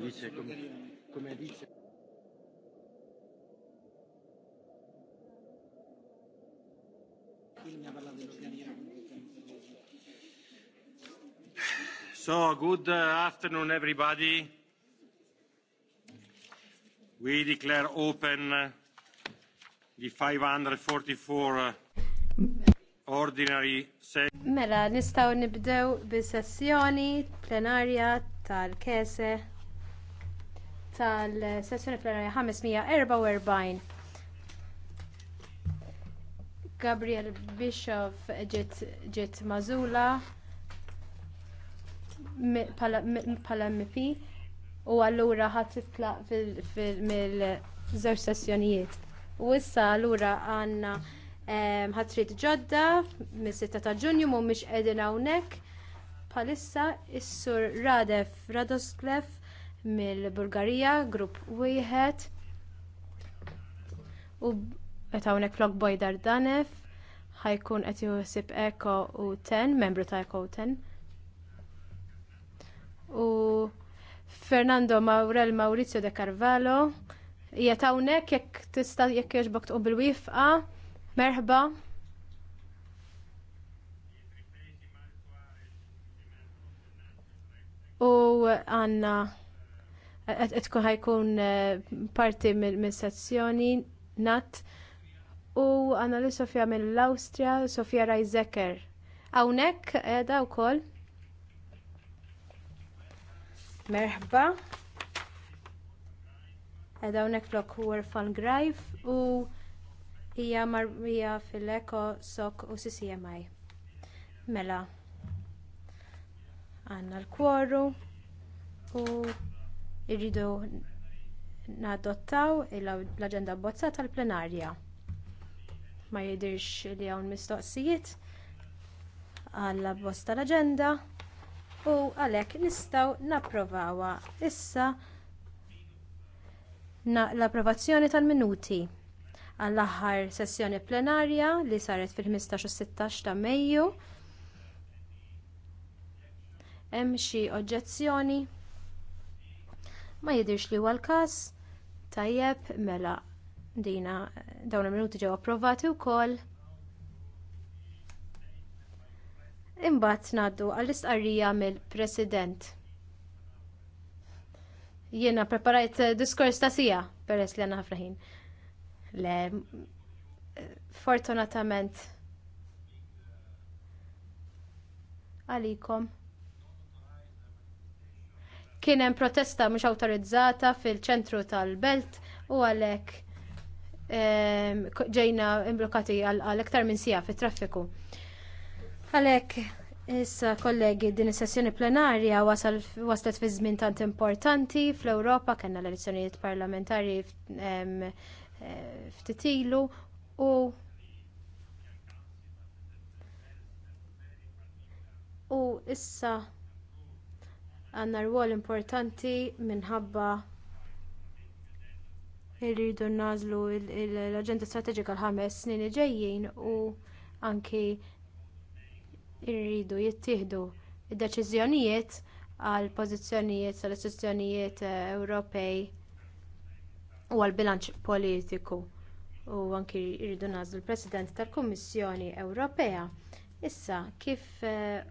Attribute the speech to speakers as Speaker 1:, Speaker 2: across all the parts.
Speaker 1: Dice come, come dice. So, good afternoon everybody. We declare open the 544 ordinary session.
Speaker 2: Mela, nistaw nibdew bi sessjoni plenarja tal-kese tal-sessjoni plenarja 544. Gabriel Bishop ġiet mażula Pala MP u allura ħadd titlaq mill-żewġ sessjonijiet. U issa allura għandna ehm, ħatrit ġodda mis-6 ta' Ġunju mhumiex qegħdin hawnhekk bħalissa is-sur Radef Radosklef mill-Bulgarija, grupp wieħed u qed hawnhekk flok Bojdar Danef ħajkun qed juħsib Eko u Ten, membru ta' Eko u Ten. U Fernando Maurel Maurizio de Carvalho hija hawnhekk jekk tista' jekk jogħġbok tqu bil-wifqa. Merħba. u għanna għetku ħajkun eh, parti minn sezzjoni nat u għanna li Sofia mill-Austria, Sofia Rajzeker. Għawnek edha u koll. Merħba. Edha unek flok huwer fan grajf u hija marbija fil-eko sok u CCMI. Mela. Għanna l-kworu u irridu nadottaw l-aġenda bozza tal-plenarja. Ma jidhirx li hawn mistoqsijiet għall abbozz tal-aġenda u għalhekk nistgħu napprovawha issa l-approvazzjoni tal-minuti għall-aħħar sessjoni plenarja li saret fil-15 u 16 ta' Mejju. Hemm xi oġġezzjoni? ma jidhirx li huwa l-każ. Tajjeb, mela, dina dawn il-minuti ġew approvati wkoll. Imbagħad ngħaddu għall-istqarrija mill-President. Jiena preparajt diskors ta' sija peress li għandna ħafna ħin. Le, fortunatament għalikom. Kien hemm protesta mhux awtorizzata fil-ċentru tal-belt u għalhekk ehm, ġejna imblokati għal iktar minn sija fit-traffiku. Għalhekk issa kollegi din is-sessjoni plenarja waslet fi żmien tant importanti fl-Ewropa kellna l-elezzjonijiet parlamentari ehm, eh, ftit ilu u u issa għandna rwol importanti minħabba irridu nażlu l-Aġenda Strateġika l-ħames snin ġejjin u anki irridu jittieħdu id-deċiżjonijiet għal pożizzjonijiet tal istituzzjonijiet eh, Ewropej u għall bilanċ politiku u anki jridu nażlu l-President tal-Kummissjoni Ewropea. Issa kif eh,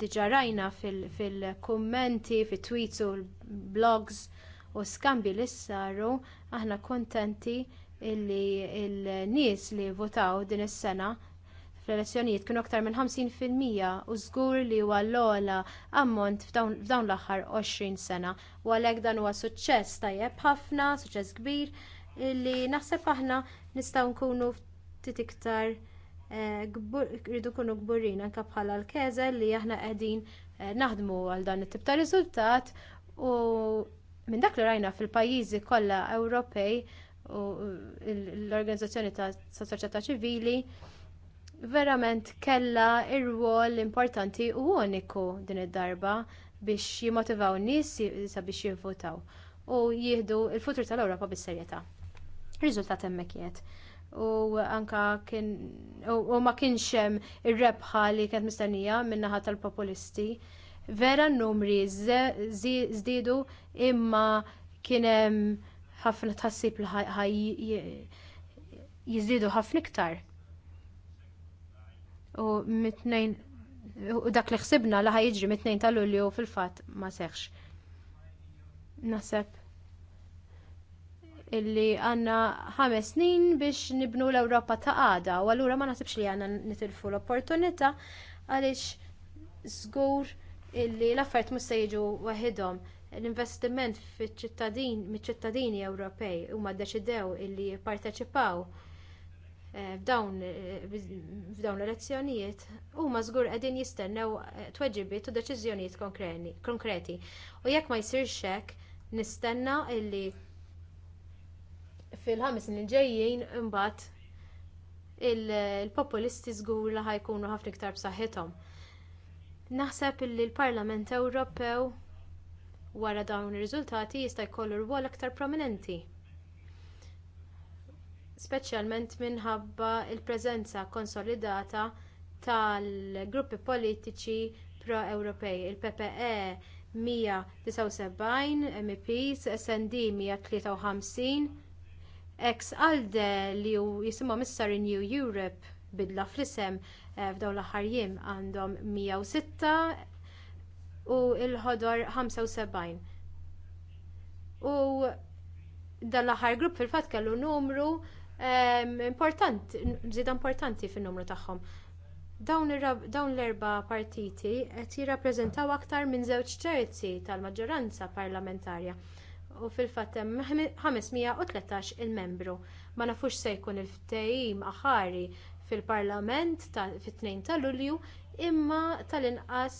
Speaker 2: diġà rajna fil-kummenti, fil fit-tweets u l-blogs u skambi li saru, aħna kuntenti li l-nies li votaw din is-sena fl-elezzjonijiet kienu aktar minn 50% u żgur li huwa l-ogħla ammont f'dawn l-aħħar 20 sena. U għalhekk dan huwa suċċess tajjeb ħafna, suċċess kbir li naħseb aħna nistgħu nkunu ftit iktar rridu kunu gburin anke bħala l-keza li aħna qegħdin eh, naħdmu għal dan it-tip ta' riżultat u minn dak li rajna fil-pajjiżi kollha Ewropej u l-organizzazzjoni ta' soċjetà ċivili verament kellha ir-rwol importanti u uniku din id-darba biex jimotivaw n-nies sabiex jivvotaw u jieħdu l futur tal-Ewropa bis-serjetà. Riżultat hemmhekk jgħid u anka kien u, ma kienx hemm ir-rebħa li kienet mistennija min-naħa tal-populisti. Vera n-numri żdiedu imma kien hemm ħafna tħassib li jiżdiedu ħafna iktar. U mitnejn u dak li ħsibna li ħajġri mit-tnejn tal-Lulju fil-fatt ma seħħx. Naħseb illi għandna ħames snin biex nibnu l-Ewropa ta' għada u allura ma nasibx li għandna nitilfu l-opportunità għaliex żgur illi l-affert musta jiġu waħedhom l-investiment mill-ċittadini Ewropej huma ddeċidew illi parteċipaw eh, eh, f'dawn l-elezzjonijiet huma żgur qegħdin jistennew eh, tweġibiet u deċiżjonijiet konkreti. U jekk ma jsirx hekk nistenna illi fil-ħames il ġejjin imbagħad il-populisti żgur li ħajkunu ħafna iktar b'saħħithom. Naħseb li l-Parlament Ewropew wara dawn ir-riżultati jista' jkollu rwol aktar prominenti. Speċjalment minħabba l preżenza konsolidata tal-gruppi politiċi pro-Ewropej, il-PPE 179 MEPs, SND 153 ex għalde li jisimhom in New Europe bidla fl-isem eh, f'daw l-aħħar jiem għandhom 106 u l-ħodor 75. U dan l-aħħar grupp fil-fatt kellu numru ehm, importanti, zida importanti fin-numru tagħhom. Dawn, l-erba partiti qed jirrappreżentaw aktar minn żewġ ċerzi tal-maġġoranza parlamentarja u fil-fatt hemm 513 il-membru. Ma nafux se jkun il-ftehim aħari fil-Parlament fit-2 ta' Lulju imma tal-inqas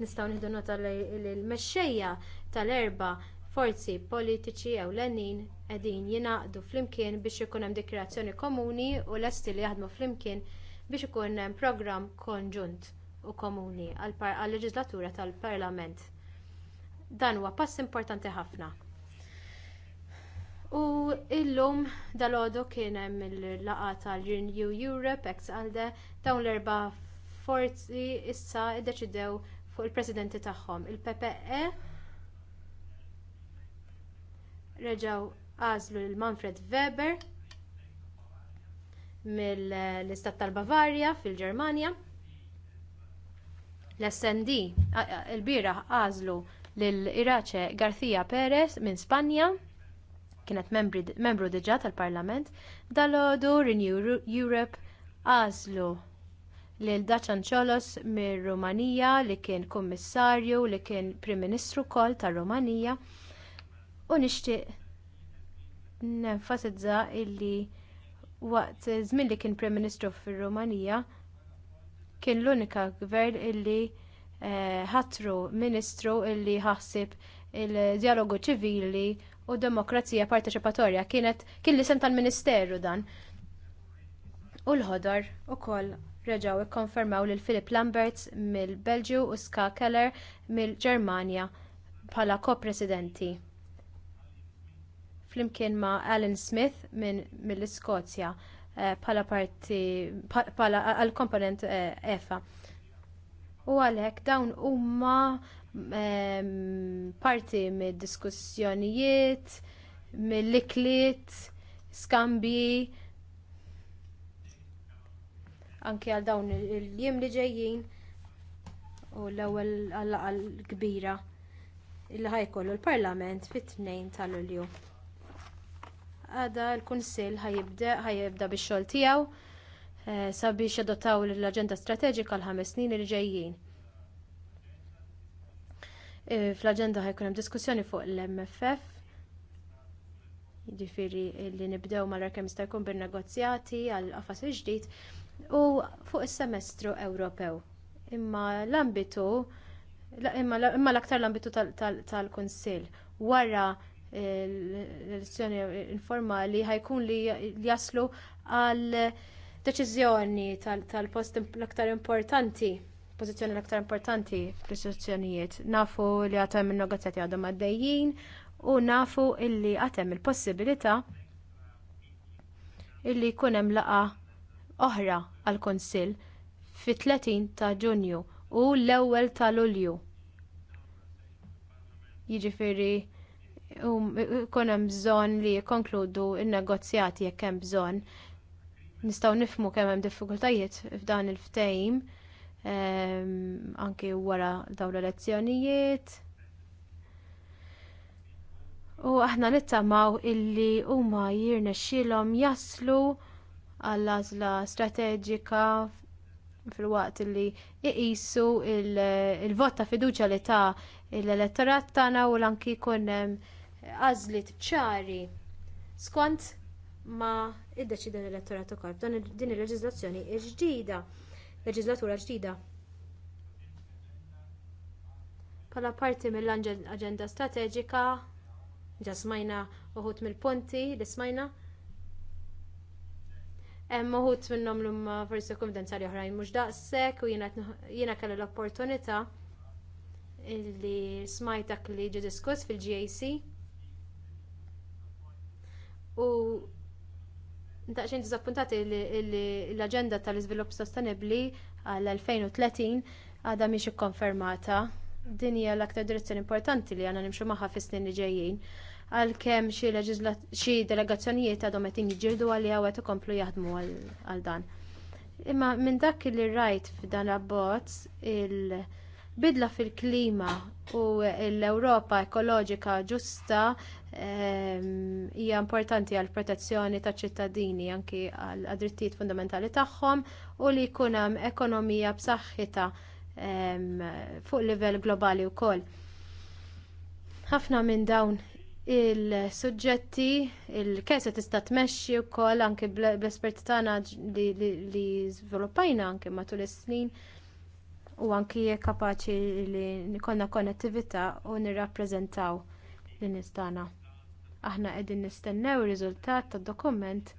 Speaker 2: nistgħu nieħdu nota l-mexxejja tal-erba' forzi politiċi ewlenin qegħdin jingħaqdu flimkien biex ikun hemm dikjarazzjoni komuni u lesti li jaħdmu flimkien biex ikun hemm programm konġunt u komuni għall leġislatura tal-Parlament. Dan huwa pass importanti ħafna. U illum dal kien hemm il-laqa tal-Renew Europe, ex għalde, dawn l-erba forzi issa iddeċidew fuq il-presidenti tagħhom. Il-PPE reġaw għażlu l-Manfred Weber mill-istat tal-Bavarja fil-Ġermanja. L-SND il-biraħ għażlu lill-Iraċe Garcia Perez minn Spanja kienet membru diġà tal-Parlament dalgħodu Renew Europe għażlu lil Dacian Ċolos mir rumanija li kien kummissarju li kien Prim Ministru wkoll tar-Rumanija u nixtieq nenfasizza illi waqt żmien li kien Prim Ministru fir-Rumanija kien l-unika gvern illi Eh, ħatru ministru illi ħassib il-dialogu ċivili u demokrazija parteċipatorja kienet kien li tal-Ministeru dan. U l-ħodor ukoll reġgħu ikkonfermaw lil Philip Lamberts mill-Belġju u Ska Keller mill-Ġermanja bħala ko-presidenti. Flimkien ma' Alan Smith mill-Iskozja eh, bħala parti bħala għal-komponent EFA. Eh, e U għalhekk dawn huma ehm, parti mid-diskussjonijiet, mill-ikliet, skambji anke għal dawn il-jiem li ġejjin u l-ewwel għal kbira il ħajkollu l-Parlament fit-tnejn tal-Ulju. Għada l-Kunsill ħajibda bix-xogħol tiegħu Eh, sabiex jadottaw l-agenda strateġika l-ħames snin li ġejjin. Eh, fl-agenda ħajkun hemm diskussjoni fuq l-MFF, jiġifieri li nibdew mal kemm jista' jkun bin-negozjati għal qafas ġdid u fuq is-semestru Ewropew. Imma l-ambitu imma l-aktar l-ambitu tal-Kunsill wara eh, l-elezzjoni informali ħajkun li jaslu għal deċiżjoni tal-post l-aktar importanti pożizzjoni l-aktar importanti fl-istituzzjonijiet. Nafu li għatem il negozjat għadhom għaddejjin u nafu illi għatem il-possibilità illi jkun hemm laqgħa oħra għall kunsill fi 30 ta' Ġunju u l-ewwel ta' Lulju. Jiġifieri jkun um, hemm bżonn li jikkonkludu n negozjati jekk hemm bżonn Nistgħu nifmu kemm hemm diffikultajiet f'dan il-ftejm ehm, anki wara dawn l-elezzjonijiet. U aħna nittamaw illi huma jirnexxielhom jaslu għall-għażla strateġika fil-waqt li iqisu il-vot ta' fiduċja li ta' l-elettorat tagħna u l-anki jkun għażlit ċari skont ma' id iddeċida l-elettorat ukoll b'dan din il-leġiżlazzjoni ġdida, leġiżlatura ġdida. Bħala parti mill-aġenda strateġika, ġa smajna uħut mill-punti li smajna. Hemm uħut minnhom l forsi konfidenzjali oħrajn mhux daqshekk u jiena kellha l-opportunità illi smajtak li ġi diskuss fil-GAC u daqxin dizappuntati li l-agenda tal-izvilupp sostenibli għal-2030 għadha miex ikkonfermata. Din hija l-aktar direzzjoni importanti li għandna nimxu magħha fis-snin li ġejjin. Għalkemm xi delegazzjonijiet għadhom qed jiġġieldu għalli għawet ikomplu jaħdmu għal dan. Imma minn dak li rajt f'dan l-abbozz il-bidla fil-klima u l-Ewropa ekoloġika ġusta ehm, hija importanti għall protezzjoni taċ ċittadini anki għal drittijiet fundamentali tagħhom u li jkun hemm ekonomija b'saħħitha ehm, fuq livell globali wkoll. Ħafna minn dawn il-suġġetti, il-kesa tista' tmexxi wkoll anke bl-espert tagħna li żviluppajna anke matul is-snin u anki kapaċi li nikonna konnettività u nirrappreżentaw l-nies tagħna. Aħna qegħdin nistennew ir-riżultat tad-dokument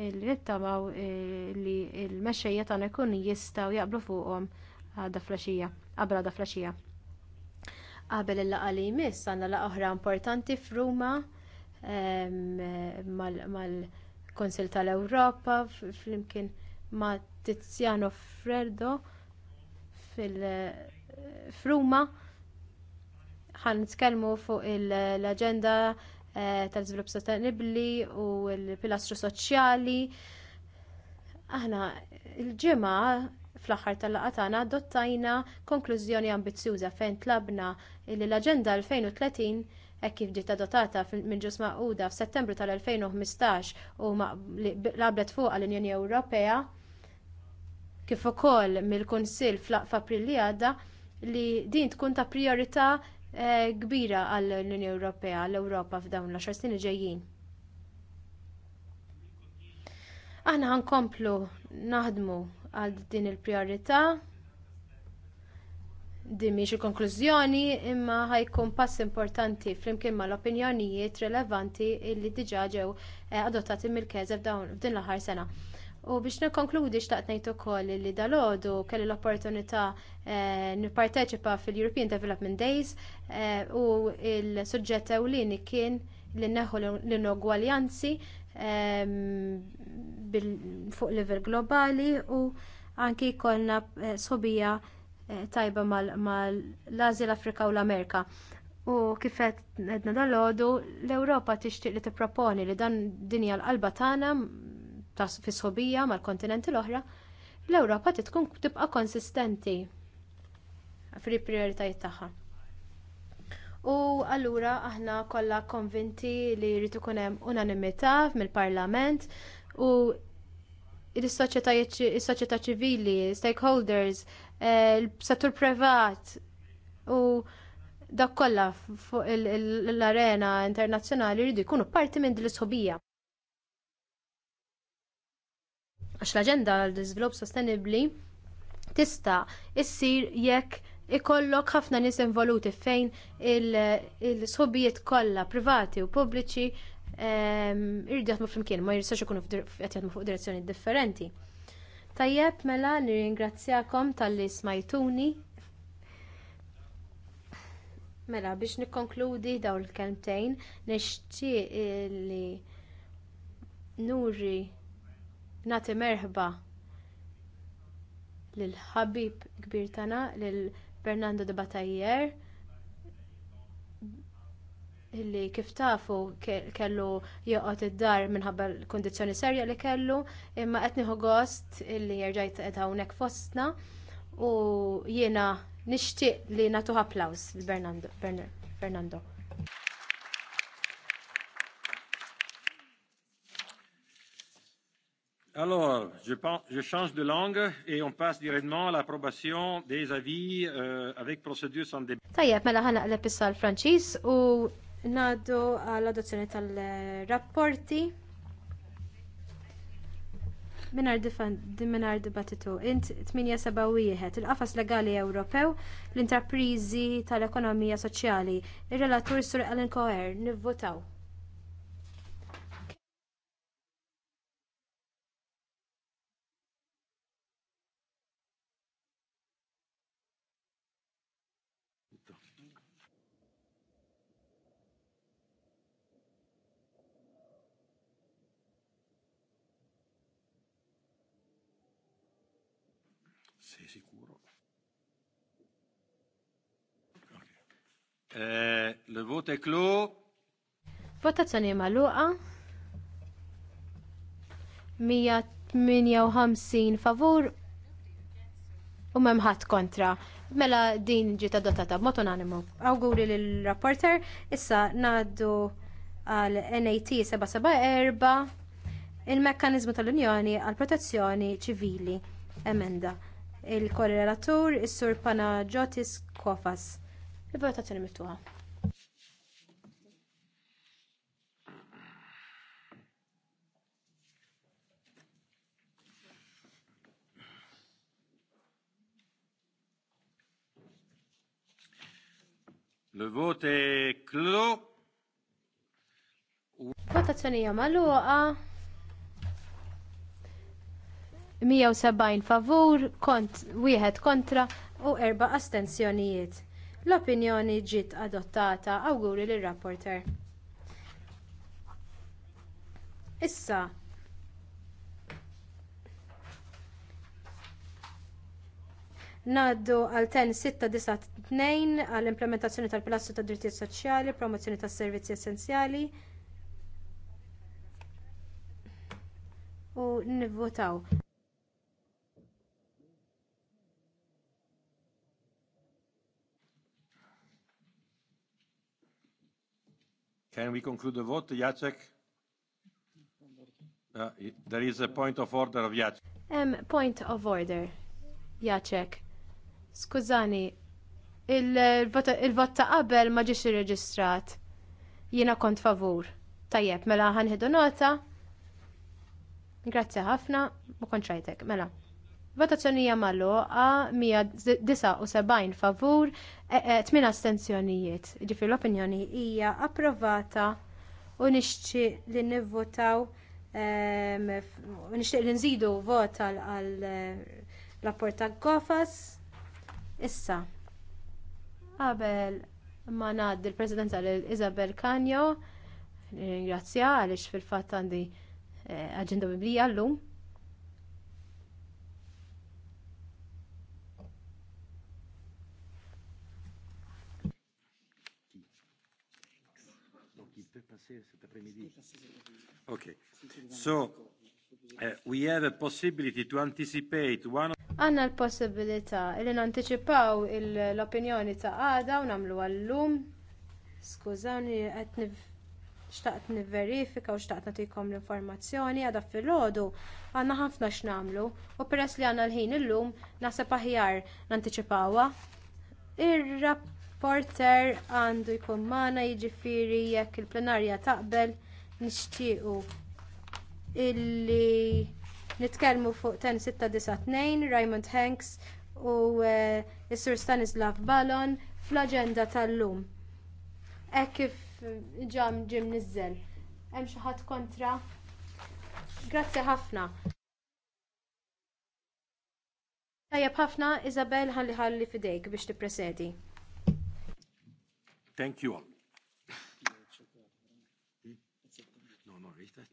Speaker 2: li nittamaw eh, li l-mexxejja tagħna jkunu jistgħu jaqblu fuqhom għadha flaxija, qabel għadha flaxija. Qabel il-laqgħa li jmiss għandna laqgħa oħra importanti f'Ruma ehm, mal-Konsil tal-Ewropa flimkien ma' Tiziano Freddo fil-Fruma ħan nitkellmu fuq l-agenda eh, tal-żvilupp sostenibbli u l-pilastru soċjali. Aħna il-ġimgħa fl-aħħar tal laqgħa tagħna adottajna konklużjoni ambizzjuża fejn tlabna li l-Aġenda 2030 hekk kif ġiet adottata minn ġus maquda f'Settembru tal-2015 u qablet fuqha l-Unjoni Ewropea kif ukoll mill-Kunsill f'April li għadda li din tkun ta' priorità eh, kbira għall-Unjoni Ewropea, għall-Ewropa f'dawn l-10 snin ġejjin. Aħna ħankomplu naħdmu għal din il-priorità din miex il-konklużjoni imma ħajkun pass importanti flimkien mal opinjonijiet relevanti li diġà ġew eh, adottati mill-keze f'din l-aħħar sena. U biex nikkonkludi xtaqt ngħid ukoll li dalodu kelli l-opportunità eh, nipparteċipa fil-European Development Days eh, u il-suġġett ewlieni kien li neħu l-inugwaljanzi ehm, fuq level globali u anki jkollna eh, sobija tajba mal-Azja, l-Afrika u l-Amerika. U kifet edna dal-ħodu, l ewropa tixtieq li tipproponi li dan dinja l-qalba tagħna fis sħobija mal-kontinenti l-oħra, l-Ewropa titkun tibqa' konsistenti fil-prijoritajiet tagħha. U allura aħna kollha konvinti li jrid ikun hemm unanimità mill-Parlament u il-soċjetà ċivili, stakeholders, il-settur eh, privat u dak kollha fuq l-arena internazzjonali jridu jkunu parti minn din l-isħobija. għax l-aġenda l-iżvilupp sostenibbli tista' issir jekk ikollok ħafna nies involuti fejn il-sobijiet kollha privati u pubbliċi ehm, irridu jaħdmu flimkien, ma jiristax ikunu qed jaħdmu fuq direzzjoni differenti. Tajjeb mela nirringrazzjakom tal-li smajtuni. Mela biex nikkonkludi daw il-kelmtejn nixtieq li nuri Nagħti merħba lil ħabib kbir tagħna lil Bernando de Batajer illi kif tafu kellu joqgħod id-dar minħabba l-kundizzjoni serja li kellu imma qed nieħu gost illi jerġajt qed hawnhekk fostna u jiena nixtieq li nagħtuh applaus l
Speaker 1: Alors, je, pense, je change de langue et on passe directement à l'approbation des avis euh, avec procédure sans débat.
Speaker 2: Tajjeb, mela ħana l-epissa l-Franċis u nadu għall-adozzjoni tal-rapporti minar dibattitu. Int 871, il-qafas legali Ewropew, l interprizi tal-ekonomija soċjali, il-relatur sur Ellen Coher, nivvotaw.
Speaker 1: teklu.
Speaker 2: Votazzjoni maluqa. 158 favur u memħat kontra. Mela din ġiet dotata b'mod unanimu. Awguri lill-rapporter, issa ngħaddu għal NAT 774 il-mekkanizmu tal-Unjoni għal protezzjoni ċivili emenda. Il-korrelatur is-sur Pana Jotis Kofas. Il-votazzjoni mittuha.
Speaker 1: Le vote est clos.
Speaker 2: Votazzjoni hija magħluqa. 170 favur, kont wieħed kontra u erba' astensjonijiet. L-opinjoni ġiet adottata awguri lir rapporter Issa, Naddu għal tnejn għall implementazzjoni tal-Pilastru tad Drittijiet Soċjali, promozzjoni tas servizzi essenzjali. U nivvotaw.
Speaker 1: Can we conclude the vote, Jacek? Uh, there is a point of order of Jacek.
Speaker 2: Um, point of order, Jacek. Skużani, il-vot ta' qabel ma ġiex irreġistrat. Jiena kont favur. Tajjeb, mela ħanħidu nota. Grazzi ħafna, ma kontrajtek, mela. Votazzjonija mal-loqa 179 favur, 8 e, e, astenzjonijiet. Ġifir l-opinjoni hija approvata u nixċi li nivvotaw u nixtieq li nżidu vot għal eh, rapport ta' Gofas Issa, qabel ma ngħaddi l-Presidenza lil Isabel Kanjo, ringrazzja għaliex fil-fatt għandi eh, aġenda biblija llum.
Speaker 1: Okay. So uh, we have a possibility to anticipate one of
Speaker 2: Għanna l-possibilità li nanticipaw l-opinjoni ta' għada u namlu għallum. Skużawni, għet xtaqt niverifika u xtaqt natikom l-informazzjoni għada fil-ħodu għanna ħafna x'namlu u peress li għanna l-ħin illum naħseb aħjar nanticipawa. Ir-rapporter għandu jkun mana jiġifieri jekk il-plenarja taqbel nixtiequ illi Nitkellmu fuq 10692 Raymond Hanks u uh, Sir Stanislav Ballon fl-aġenda tal-lum. Hekk kif eh, ġam ġim nizzel. Hemm xi ħadd kontra? Grazzi ħafna. Tajjeb ħafna, Isabel ħalli ħalli fidejk biex tippresedi.
Speaker 1: Thank you all. No, no, rita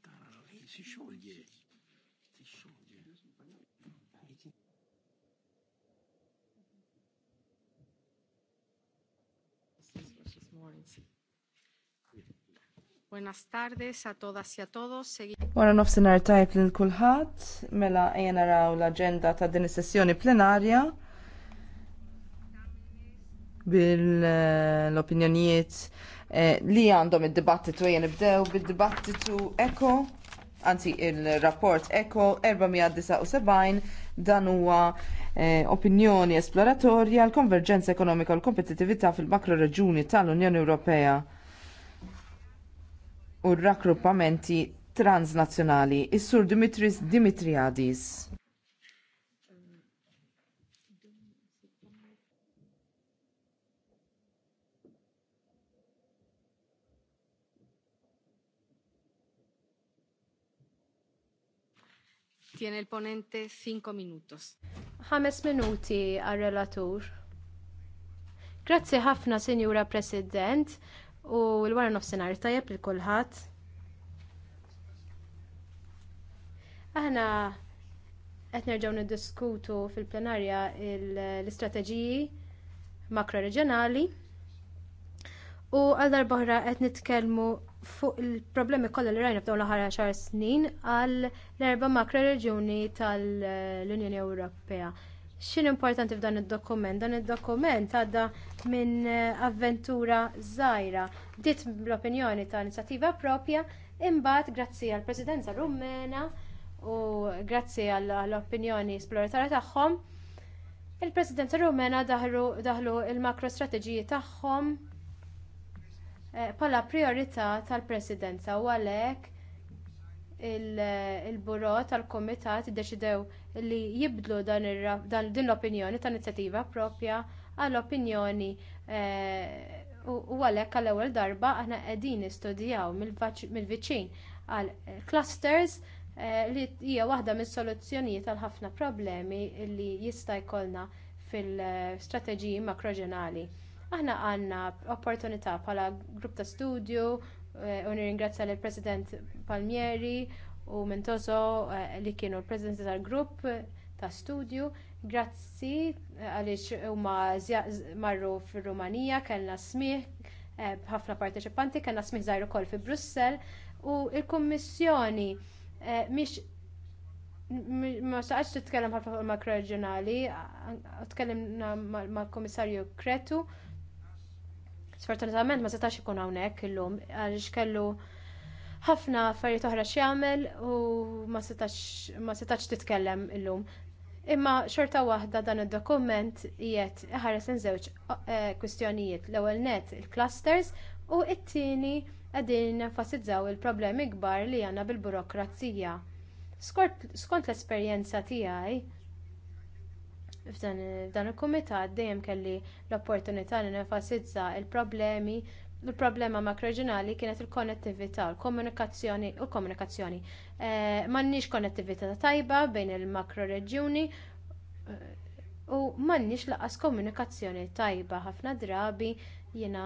Speaker 3: Buenas tardes a todas y a todos. Wara
Speaker 4: nofsinhar tajb lil kulħadd, mela ejja naraw l-aġenda ta' din is-sessjoni plenarja bil-opinjonijiet eh, li għandhom id-dibattitu ejja ibdew bil dibattitu eko, anzi il-rapport eko 479 dan huwa eh, opinjoni esploratorja l-konverġenza ekonomika u l-kompetitività fil-makro reġuni tal-Unjoni Ewropea u r-rakkruppamenti transnazzjonali, is-Sur Dimitris Dimitriadis.
Speaker 3: Tiene il ponente 5 minutos. 5
Speaker 2: minuti għal relatur. Grazzi ħafna, Signora President u l-wara nofsinhar tajjeb lil kulħadd. Aħna qed nerġgħu niddiskutu fil-plenarja l-istrateġiji makroreġjonali u għal darbohra qed nitkellmu fuq il-problemi kollha li rajna f'dawn l-aħħar xar snin għal l-erba' makroreġjuni tal-Unjoni Ewropea. X'in importanti f'dan id-dokument? Dan id-dokument għadda minn eh, avventura żgħira. Dit l-opinjoni ta' inizjattiva propja imbagħad grazzi għall presidenza Rumena u grazzi għall-opinjoni esploratorja tagħhom il-presidenza Rumena daħlu l makro strategiji tagħhom pala eh, priorità tal-presidenza u għalhekk il-buro tal-komitat iddeċidew li jibdlu dan din l-opinjoni ta' inizjattiva proprja għall-opinjoni eh, u għalhekk għall-ewwel darba aħna qegħdin nistudjaw mill-viċin għal clusters eh, li hija waħda mis-soluzzjonijiet għal ħafna problemi li jista' jkollna fil-strateġiji makroġenali. Aħna għandna opportunità bħala grupp ta' studju Eh, u nirringrazzja lill president Palmieri u Mentoso eh, li kienu l president tal-grupp ta' studju. Grazzi eh, għaliex huma marru fir-Rumanija, kellna smih b'ħafna parteċipanti, kellna smih żgħir kol fi Brussell u l-Kummissjoni miex ma t-tkellem ħafna fuq il-makroreġjonali, tkellimna mal-Kummissarju Kretu Sfortunatament ma setax ikun hawnhekk illum għaliex kellu ħafna affarijiet oħra x'jagħmel u ma setax titkellem illum. Imma xorta waħda dan id-dokument jiet ħares żewġ eh, kwistjonijiet l-ewwel net il-clusters u t tieni qegħdin nenfasizzaw il-problemi kbar li għandna bil-burokrazija. Skont l-esperjenza tiegħi, F'dan il-kumitat dejjem kelli l-opportunità li nenfasizza l problemi l problema makroġinali kienet il-konnettività, l-komunikazzjoni u komunikazzjoni eh, M'għandniex konnettività tajba bejn il-makroreġjuni eh, u m'għandniex laqas komunikazzjoni tajba ħafna drabi jiena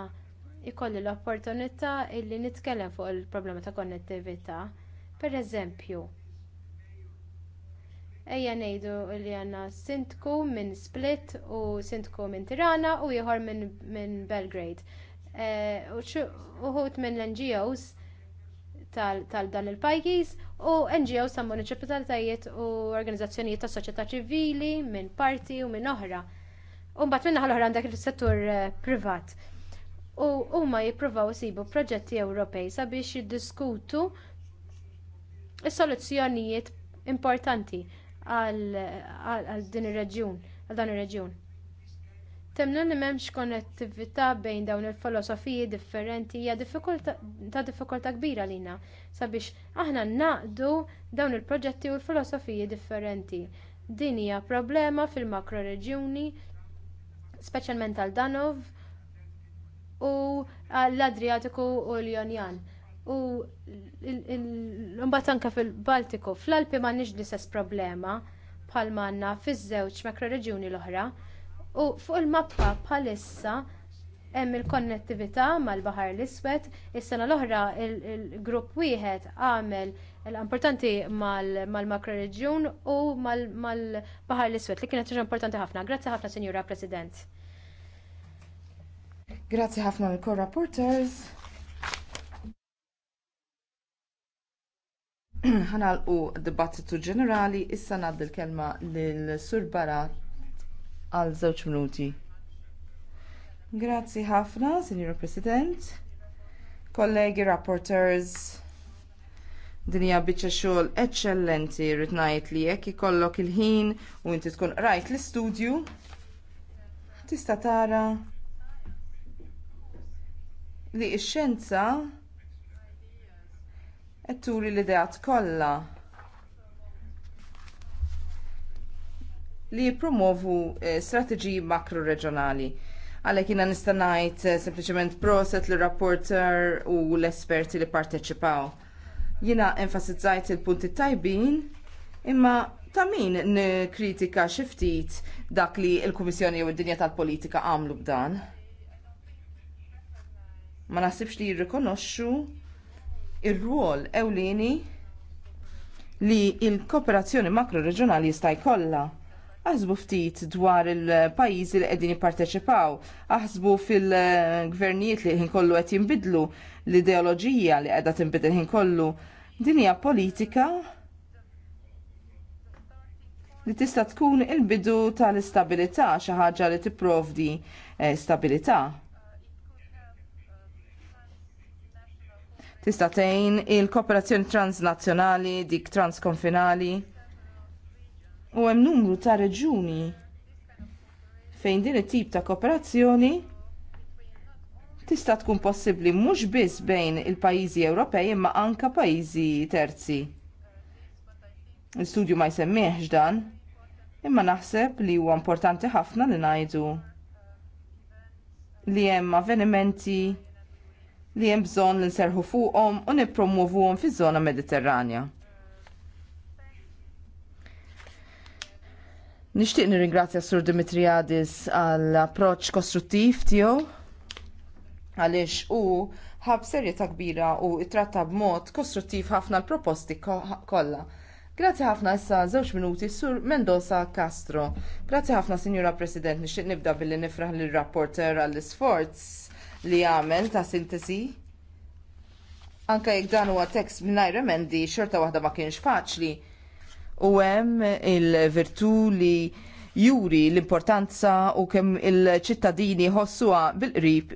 Speaker 2: ikolli l-opportunità illi nitkellem fuq il-problema ta' konnettività. Per eżempju, Ejja ngħidu li għandna sindku minn Split u sindku minn Tirana u ieħor minn Belgrade. E, uħut minn NGOs tal dan il-pajjiż u NGOs ta' municipalitajiet u organizzazzjonijiet tas soċjetà ċivili minn parti u minn oħra. U mbagħad minna ħal-oħra għandek il-settur e, privat. U huma jippruvaw isibu proġetti Ewropej sabiex jiddiskutu is-soluzzjonijiet importanti għal din ir-reġjun, għal dan ir-reġjun. Temna li m'hemmx konnettività bejn dawn il-filosofiji differenti hija ta' diffikulta kbira lina sabiex aħna naqdu dawn il-proġetti u l-filosofiji differenti. Din hija problema fil-makro reġjuni, speċjalment għal Danov u l-Adriatiku u l-Jonjan U mbagħad anke fil-Baltiku, fl-Alpi m'għandniex l-istess problema bħal manna fiż-żewġ makroreġjuni l-oħra. U fuq il-mappa bħalissa hemm il-konnettività mal-Baħar l-Iswed, is-sena l-oħra il-grupp wieħed għamel l-importanti mal-makroreġjun u mal-Baħar l-Iswed li kienet importanti ħafna. Grazzi ħafna, Sinjura President.
Speaker 4: Grazzi ħafna l Reporters. ħanalqu dibattitu ġenerali, issa ngħaddi l-kelma lil Sur Barat għal żewġ minuti. Grazzi ħafna, Sinjur President, kollegi rapporteurs, din hija biċċa xogħol eċċellenti rrid ngħid li jekk ikollok il-ħin u inti tkun rajt l-istudju tista' tara li x-xjenza qed turi l-ideat kollha li jippromovu eh, strateġiji makroreġjonali. Għalhekk jiena nista' ngħid eh, sempliċement proset lir rapporter u l-esperti li parteċipaw. Jiena enfasizzajt il-punti tajbin imma ta' min kritika xi ftit dak li l-Kummissjoni u d-dinja tal-politika għamlu b'dan. Ma naħsibx li jirrikonoxxu ir-rwol ewlieni li l kooperazzjoni makroreġjonali jista' jkollha. Aħsbu ftit dwar il-pajjiżi li qegħdin jipparteċipaw, aħsbu fil-gvernijiet li ħin kollu qed jinbidlu, l-ideoloġija li qiegħda tinbidel ħin kollu. Din hija politika li tista' tkun il-bidu tal-istabilità xi ħaġa li tipprovdi eh, stabilità. tista' tgħin il-kooperazzjoni transnazzjonali, dik transkonfinali. U hemm numru ta' reġuni fejn din it-tip ta' kooperazzjoni tista' tkun possibbli mhux biss bejn il-pajjiżi Ewropej imma anke pajjiżi terzi. l studju ma jsemmiħx dan, imma naħseb li huwa importanti ħafna li ngħidu li hemm avvenimenti li hemm bżonn li nserħu fuqhom u nippromovuhom fiż-żona Mediterranja. Nixtieq nirringrazzja Sur Dimitriadis għall approċċ kostruttiv tiegħu għaliex hu ħab serjetà kbira u ittratta b'mod kostruttiv ħafna l-proposti kollha. Grazzi ħafna issa żewġ minuti sur Mendoza Castro. Grazzi ħafna Sinjura President nixtieq nibda billi nifraħ lir rapporter għall-isforz li għamel ta' sintesi. Anke jekk dan huwa tekst mingħajr emendi xorta waħda ma kienx faċli. U hemm il-virtu li juri l-importanza u kemm il-ċittadini ħossuha bil-qrib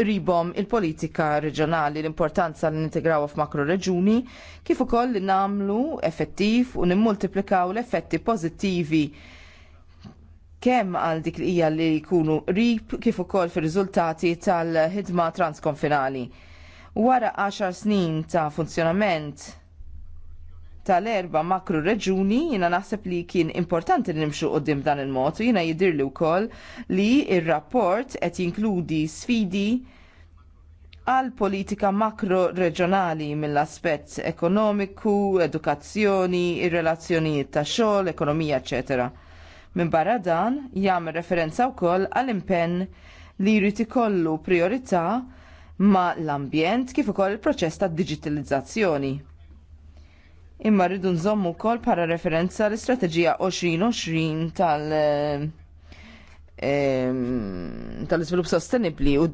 Speaker 4: qribhom il-politika reġjonali l-importanza li nintegraw f'makro reġuni kif ukoll li nagħmlu effettiv u nimmultiplikaw l-effetti pożittivi kemm għal dik hija li jkunu rib kif ukoll fir-riżultati tal-ħidma transkonfinali. Wara 10 snin ta' funzjonament tal-erba makru reġuni jina naħseb li kien importanti li nimxu qoddim dan il-mod u jina jidir li wkoll li ir-rapport qed jinkludi sfidi għal politika makro reġjonali mill-aspett ekonomiku, edukazzjoni, ir-relazzjonijiet tax xogħol, ekonomija, eċetera Minn barra dan jagħmel referenza wkoll għall impenn li jrid ikollu priorità ma l-ambjent kif ukoll il-proċess ta' digitalizzazzjoni. Imma rridu nżommu wkoll para referenza l-istrateġija 2020 tal- ehm, tal-iżvilupp sostenibbli u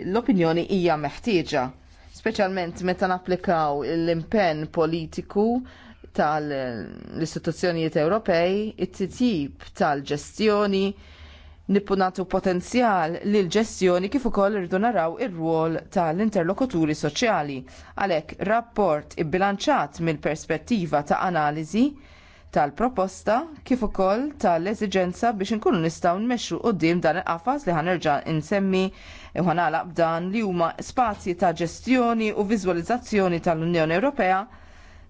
Speaker 4: l-opinjoni hija meħtieġa, speċjalment meta napplikaw l-impenn politiku tal-istituzzjonijiet Ewropej, it-titjib tal-ġestjoni, nippunatu potenzjal lil ġestjoni kif ukoll rridu naraw ir-rwol tal-interlokuturi soċjali. Għalhekk rapport ibbilanċat mill-perspettiva ta' analiżi tal-proposta kif ukoll tal-eżiġenza biex inkunu nistgħu nmexxu quddiem dan il-qafas li ħanerġa' insemmi u ħanalaq b'dan li huma spazji ta' ġestjoni u viżwalizzazzjoni tal-Unjoni Ewropea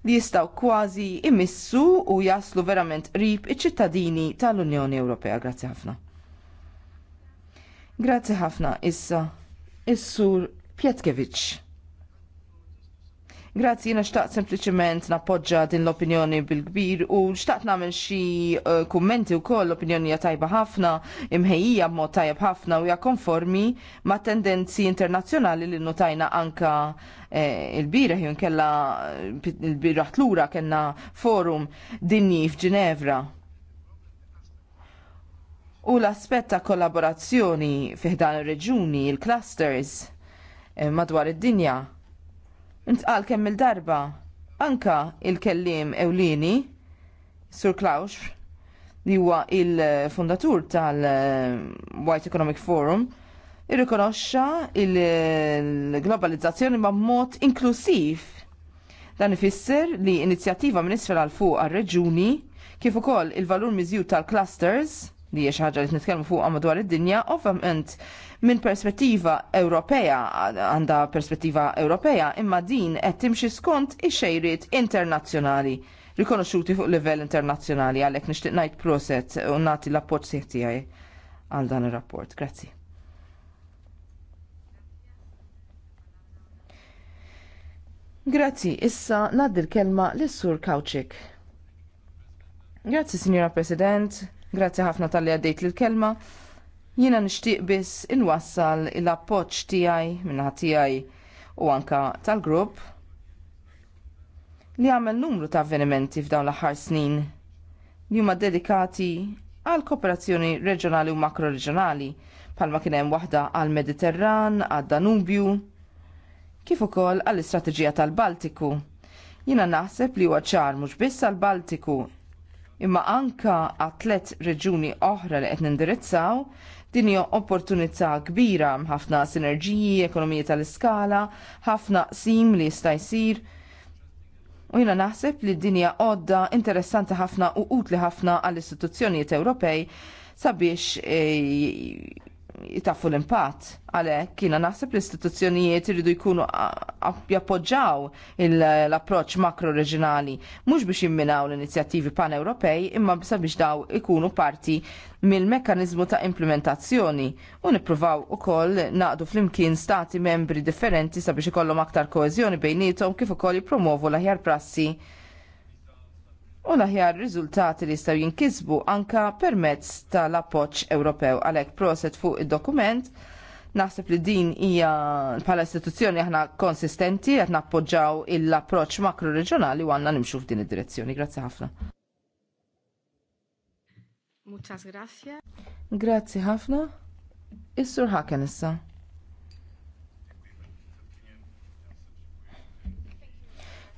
Speaker 4: li jistgħu kważi imissu u jaslu verament qrib iċ-ċittadini tal-Unjoni Ewropea. Grazzi ħafna. Grazzi ħafna issa is-sur Pietkevich. Grazzi, jina xtaqt sempliciment nappoġġa din l-opinjoni bil-kbir u xtaqt namen xi uh, kummenti u koll l-opinjoni tajba ħafna, imħejija mod tajb ħafna u konformi ma tendenzi internazzjonali li notajna anka eh, il-bira jun kella il-bira tlura kena forum dinji f'Ġinevra. U l aspetta ta' kollaborazzjoni fiħdan ir-reġuni, il-clusters, eh, madwar id-dinja intqal kemm il-darba anka il-kellim ewlieni Sur Klaus li huwa il-fundatur tal-White eh, Economic Forum irrikonoxxa il-globalizzazzjoni ma' mod inklusiv dan ifisser li inizjattiva minn isfel għal fuq għar-reġuni kif ukoll il-valur miżjud tal-clusters li hija xi ħaġa li nitkellmu fuqha madwar id-dinja, ovvjament minn perspettiva Ewropea għandha perspettiva Ewropea, imma din qed timxi skont ix-xejriet internazzjonali rikonoxxuti fuq livell internazzjonali għalhekk nixtieq ngħid proset u nagħti l-appoġġ sieħ tiegħi għal dan ir-rapport. Grazzi. Grazzi, issa naddi l-kelma lis sur Kawċik. Grazzi, Signora President. Grazzi ħafna tal-li għaddejt l-kelma. Jiena nixtieq biss inwassal l-appoġġ tiegħi minna tiegħi u anka tal-grupp li għamel numru ta' avvenimenti f'dawn l-aħħar snin li huma dedikati għal kooperazzjoni reġjonali u makroreġjonali bħalma kien hemm waħda għal Mediterran, għad Danubju, kif ukoll għall istrateġija tal-Baltiku. Jiena naħseb li huwa ċar mhux biss għall Baltiku imma anka għat-tliet reġuni oħra li qed nindirizzaw din hija opportunità kbira ħafna sinerġiji, ekonomija tal-iskala, ħafna sim li jista' jsir. U jina naħseb li d-dinja għodda interessanti ħafna u utli ħafna għall istituzzjonijiet Ewropej sabiex eh, jitaffu l-impatt. Għalhekk kiena naħseb l-istituzzjonijiet iridu jkunu jappoġġaw l-approċċ makro-reġinali mhux biex jimminaw l-inizjattivi pan-Ewropej imma sabiex daw ikunu parti mill-mekkaniżmu ta' implementazzjoni u nippruvaw ukoll naqdu flimkien stati membri differenti sabiex ikollhom aktar koeżjoni bejniethom kif ukoll jippromovu l-aħjar prassi u laħjar riżultati li jistgħu jinkisbu anka permezz tal-appoġġ Ewropew għalhekk proset fuq id-dokument. Naħseb li din hija bħala istituzzjoni aħna konsistenti qed nappoġġaw l-approċċ makro reġjonali u għanna nimxu f'din id-direzzjoni. Grazzi ħafna.
Speaker 3: Muchas grazie.
Speaker 4: Grazzi ħafna. Is-sur ħaken issa.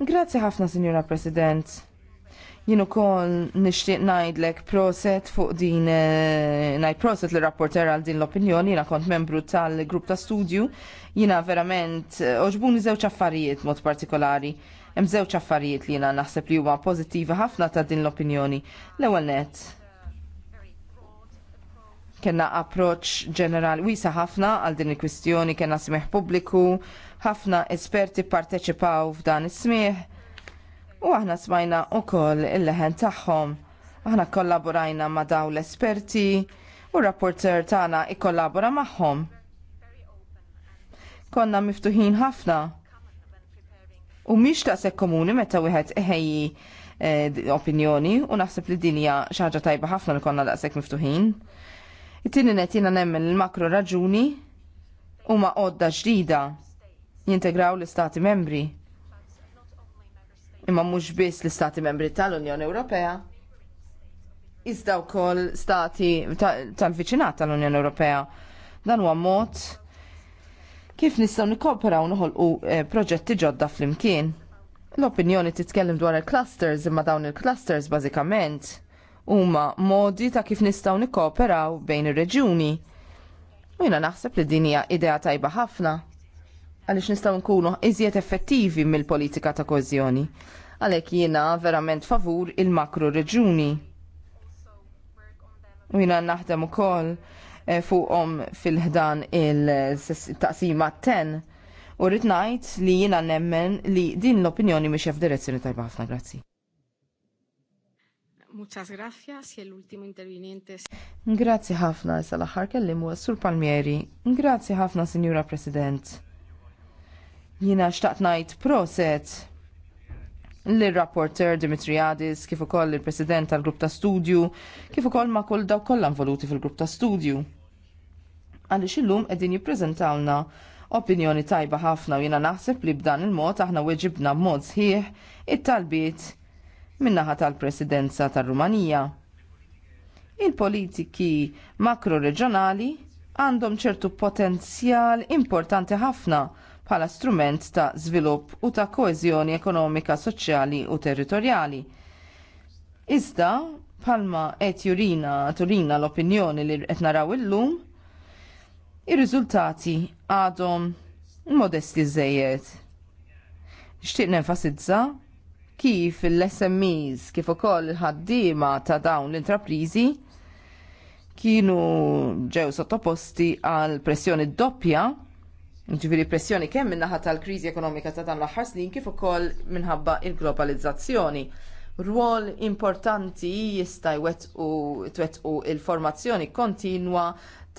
Speaker 4: Grazzi ħafna, Signora President. Jien ukoll nixtieq ngħidlek proset fuq din eh, najd proset li rapporter għal din l-opinjoni, jiena kont membru tal-grupp ta' studju, jiena verament eh, oġbuni żewġ affarijiet mod partikolari. Hemm żewġ affarijiet li jiena naħseb li huma pożittivi ħafna ta' din l-opinjoni. L-ewwel net kena approċ ġenerali wisa ħafna għal din il-kwistjoni kena smieħ pubbliku, ħafna esperti parteċipaw f'dan is-smieħ u aħna smajna wkoll il-leħen tagħhom. Aħna kollaborajna ma' dawn l-esperti u r rapporter tagħna ikkollabora magħhom. Konna miftuħin ħafna. U miex ta' se komuni meta wieħed ħejji eh, opinjoni u naħseb li dinja xaġa tajba ħafna li konna daqshekk miftuħin. It-tieni net jiena nemmen il-makro raġuni huma għodda ġdida jintegraw l-istati membri imma mhux biss l-Istati Membri tal-Unjoni Ewropea, iżda wkoll stati tal-viċinat tal-Unjoni Ewropea. Dan huwa mod kif nistgħu nikkooperaw noħolqu eh, proġetti ġodda flimkien. L-opinjoni titkellem dwar il-clusters imma dawn il-clusters bażikament huma modi ta' kif nistgħu nikkooperaw bejn ir-reġjuni. U jiena naħseb li din hija idea tajba ħafna għaliex nistgħu nkunu iżjed effettivi mill-politika ta' kożjoni. Għalhekk jiena verament favur il-makro reġuni. U jiena naħdem ukoll eh, fuqhom fil-ħdan il-taqsima ten u rritnajt ngħid li jiena nemmen li din l-opinjoni mhix f'direzzjoni tajba ħafna grazzi.
Speaker 3: Muchas gracias, y l-ultimo interviniente.
Speaker 4: Grazzi ħafna, sal-aħħar kellim Sur Palmieri. Grazzi ħafna, Signora President. Jina xtaqt najt proset l-rapporter Adis kif ukoll il-president tal-grupp ta' studju, kif ukoll ma' kull daw kollha voluti fil-grupp ta' studju. Għaliex illum qegħdin jippreżentawna opinjoni tajba ħafna u jiena naħseb li b'dan il-mod aħna weġibna b'mod sħiħ it-talbiet minnaħa tal-presidenza tar-Rumanija. Il-politiki makro-reġjonali għandhom ċertu potenzjal importanti ħafna bħala strument ta' żvilupp u ta' koeżjoni ekonomika, soċjali u territorjali. Iżda, palma et jurina turina l-opinjoni li qed naraw illum, ir-riżultati għadhom modesti żejjed. Nixtieq nenfasizza kif l-SMEs kif ukoll il-ħaddiema ta' dawn l-intraprizi kienu ġew sottoposti għal pressjoni doppja Ġifiri pressjoni kemm minnaħa tal-kriżi ekonomika ta' dan l-aħħar snin kif ukoll minħabba il-globalizzazzjoni. Rwol importanti jista' jwettqu twettqu il-formazzjoni kontinwa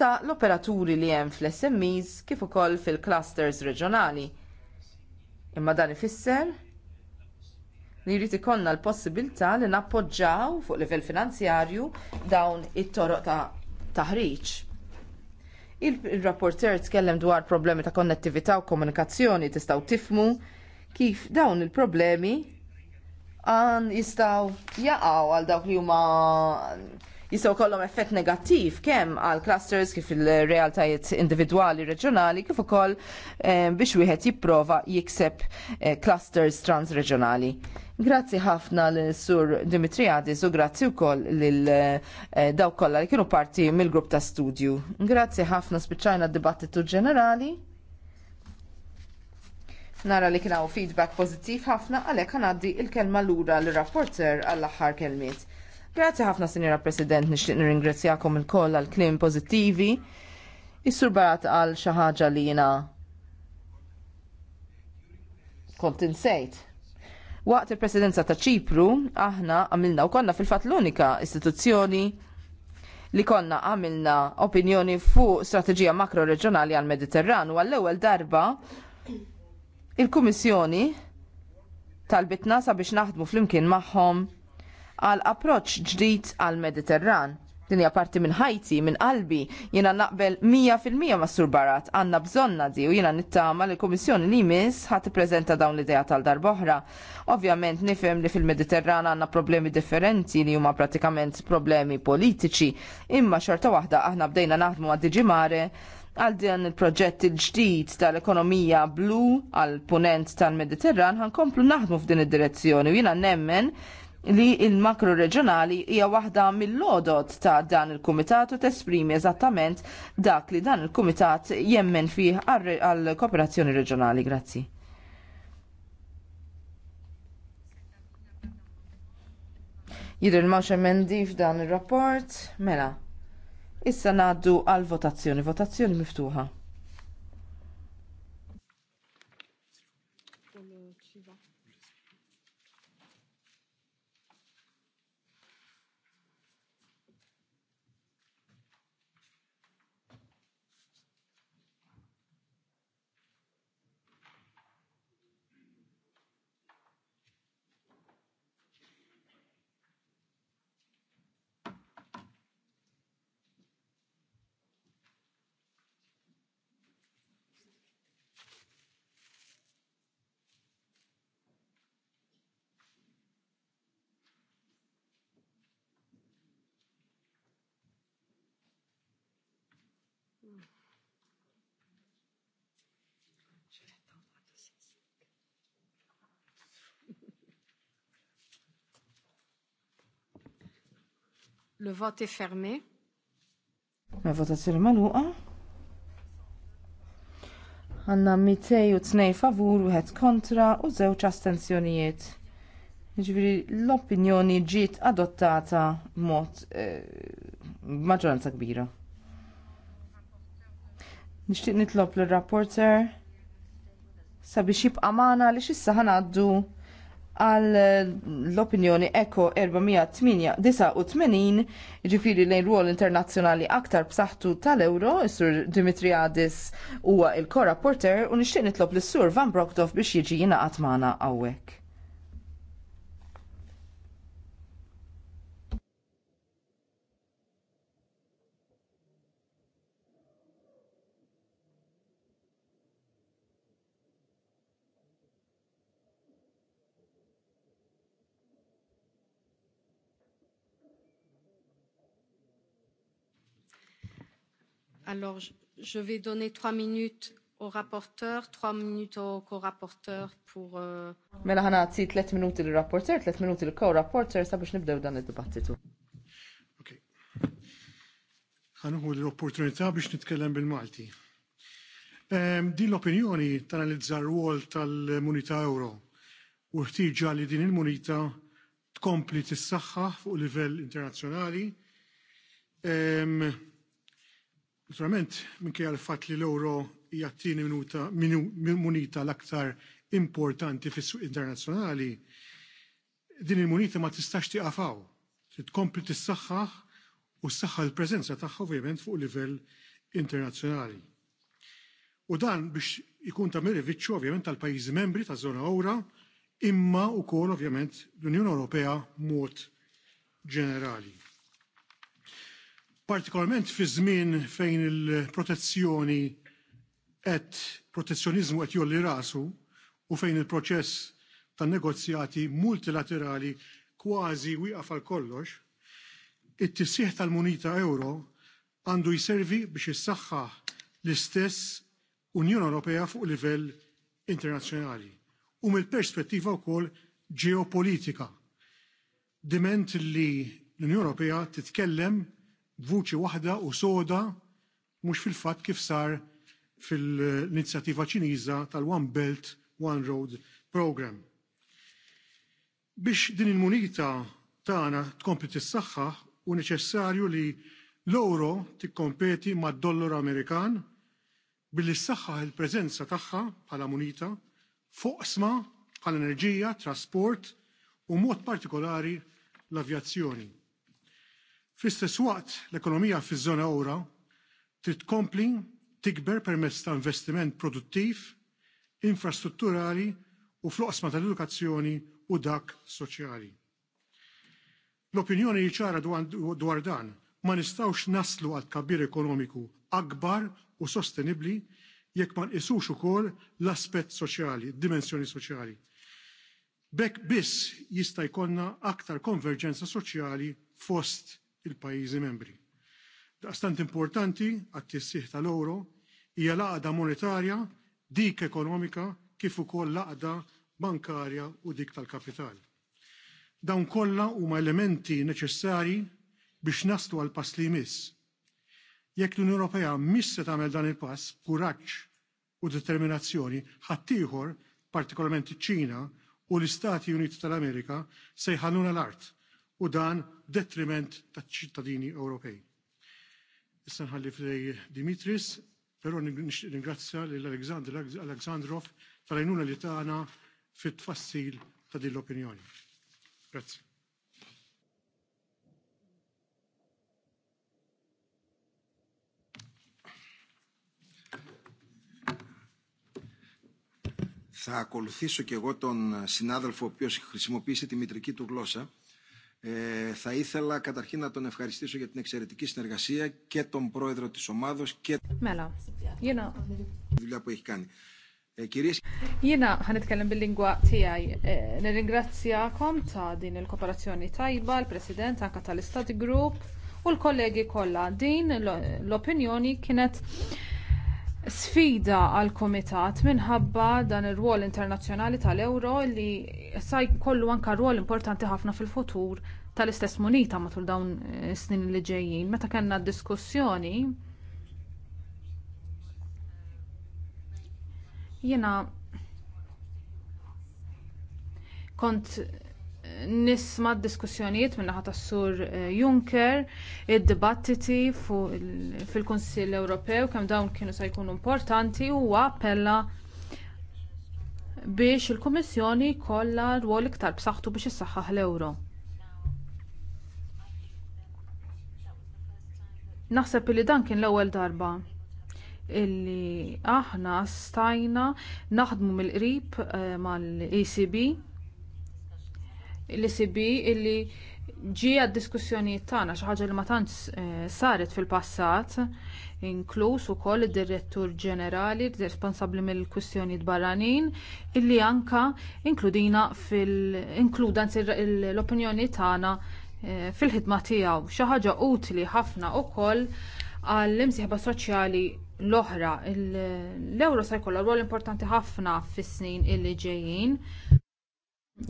Speaker 4: ta' l-operaturi li hemm fl-SMEs kif ukoll fil-clusters reġjonali. Imma dan ifisser li jrid ikollna l-possibilità li nappoġġaw fuq livell finanzjarju dawn it-toroq ta' taħriġ. Il-rapporter tkellem dwar problemi ta' konnettività u komunikazzjoni tistgħu tifmu kif dawn il-problemi għan jistgħu jaqgħu għal dawk li huma jisaw kollom effett negattiv kemm għal clusters kif il-realtajiet individwali reġjonali kif ukoll eh, biex wieħed jipprova jikseb eh, clusters transreġjonali. Grazzi ħafna l-Sur Dimitriadis u grazzi wkoll lil eh, daw kollha li kienu parti mill-grupp ta' studju. Grazzi ħafna spiċċajna d-dibattitu ġenerali. Nara li kienaw feedback pożittiv ħafna għalhekk ħanaddi il-kelma lura l-rapporter għall-aħħar kelmiet. Grazzi ħafna, Sinjora President, nixtieq nirringrazzjakom il-koll għal kliem pożittivi. Is-sur Barat għal xi ħaġa li jiena kont insejt. Waqt il-presidenza ta' ċipru, aħna għamilna u konna fil fatt l-unika istituzzjoni li konna għamilna opinjoni fuq strategija makro-reġjonali għal-Mediterran u għall-ewwel darba il-Kummissjoni talbitna sabiex naħdmu fl-imkien magħhom għal approċċ ġdid għal Mediterran. Din hija parti minn ħajti, minn qalbi, jiena naqbel 100% ma' Sur Barat, għandna bżonna di u jiena nittama li l-Kummissjoni li jmiss ħat ippreżenta dawn l-idea tal-darboħra. Ovvjament nifhem li fil-Mediterran għandna problemi differenti li huma pratikament problemi politiċi, imma xorta waħda aħna bdejna naħdmu għad diġimare għal din il-proġett il-ġdid tal-ekonomija blu għal punent tal-Mediterran ħankomplu naħdmu f'din id-direzzjoni u jiena nemmen li il-makro reġjonali hija waħda mill-lodot ta' dan il-kumitat u tesprimi eżattament dak li dan il-kumitat jemmen fih għall kooperazzjoni reġjonali. Grazzi. il mawx emendi f'dan ir rapport mela. Issa ngħaddu għal votazzjoni, votazzjoni miftuħa.
Speaker 3: Le vote est fermé.
Speaker 4: La votazzjoni magħluqa. Għanna 202 favur, wieħed kontra u żewġ astenzjonijiet. Ġifieri l-opinjoni ġiet adottata mod eh, maġġoranza kbira. Nixtieq nitlob l-rapporter sabiex jibqa' magħna li xissa ħanaddu għal eh, l-opinjoni Eko 489 ġifiri lejn ruol internazzjonali aktar b'saħħtu tal-euro, sur Dimitri Adis huwa il-korrapporter u nixtieq nitlob lis sur Van Brokdov biex jiġi jingħaqad magħna hawnhekk.
Speaker 3: Alors, je vais donner trois minutes au rapporteur, trois minutes au co-rapporteur pour... Euh, mela
Speaker 4: ħana għazzi tlet minuti l-rapporteur, tlet minuti l-co-rapporteur sabiex nibdew dan il-dibattitu. Ok.
Speaker 1: Għanuħu l-opportunità biex nitkellem bil-Malti. Ehm, din l-opinjoni tanalizzar wol tal-Munita Euro u ħtijġa li din il-Munita tkompli tissaħħa fuq livell internazzjonali ehm, Naturalment, minn l-fatt li l-euro hija t-tieni munita l-aktar importanti fis-suq internazzjonali, din il-munita ma tistax tiqafaw. Titkompli saxħax u s-saħħa l-preżenza tagħha ovvjament fuq livell internazzjonali. U dan biex ikun ta' meriviċċju ovvjament tal-pajjiżi membri ta' żona ora, imma wkoll ovvjament l-Unjoni Ewropea mod ġenerali partikolarment fi żmien fejn il-protezzjoni qed protezzjonizmu qed jolli rasu u fejn il-proċess tan negozjati multilaterali kważi wieqaf għal kollox, it-tisjieħ tal-Munita Euro għandu jservi biex issaħħaħ l-istess Unjoni Ewropea fuq livell internazzjonali u mill-perspettiva wkoll ġeopolitika. Diment li l-Unjoni Ewropea titkellem vuċi waħda u soda mhux fil-fatt kif sar fil-inizjattiva ċiniża tal-One Belt One Road Program. Biex din il-munita tagħna tkompli tissaħħa u neċessarju li l-euro tikkompeti mad-dollar Amerikan billi ssaħħaħ il-preżenza tagħha bħala munita fuq sma bħala enerġija, trasport u mod partikolari l-avjazzjoni. Fl-istess waqt, l-ekonomija fiż-żona ewra trid tkompli tikber permezz ta' investiment produttiv, infrastrutturali u fl-oqsma tal-edukazzjoni u dak soċjali. L-opinjoni ċara dwar dan ma nistawx naslu għal kabir ekonomiku akbar u sostenibli jekk ma nqisux ukoll l-aspett soċjali, dimensjoni soċjali. Bekk biss jista' jkollna aktar konverġenza soċjali fost il-pajjiżi membri. Daqstant importanti għat-tissieħ tal-euro hija laqda monetarja dik ekonomika kif ukoll laqda bankarja u dik tal-kapital. Dawn kollha huma elementi neċessari biex naslu għal pass li jmiss. Jekk l-Unjoni Ewropea mhix se tagħmel dan il-pass b'kuraġġ u determinazzjoni ħaddieħor partikolarment iċ-Ċina u l-Istati Uniti tal-Amerika se jħalluna l-art u dan detriment taċ-ċittadini Ewropej. Issa nħalli fdej Dimitris, però ningrazzja lil Aleksandrov tal-għajnuna li tagħna fit-tfassil ta' din l-opinjoni. Grazzi. Θα ακολουθήσω και εγώ τον συνάδελφο ο οποίος χρησιμοποίησε τη μητρική του γλώσσα θα ήθελα καταρχήν να τον ευχαριστήσω για την εξαιρετική συνεργασία και τον πρόεδρο της ομάδος και Μέλα. τη δουλειά που έχει κάνει. Ε, κυρίες...
Speaker 5: Jena, ħanitkellem bil-lingwa tiegħi. Nirringrazzjakom ta' din il-kooperazzjoni tajba, l-President anka tal-Istat Group u l-kollegi kollha. Din l-opinjoni kienet sfida għal komitat minħabba dan ir-rwol internazzjonali tal-Euro li sa jkollu anka rwol importanti ħafna fil-futur tal-istess munita matul dawn eh, snin li ġejjin. Meta kellna diskussjoni jiena kont eh, nisma d-diskussjonijiet minn naħa tas-sur eh, Juncker, id-dibattiti fil-Kunsill Ewropew kemm dawn kienu se jkunu importanti u appella biex il-Kummissjoni kollha rwol iktar b'saħħtu biex issaħħaħ l-ewro. Naħseb li dan kien l-ewwel darba illi aħna stajna naħdmu mill-qrib eh, mal-ECB l-ECB illi ġi għad-diskussjonijiet tagħna xi ħaġa li ma tantx eh, saret fil-passat, inkluż ukoll id-Direttur Ġenerali responsabbli mill-kwistjonijiet barranin, illi anka inkludina fil inkluda l-opinjoni tagħna eh, fil-ħidma tiegħu. Xi ħaġa utli ħafna wkoll għall-imsieħba soċjali l-oħra. L-euro se jkollha rwol importanti ħafna fis-snin illi ġejjin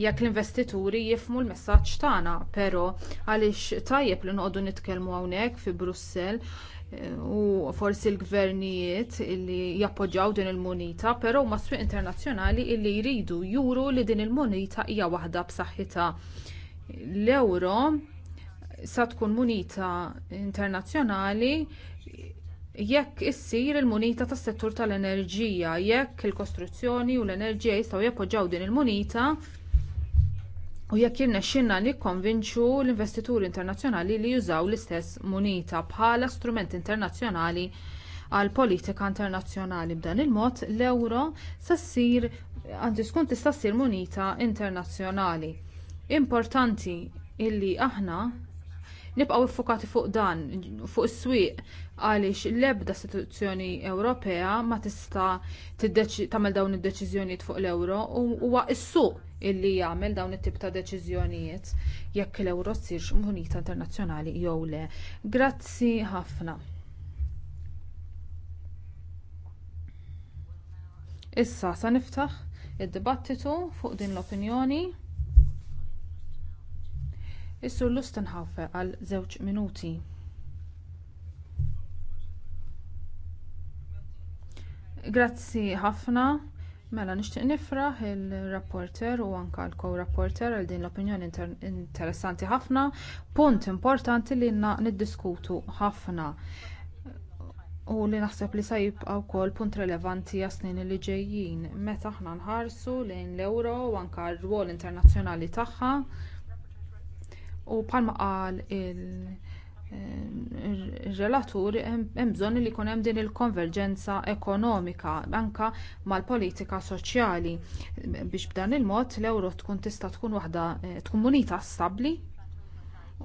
Speaker 5: jekk l-investituri jifhmu l-messaġġ tagħna, però għaliex tajjeb li noqogħdu nitkellmu hawnhekk fi Brussell eh, u forsi l-gvernijiet li jappoġġjaw din il-munita, però huma swieq internazzjonali li jridu juru li din il-munita hija waħda b'saħħitha. L-euro sa tkun munita internazzjonali jekk issir il-munita tas-settur tal-enerġija, jekk il-kostruzzjoni u l-enerġija jistgħu jappoġġjaw din il-munita, il il munita u jekk jirnexxinna nikkonvinċu l-investituri internazzjonali li jużaw l-istess munita bħala strument internazzjonali għal politika internazzjonali b'dan il-mod l-ewro se għandi skont tista' ssir munita internazzjonali. Importanti illi aħna nibqgħu iffukati fuq dan, fuq is-swieq għaliex l-ebda istituzzjoni Ewropea ma tista' tagħmel dawn id-deċiżjonijiet fuq l-ewro u huwa is suq illi jagħmel dawn it-tip ta' deċiżjonijiet jekk l-ewro ssirx munita internazzjonali jew le. Grazzi ħafna. Issa sa niftaħ id-dibattitu fuq din l-opinjoni. Issu l-Lustenhaufe għal żewġ minuti. Grazzi ħafna. Mela nixtieq nifraħ il-rapporter u anke l-co-rapporter għal din l-opinjoni inter interessanti ħafna, punt importanti li niddiskutu ħafna u li naħseb li sa jibqa' wkoll punt relevanti għas li ġejjin meta aħna nħarsu lejn l-ewro u anke l ruol internazzjonali tagħha u bħalma qal il- ir-relatur hemm bżonn li jkun hemm din il-konverġenza ekonomika anke mal-politika soċjali biex b'dan il-mod l-ewro tkun tista' tkun waħda eh, tkun munita stabbli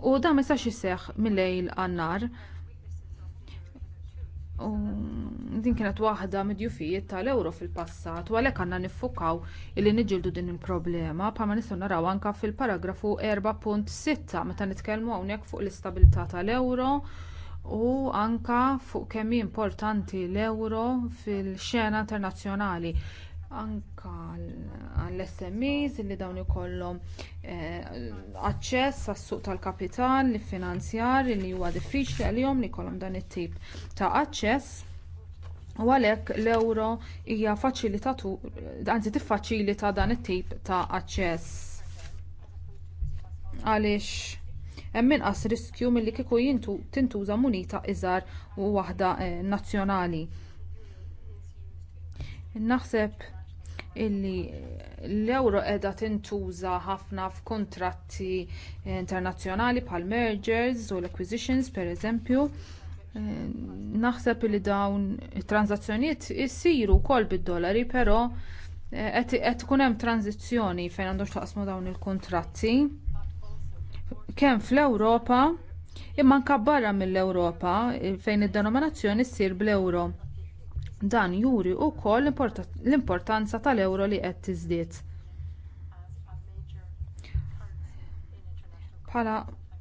Speaker 5: u dan ma jistax iseħħ mil-lejl għan-nar din kienet waħda mid-djufijiet tal-ewro fil-passat u għalhekk għandna niffukaw illi niġġieldu din il-problema bħalma nistgħu naraw anke fil-paragrafu 4.6 meta nitkellmu hawnhekk fuq l-istabilità tal-ewro u anke fuq kemm hi importanti l-ewro fil-xena internazzjonali anke għall-SMEs li dawn ikollhom eh, aċċess għas-suq tal-kapital, li finanzjar li huwa diffiċli għalihom li jkollhom dan it-tip ta' aċċess U għalhekk l-ewro hija faċilitatur, anzi tiffaċilita dan it-tip ta' aċċess. Għaliex hemm inqas riskju milli kieku jintu tintuża munita iżgħar u waħda eh, nazzjonali. Naħseb illi l-euro qiegħda tintuża ħafna f'kuntratti eh, internazzjonali bħal mergers u l-acquisitions pereżempju naħseb li dawn it-tranzazzjonijiet issiru wkoll bid-dollari, però eh, qed tkun hemm tranzizzjoni fejn għandhom x'taqsmu dawn il-kontratti. Kemm fl-Ewropa imma anke barra mill-Ewropa eh, fejn id-denominazzjoni ssir bl-ewro. Dan juri wkoll l-importanza tal-ewro li qed tiżdied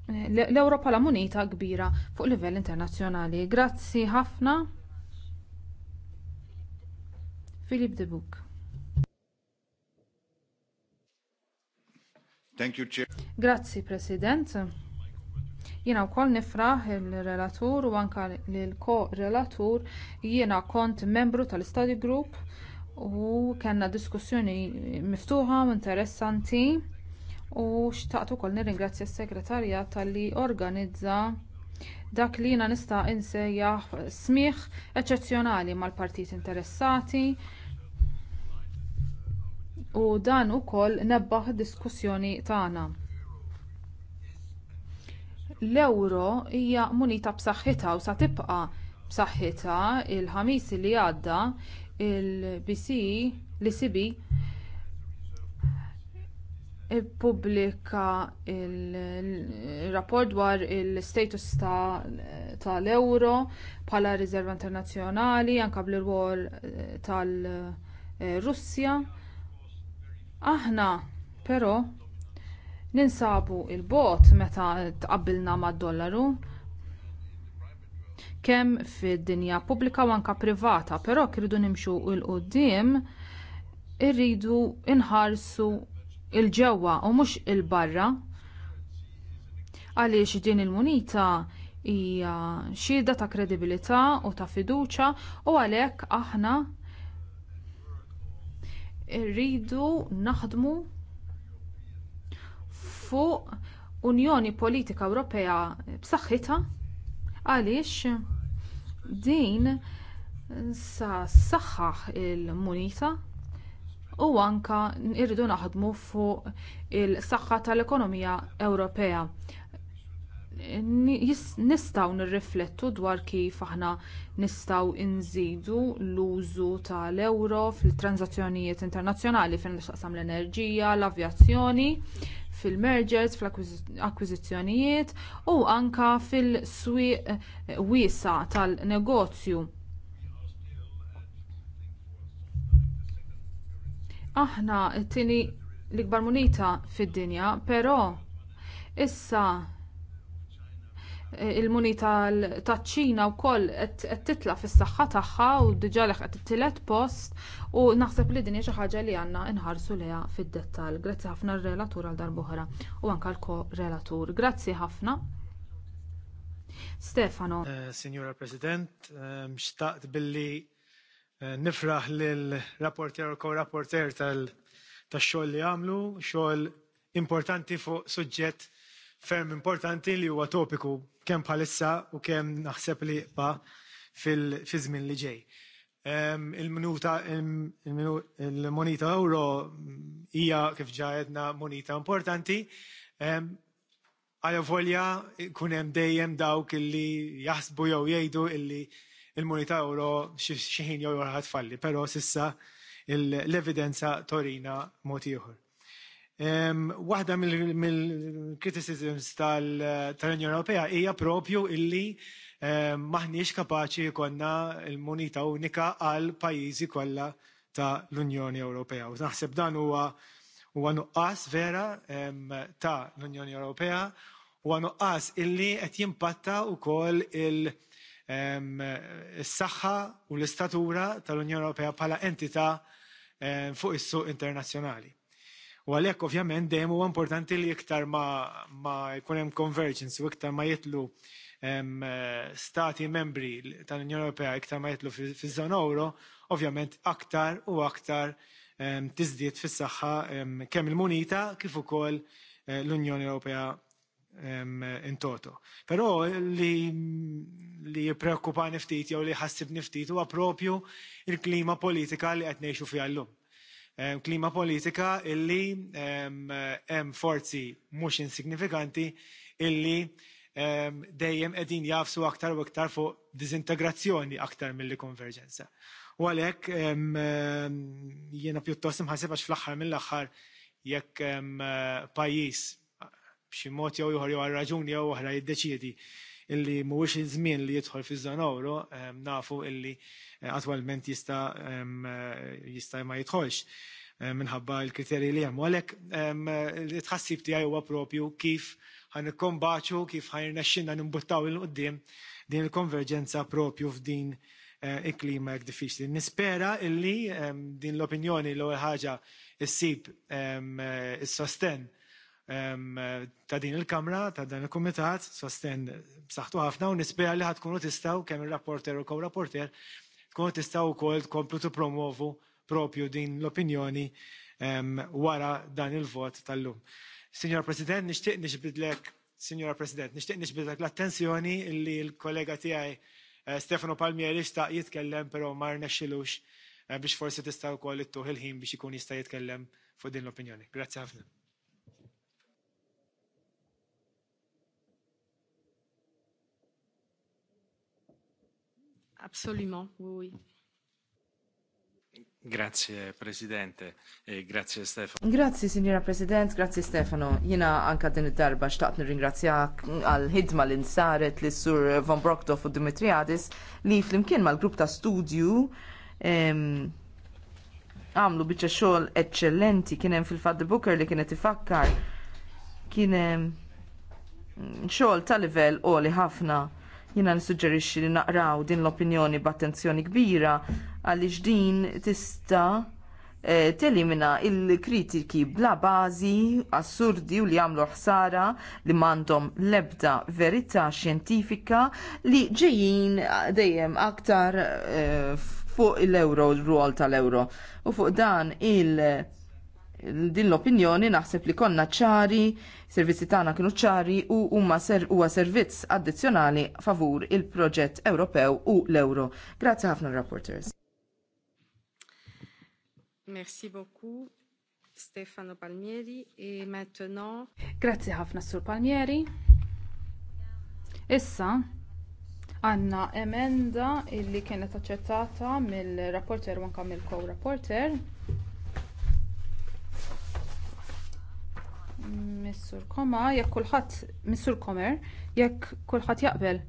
Speaker 5: l-Ewropa la munita kbira fuq livell internazzjonali. Grazzi ħafna. Filip de Buk. Thank you, Chair. Grazzi, President. Jiena wkoll nifraħ il-relatur u anke l-ko-relatur jiena kont membru tal-study group u kellna diskussjoni miftuħa u interessanti u xtaqt ukoll nirringrazzja s tal li organizza dak li jiena nista' insejjaħ smigħ eċċezzjonali mal-partit interessati u dan ukoll nebbaħ diskussjoni tagħna. L-ewro hija munita b'saħħitha u sa tibqa' b'saħħitha il-ħamis li għadda il-BC li sibi ippubblika il-rapport dwar il-status tal-euro ta bħala riserva internazzjonali anke bl-irwol eh, tal-Russja. Aħna però ninsabu il-bot meta tqabbilna mad-dollaru kemm fid-dinja pubblika u anke privata, però kridu nimxu il-qudiem irridu nħarsu il-ġewwa u mhux il-barra għaliex din il-munita hija xhieda ta' kredibilità u ta' fiduċja u għalhekk aħna rridu naħdmu fuq Unjoni Politika Ewropea b'saħħitha għaliex din sa saħħaħ il-munita u anke irridu naħdmu fuq il-saħħa tal-ekonomija Ewropea. Nistgħu nirriflettu dwar kif aħna nistgħu nżidu l-użu tal ewro fil-transazzjonijiet internazzjonali fejn nixtaqsam l-enerġija, l-avjazzjoni, fil-mergers, fl-akkwiżizzjonijiet u anke fil-swieq wiesa tal-negozju Aħna t-tieni l-ikbar munita fid-dinja, però issa eh, il-munita taċ-Ċina wkoll qed titla fis-saħħa tagħha u diġà leħ qed tittilet post u naħseb li din hija xi ħaġa li għandna nħarsu lejha fid-dettall. Grazzi ħafna r-relatur għal darb'oħra u anke l-ko-relatur. Grazzi ħafna. Stefano.
Speaker 6: Eh, signora President, eh, xtaqt billi Eh, nifraħ l-rapporter u co-rapporter tal-xogħol li għamlu, xogħol importanti fuq suġġett ferm importanti li huwa topiku kemm bħalissa u kemm naħseb li jibqa' fil-żmien li ġej. Il-minuta, il-monita euro hija kif ġajedna monita importanti. Għal volja kunem hemm dejjem dawk illi jaħsbu jew jgħidu illi il-Munita Euro xieħin jew jorħat falli, pero sissa l-evidenza torina mod ieħor. Waħda mill-criticisms tal-Unjoni Ewropea hija propju illi maħniex kapaċi jkollna l-munita unika għal pajjiżi kollha ta' l-Unjoni Ewropea. U naħseb dan huwa huwa nuqqas vera ta' l-Unjoni Ewropea huwa nuqqas illi qed jimpatta wkoll il- s-saħħa u l-istatura tal-Unjoni Ewropea bħala entità fuq is-suq internazzjonali. U għalhekk ovvjament dejjem huwa importanti li iktar ma, ma jkun hemm convergence u iktar ma jitlu stati membri tal-Unjoni Ewropea iktar ma jitlu fiż-żona euro, ovvjament aktar u aktar tiżdied fis-saħħa kemm il-munita kif ukoll eh, l-Unjoni Ewropea in toto. Però li li jippreokkupani ftit jew li ħassibni ftit huwa propju il-klima politika li qed ngħixu fiha llum. Klima politika illi hemm forzi mhux insignifikanti illi dejjem qegħdin jafsu aktar u aktar fuq dizintegrazzjoni aktar milli konverġenza. U għalhekk jiena pjuttost imħasseb għax fl-aħħar mill-aħħar jekk pajjiż b'xi mod jew ieħor jew għal raġuni jew oħra jiddeċiedi illi mhuwiex iż-żmien li jidħol fiż-żon ewro ehm, nafu illi eh, attwalment jista' ehm, eh, jista' ma jidħolx eh, minħabba l-kriterji li hemm. Għalhekk it-tħassib ehm, tiegħi huwa propju kif ħanikkombaċu kif ħajrnexxinna nimbuttaw il qudiem din il-konverġenza propju f'din il-klima jek diffiċli. Nispera illi din l-opinjoni l ewwel ħaġa issib is-sosten ta' din il-Kamra, ta' dan il-Kumitat, sosten b'saħħtu ħafna u nispera li ħatkunu tistaw kemm il-rapporter u kow rapporter tkunu tistaw ukoll tkomplu tippromovu propju din l-opinjoni wara dan il-vot tal-lum. Signor President, nixtieq nishbidlek, Signora President, nixtieq nishbidlek l-attenzjoni li l-kollega tiegħi eh, Stefano Palmieri xtaq jitkellem però ma rnexxilux eh, biex forsi tista' wkoll ittuħ il-ħin biex ikun jista' jitkellem fuq din l-opinjoni. Grazzi ħafna.
Speaker 3: absolument, oui, oui.
Speaker 6: Grazie Presidente, e grazie Stefano. Grazie
Speaker 4: Signora President, grazie Stefano. Jina anka din id-darba xtaqt nirringrazzjak għal-ħidma li nsaret li sur Von Brockdorf u Dimitriadis li flimkien mal-grupp ta' studju għamlu bieċa xogħol eccellenti kien hemm fil-Fad Booker li kienet ifakkar kien hemm xogħol ta' livell oli ħafna. Jiena nissuġġerixxi li naqraw din l-opinjoni b'attenzjoni kbira għaliex din tista' eh, telimina il-kritiki bla bażi assurdi u li għamlu ħsara li m'għandhom l-ebda verità xjentifika li ġejjin dejjem aktar eh, fuq l-euro, l rual tal-euro. U fuq dan il- din l-opinjoni naħseb li konna ċari, servizzi tagħna kienu ċari u huma ser huwa servizz addizzjonali favur il-proġett Ewropew u l-Euro. Grazzi ħafna rapporters.
Speaker 3: Merci beaucoup Stefano Palmieri e maintenant
Speaker 5: Grazzi ħafna Sur Palmieri. Issa għanna emenda illi kienet aċċettata mill-rapporter u anka mill-co-rapporter. Missur Koma, jekk kulħadd Missur Komer, jekk kulħadd jaqbel.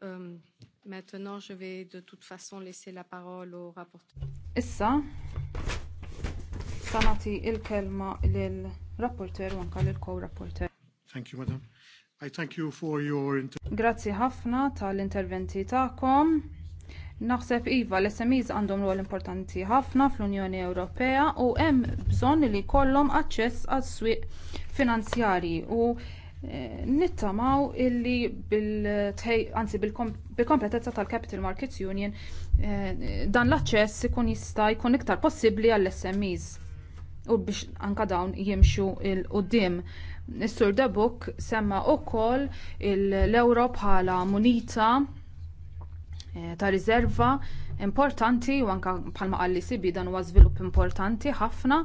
Speaker 3: Um, maintenant, je vais de toute façon laisser la parole au rapporteur.
Speaker 5: Issa, sanati il-kelma lill-rapporteur u anka lill-co-rapporteur.
Speaker 1: Thank you, madam. I thank you for your
Speaker 5: Grazzi ħafna tal-interventi takom. Naħseb iva l-SMEs għandhom rol importanti ħafna fl-Unjoni Ewropea u hemm bżonn li jkollhom aċċess għas-swieq finanzjarji u eh, nittamaw illi bil anzi bil-kompetenza tal-Capital Markets Union eh, dan l-aċċess ikun jista' jkun iktar possibbli għall-SMEs u biex anka dawn jimxu il qudiem Is-Sur Debuk semma wkoll l-Ewro bħala munita Eh, ta' riserva importanti u anke bħalma qalli sibi dan huwa żvilupp importanti ħafna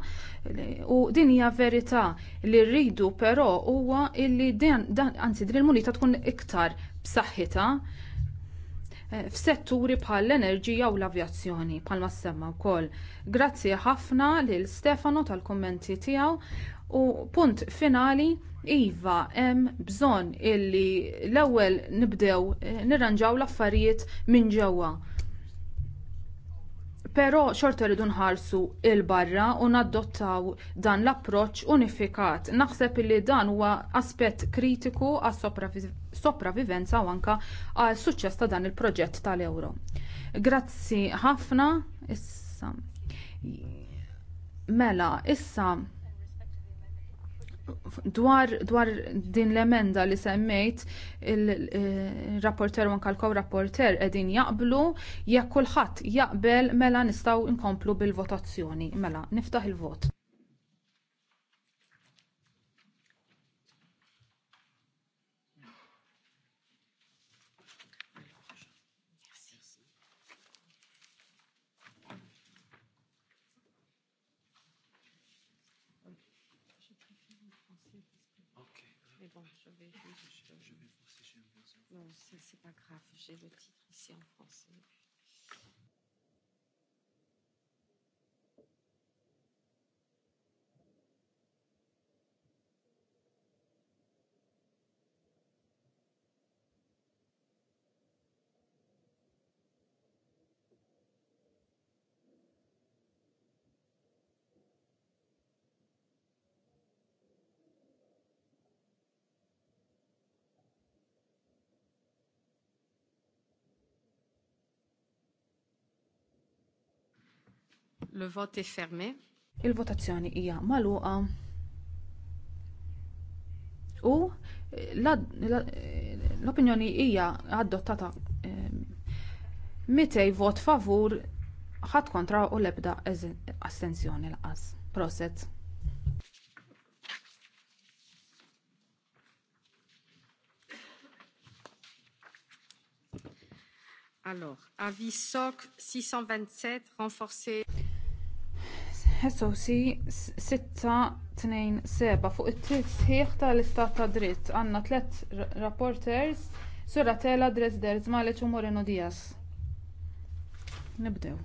Speaker 5: u din hija verità li rridu però huwa illi dan anzi din il-munita tkun iktar b'saħħitha eh, f'setturi bħal l-enerġija u l-avjazzjoni bħalma semma wkoll. Grazzi ħafna lil Stefano tal-kummenti tiegħu u punt finali iva hemm bżonn illi l-ewwel nibdew eh, nirranġaw l-affarijiet minn ġewwa. Però xorta rridu nħarsu il-barra u nadottaw dan l-approċċ unifikat. Naħseb li dan huwa aspett kritiku għas sopravivenza u anke għal suċċess ta' dan il-proġett tal ewro Grazzi ħafna issa. Mela, issa dwar, dwar din l-emenda li semmejt il-rapporter eh, u kalkaw rapporter edin jaqblu jekk kulħadd jaqbel mela nistgħu nkomplu bil-votazzjoni mela niftaħ il-vot.
Speaker 3: c'est pas grave, j'ai le titre ici en français. Le vote est fermé.
Speaker 5: Il-votazzjoni hija magħluqa. U l-opinjoni hija adottata ehm, mitej vot favur ħadd kontra u l-ebda astensjoni laqas. Proset.
Speaker 3: Alors, avis SOC 627 renforcé.
Speaker 5: 627 fuq it-tisħiħ tal-istat ta' dritt għandna tliet rapporters Sura Tela Dresders Malek u Moreno Diaz. Nibdew.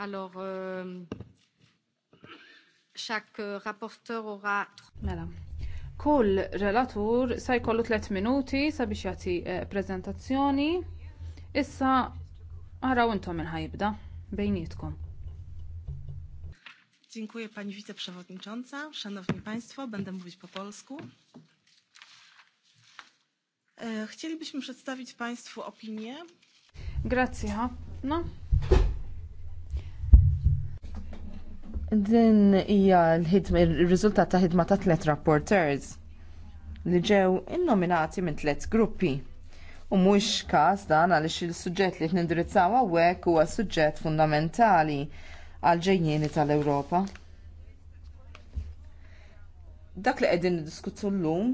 Speaker 3: Alors, euh, chaque euh, rapporteur aura... Mela.
Speaker 5: Kull relatur sa jkollu 3 minuti sabiex jagħti eh, prezentazzjoni. Issa araw intom il-ħajbda bejnietkom.
Speaker 4: Dziękuję Pani Wiceprzewodnicząca. Szanowni Państwo, będę mówić po polsku. E, chcielibyśmy przedstawić Państwu opinię.
Speaker 5: Grazie. No,
Speaker 4: Din hija l riżultat ta' ħidma ta' tliet rapporters li ġew innominati minn tliet gruppi. U mhux każ dan għaliex il-suġġett li nindirizzaw hawnhekk huwa suġġett fundamentali għal ġejjieni tal-Ewropa. Dak li qegħdin niddiskutu llum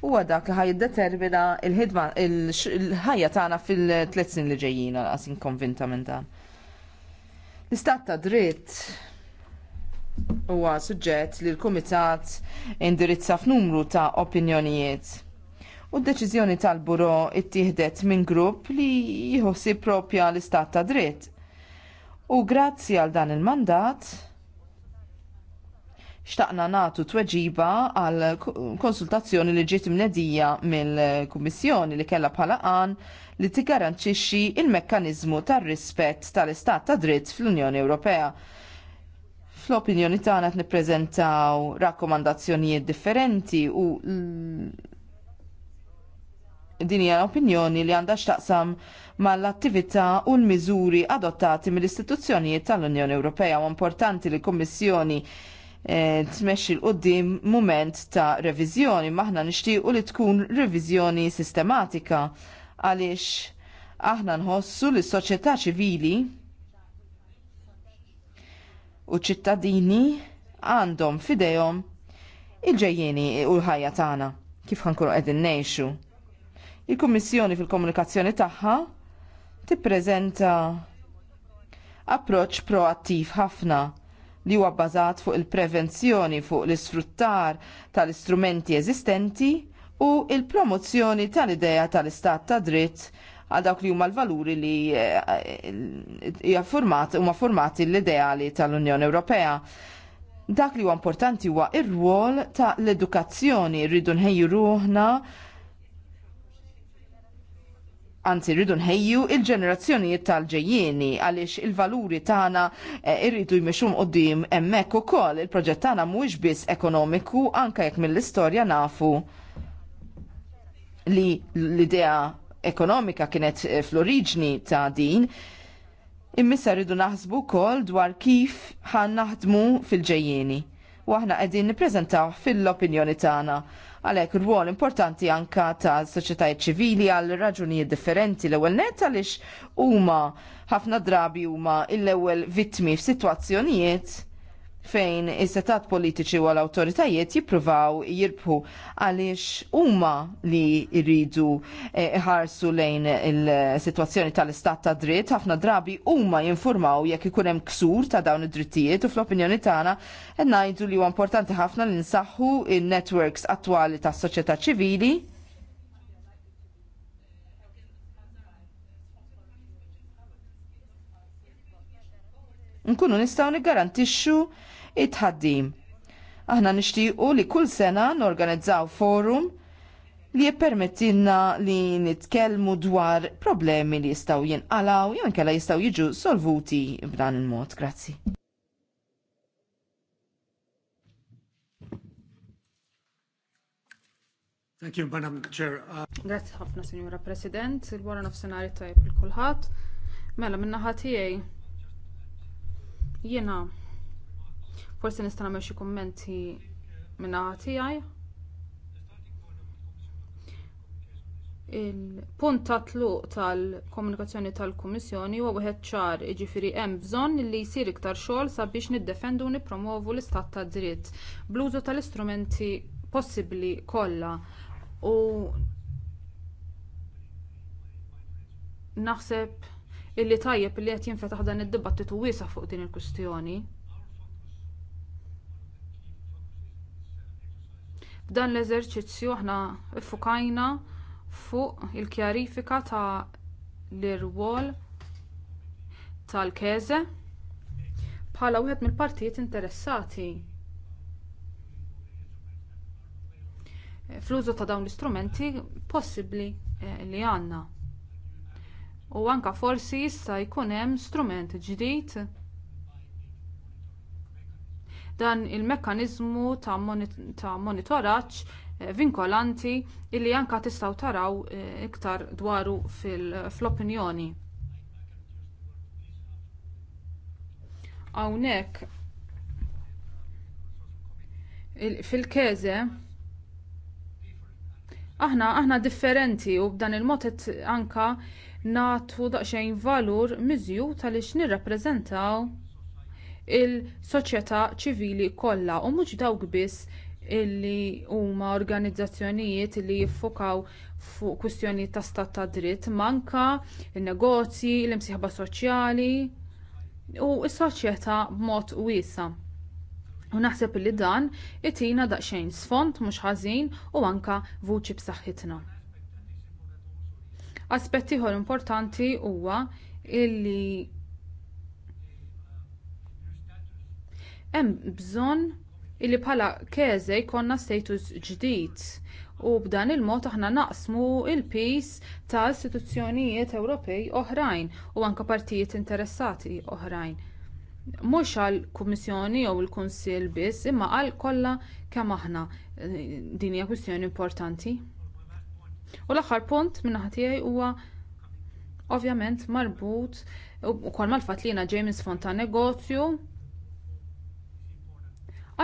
Speaker 4: huwa dak li ħajdetermina il-ħidma il-ħajja tagħna fil-tliet snin li ġejjin għal konvinta minn dan. L-istat ta' dritt huwa suġġett li l-Kumitat indirizza f'numru ta' opinjonijiet. U d-deċiżjoni tal-buro ittieħdet minn grupp li jħossi propja l-istat ta' dritt. U grazzi għal dan il-mandat, xtaqna natu tweġiba għal konsultazzjoni li ġiet mnedija mill-Kummissjoni li kellha bħala qan li tigarantixxi il-mekkaniżmu tar-rispett tal-istat ta' dritt fl-Unjoni Ewropea. Fl-opinjoni tagħna qed nippreżentaw rakkomandazzjonijiet differenti u din hija opinjoni li għandha x'taqsam mal-attività u l-miżuri adottati mill-istituzzjonijiet tal-Unjoni Ewropea u importanti li l-Kummissjoni eh, tmexxi l qudiem mument ta' reviżjoni maħna nixtiequ li tkun reviżjoni sistematika għaliex aħna nħossu li s-soċjetà ċivili u ċittadini għandhom fidejhom il-ġejjeni u l-ħajja tagħna kif ħankunu qegħdin ngħixu. Il-Kummissjoni fil-komunikazzjoni tagħha tippreżenta approċċ proattiv ħafna li huwa bbażat fuq il-prevenzjoni fuq l-isfruttar tal-istrumenti eżistenti u il-promozzjoni tal-idea tal-istat ta' dritt għal dawk li huma l-valuri li eh, huma formati l-ideali tal-Unjoni Ewropea. Dak li huwa importanti huwa ir-rwol ta' l-edukazzjoni rridu nħejju ruħna anzi rridu nħejju il-ġenerazzjonijiet tal-ġejjieni għaliex il-valuri tagħna eh, rridu jmexxum qudiem hemmhekk ukoll il-proġett tagħna mhuwiex biss ekonomiku anke jekk mill-istorja nafu li l-idea ekonomika kienet eh, fl-oriġni ta' din, immissa rridu naħsbu kol dwar kif ħan naħdmu fil-ġejjeni. U aħna qegħdin nippreżentaw fil-opinjoni tagħna għalhekk rwol importanti anka ta' soċjetajiet ċivili għal raġunijiet differenti l-ewwel net għaliex huma ħafna drabi huma l-ewwel vittmi f'sitwazzjonijiet fejn is-setat politiċi u l-autoritajiet jippruvaw jirbħu għaliex huma li jridu eh, ħarsu lejn il-sitwazzjoni tal-istat ta' dritt, ħafna drabi huma jinformaw jekk ikun hemm ksur ta' dawn id-drittijiet u fl-opinjoni tagħna qed ngħidu li huwa importanti ħafna li nsaħħu in networks attwali tas-soċjetà ċivili nkunu nistgħu niggarantixxu it-ħaddim. Aħna nixtiequ li kull sena norganizzaw forum li jippermettilna li nitkellmu dwar problemi li jistaw jinqalaw jew inkella jistaw jiġu solvuti b'dan il-mod. Grazzi.
Speaker 1: Thank you, Madam Chair.
Speaker 5: Uh... Grazie ħafna, Signora President. Il-wara nofsenari tajb il-kulħat. Mela, minna ħatijaj Jiena forsi nista' nagħmel xi kummenti minna naħa tiegħi. Il-punt ta' tluq tal-komunikazzjoni tal-Kummissjoni huwa wieħed ċar, jiġifieri hemm bżonn li jsir iktar xogħol sabiex niddefendu u nippromovu l-istat ta' dritt bl-użu tal-istrumenti possibbli kollha. U naħseb illi tajjeb li qed jinfetaħ dan id-dibattitu wiesa' fuq din il-kwistjoni. F'dan l-eżerċizzju aħna ffukajna fuq il-kjarifika ta' l-irwol tal-keze bħala wieħed mill-partijiet interessati. Fl-użu ta' dawn l-istrumenti possibbli eh, li għandna u anke forsi jista' jkun hemm strument ġdid dan il-mekkaniżmu ta', monit ta monitoraġġ eh, vinkolanti illi anke tistgħu taraw eh, iktar dwaru fl-opinjoni. Hawnhekk fil-keze aħna aħna differenti u b'dan il-mod anka nagħtu daqsxejn valur miżjud għaliex nirrappreżentaw il-soċjetà ċivili kollha u mhux dawk biss illi huma organizzazzjonijiet li jiffokaw fuq kwistjonijiet ta' stat ta' dritt manka in-negozji, l-imsieħba soċjali u s-soċjetà b'mod wiesa. U naħseb li dan itina daqsxejn sfond mhux ħażin u anke vuċi b'saħħitna. Aspett ieħor importanti huwa li hemm bżonn illi bħala keze jkollna status ġdid u b'dan il-mod aħna naqsmu l-piż ta' istituzzjonijiet Ewropej oħrajn u anke partijiet interessati oħrajn. Mhux għall kummissjoni jew il-Kunsill biss imma għal kollha kemm aħna din hija kwistjoni importanti. U l-aħħar punt minn tiegħi huwa ovvjament marbut ukoll mal-fatt li jiena ġej minn sfond tan negozju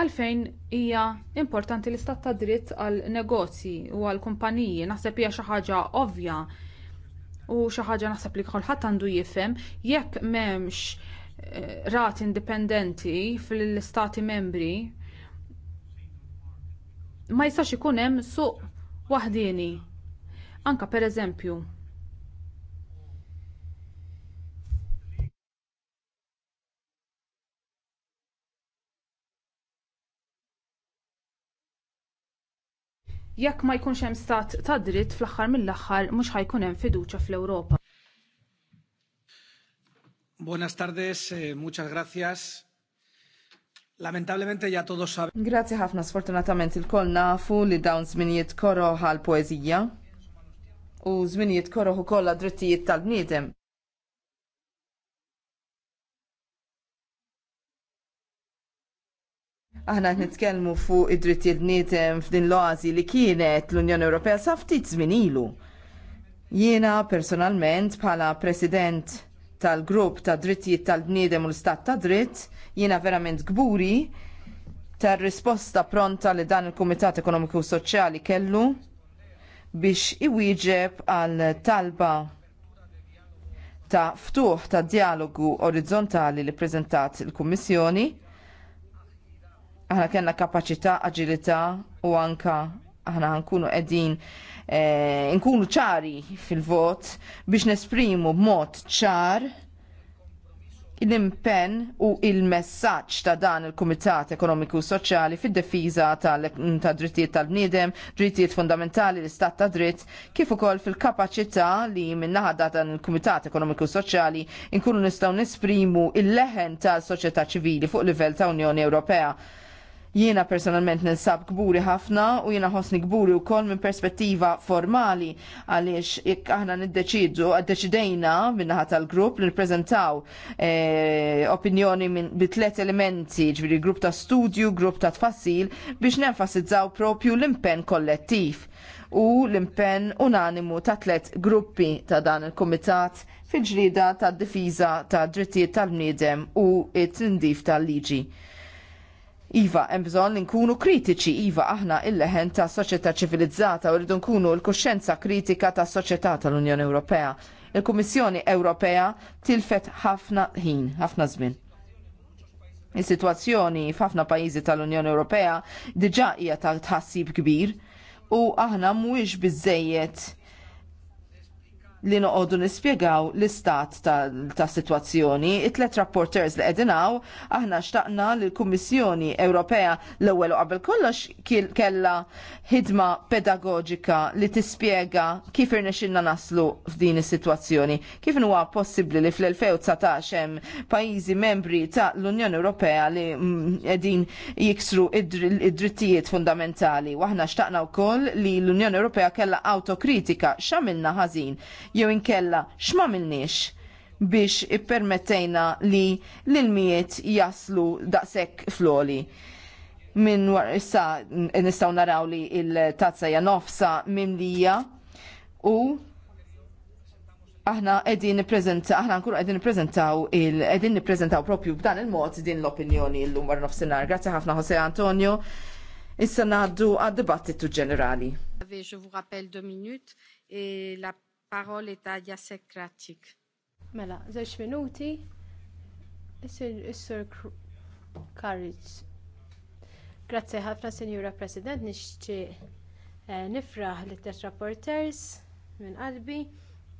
Speaker 5: għalfejn hija importanti l-istat ta' dritt għal negozji u għal kumpaniji naħseb hija xi ħaġa ovvja u xi ħaġa naħseb li kulħadd għandu jifhem jekk m'hemmx eh, rati indipendenti fl-istati membri ma jistax ikun hemm suq waħdieni Anka pereżempju jekk ma jkunx hemm stat ta' dritt fl-aħħar mill-aħħar mhux ħajkun hemm fiduċja fl-Ewropa.
Speaker 6: Buenas tardes, eh, muchas gracias. Lamentablemente ja todos saben.
Speaker 4: Grazie ħafna sfortunatament il-koll nafu li dawn żminijiet koro għal poezija u żminijiet koroħ ukoll drittijiet tal-bniedem. Aħna nitkellmu fuq id-drittijiet bniedem f'din l oazi li kienet l-Unjoni Ewropea sa ftit żmien ilu. Jiena personalment bħala President tal-grupp ta' drittijiet tal-bniedem u l-istat ta' dritt, jiena verament gburi tar risposta pronta li dan il-Kumitat Ekonomiku Soċjali kellu biex iwieġeb għal talba ta' ftuħ ta' dialogu orizzontali li ppreżentat il-Kummissjoni. Aħna kellna kapaċità, aġilità u anka aħna nkunu qegħdin eh, nkunu ċari fil-vot biex nesprimu b'mod ċar l-impenn u il-messaġġ ta' dan il-Kumitat Ekonomiku Soċjali fid-defiża tad-drittijiet tal-bniedem, drittijiet fundamentali l-istat ta' dritt, kif ukoll fil-kapaċità li minnaħa dan il-Kumitat Ekonomiku Soċjali nkunu nistgħu nesprimu il-leħen tal-soċjetà ċivili fuq livell ta' Unjoni Ewropea Jiena personalment ninsab kburi ħafna u jiena ħosni kburi u kol minn perspettiva formali għaliex jekk aħna niddeċidu, għaddeċidejna ħat tal-grupp li nippreżentaw eh, opinjoni minn bitlet elementi, ġviri grupp ta' studju, grupp ta' tfassil biex nenfasizzaw propju l-impen kollettiv u l-impen unanimu ta' tlet gruppi ta' dan il-komitat fil-ġrida ta' difiża ta' drittijiet tal mnidem u it-tindif tal-liġi. Iva, hemm bżonn li nkunu kritiċi, iva aħna il-leħen ta' soċjetà ċivilizzata u rridu nkunu l-kuxjenza kritika ta' soċjetà tal-Unjoni Ewropea. Il-Kummissjoni Ewropea tilfet ħafna ħin, ħafna żmien. Is-sitwazzjoni f'ħafna pajjiżi tal-Unjoni Ewropea diġà hija ta' tħassib kbir u aħna mhuwiex biżejjed li noqogħdu nispjegaw l-istat ta' situazzjoni. It-tlet rapporters li qegħdinaw aħna xtaqna l-Kummissjoni Ewropea l-ewwel u qabel kollox kellha ħidma pedagogika li tispjega kif irnexxilna naslu f'din is-sitwazzjoni. Kif huwa possibbli li fl-2019 hemm pajjiżi membri ta' l-Unjoni Ewropea li mm, qegħdin jiksru id-drittijiet fundamentali. Waħna xtaqna wkoll li l-Unjoni Ewropea kellha autokritika x'għamilna ħażin jew inkella x'mamilniex biex ippermettejna li l-ilmijiet jaslu daqshekk floli. Min war issa nistgħu naraw li l tazza hija nofsa mimlija u aħna qegħdin nippreżenta aħna nkunu qegħdin nippreżentaw il qegħdin nippreżentaw propju b'dan il-mod din l-opinjoni llum war nofsinhar Grazzi ħafna Jose Antonio. Issa ngħaddu għad-dibattitu ġenerali.
Speaker 3: Je vous rappelle deux minutes et la paroli ta' Jasek Kratzik.
Speaker 2: Mela, żewġ minuti, s sur Karriċ. Grazzi ħafna, Sinjura President, nixċi eh, nifraħ li tet rapporters minn qalbi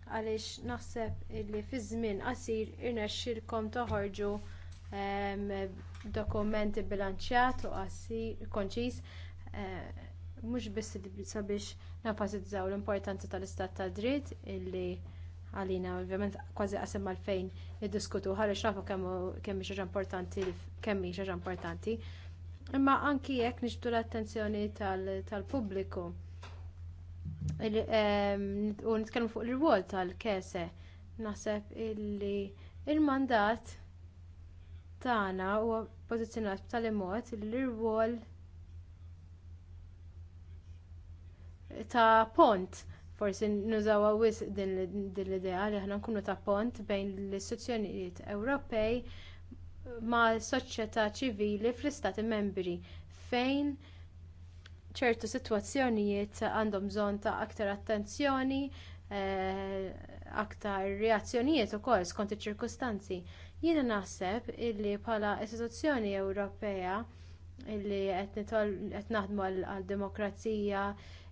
Speaker 2: għaliex naħseb illi fi żmien qasir irnexxilkom toħorġu dokumenti bilanċjat u qasir konċis eh, mhux biss sabiex nenfasizzaw l-importanza tal-istat ta' dritt illi għalina ovvjament kważi qasem għalfejn niddiskutu ħarġ nafu kemm xi importanti kemm xi importanti. Imma anki jekk nixbdu l-attenzjoni tal-pubbliku u nitkellmu fuq il-rwol tal-kese naħseb illi il-mandat tagħna huwa pożizzjonat b'tali mod li l-rwol ta' pont. Forsi nużaw wis din l-idea li aħna nkunu ta' pont bejn l-istituzzjonijiet Ewropej ma' soċjetà ċivili fl-istati membri fejn ċertu sitwazzjonijiet għandhom bżonn ta' aktar attenzjoni, eh, aktar reazzjonijiet ukoll skont iċ-ċirkustanzi. Jiena naħseb illi bħala istituzzjoni Ewropea illi qed naħdmu għal demokrazija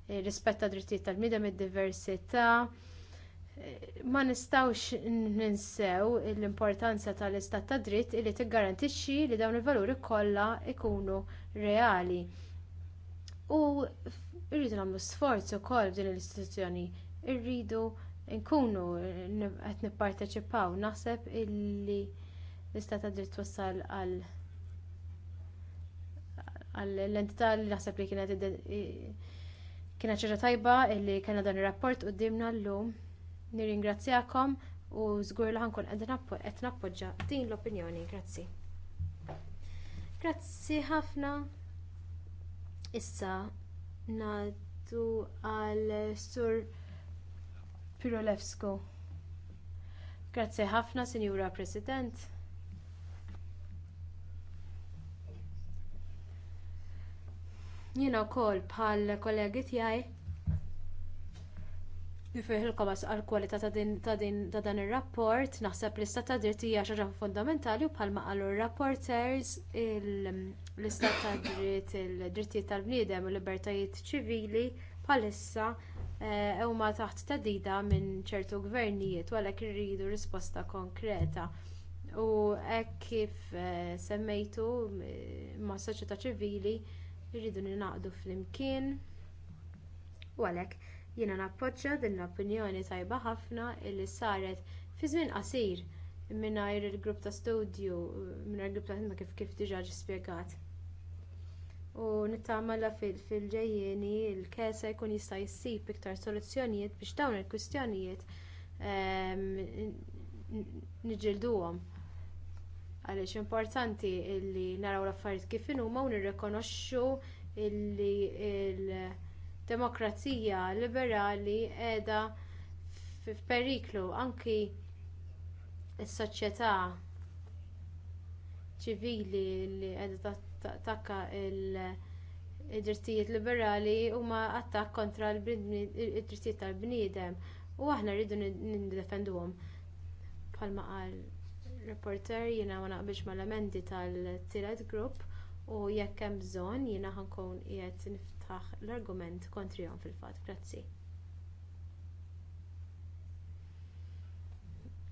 Speaker 2: rispetta drittijiet tal-midem id-diversità. Ma nistawx ninsew l-importanza tal-istat ta' dritt li tiggarantixxi li dawn il-valuri kollha ikunu reali. U rridu nagħmlu sforz ukoll f'din l-istituzzjoni. Irridu nkunu qed nipparteċipaw naħseb illi l-istat ta' dritt wassal għal għall entità li naħseb li kienet Kienet ċerra tajba illi kena dan ir-rapport qudiemna llum. Nirringrazzjakom u żgur li ħankun qed nappoġġa din l-opinjoni. Grazzi. Grazzi ħafna. Issa ngħaddu għal Sur Pirolevsku. Grazzi ħafna, Sinjura President. Jiena wkoll bħal kollegi tiegħi nifirħilkom għasqal kwalità ta' dan ir-rapport, naħseb l-istat ta' dritt hija xi fundamentali u bħalma qalu r-rapporters l-istat ta' dritt, il-drittijiet tal-bniedem u l-libertajiet ċivili bħalissa eh, huma taħt tadida minn ċertu gvernijiet u għalhekk irridu risposta konkreta. U hekk kif eh, semmejtu eh, ma' soċjetà ċivili irridu ninaqdu flimkien. U għalhekk jiena nappoċċa din l-opinjoni tajba ħafna li saret fi żmien qasir mingħajr il-grupp ta' studju, mingħajr il-grupp ta' kif kif diġà spjegat. U nittamalla fil-ġejjeni fil-ġejjeni il-kesa jkun jista' jissib iktar soluzzjonijiet biex dawn il-kwistjonijiet niġilduhom. Għaliex importanti li naraw l-affarijiet kif huma u nirrikonoxxu li l-demokrazija liberali qiegħda f'periklu anki s-soċjetà ċivili li qiegħda tattakka il-drittijiet liberali huma attakk kontra l-drittijiet tal-bniedem u aħna rridu nindefenduhom bħalma qal rapporter jiena ma naqbilx mal-emendi tal-tielet grupp u jekk hemm bżonn jiena ħankun qiegħed niftaħ l-argument kontrihom fil-fatt. Grazzi.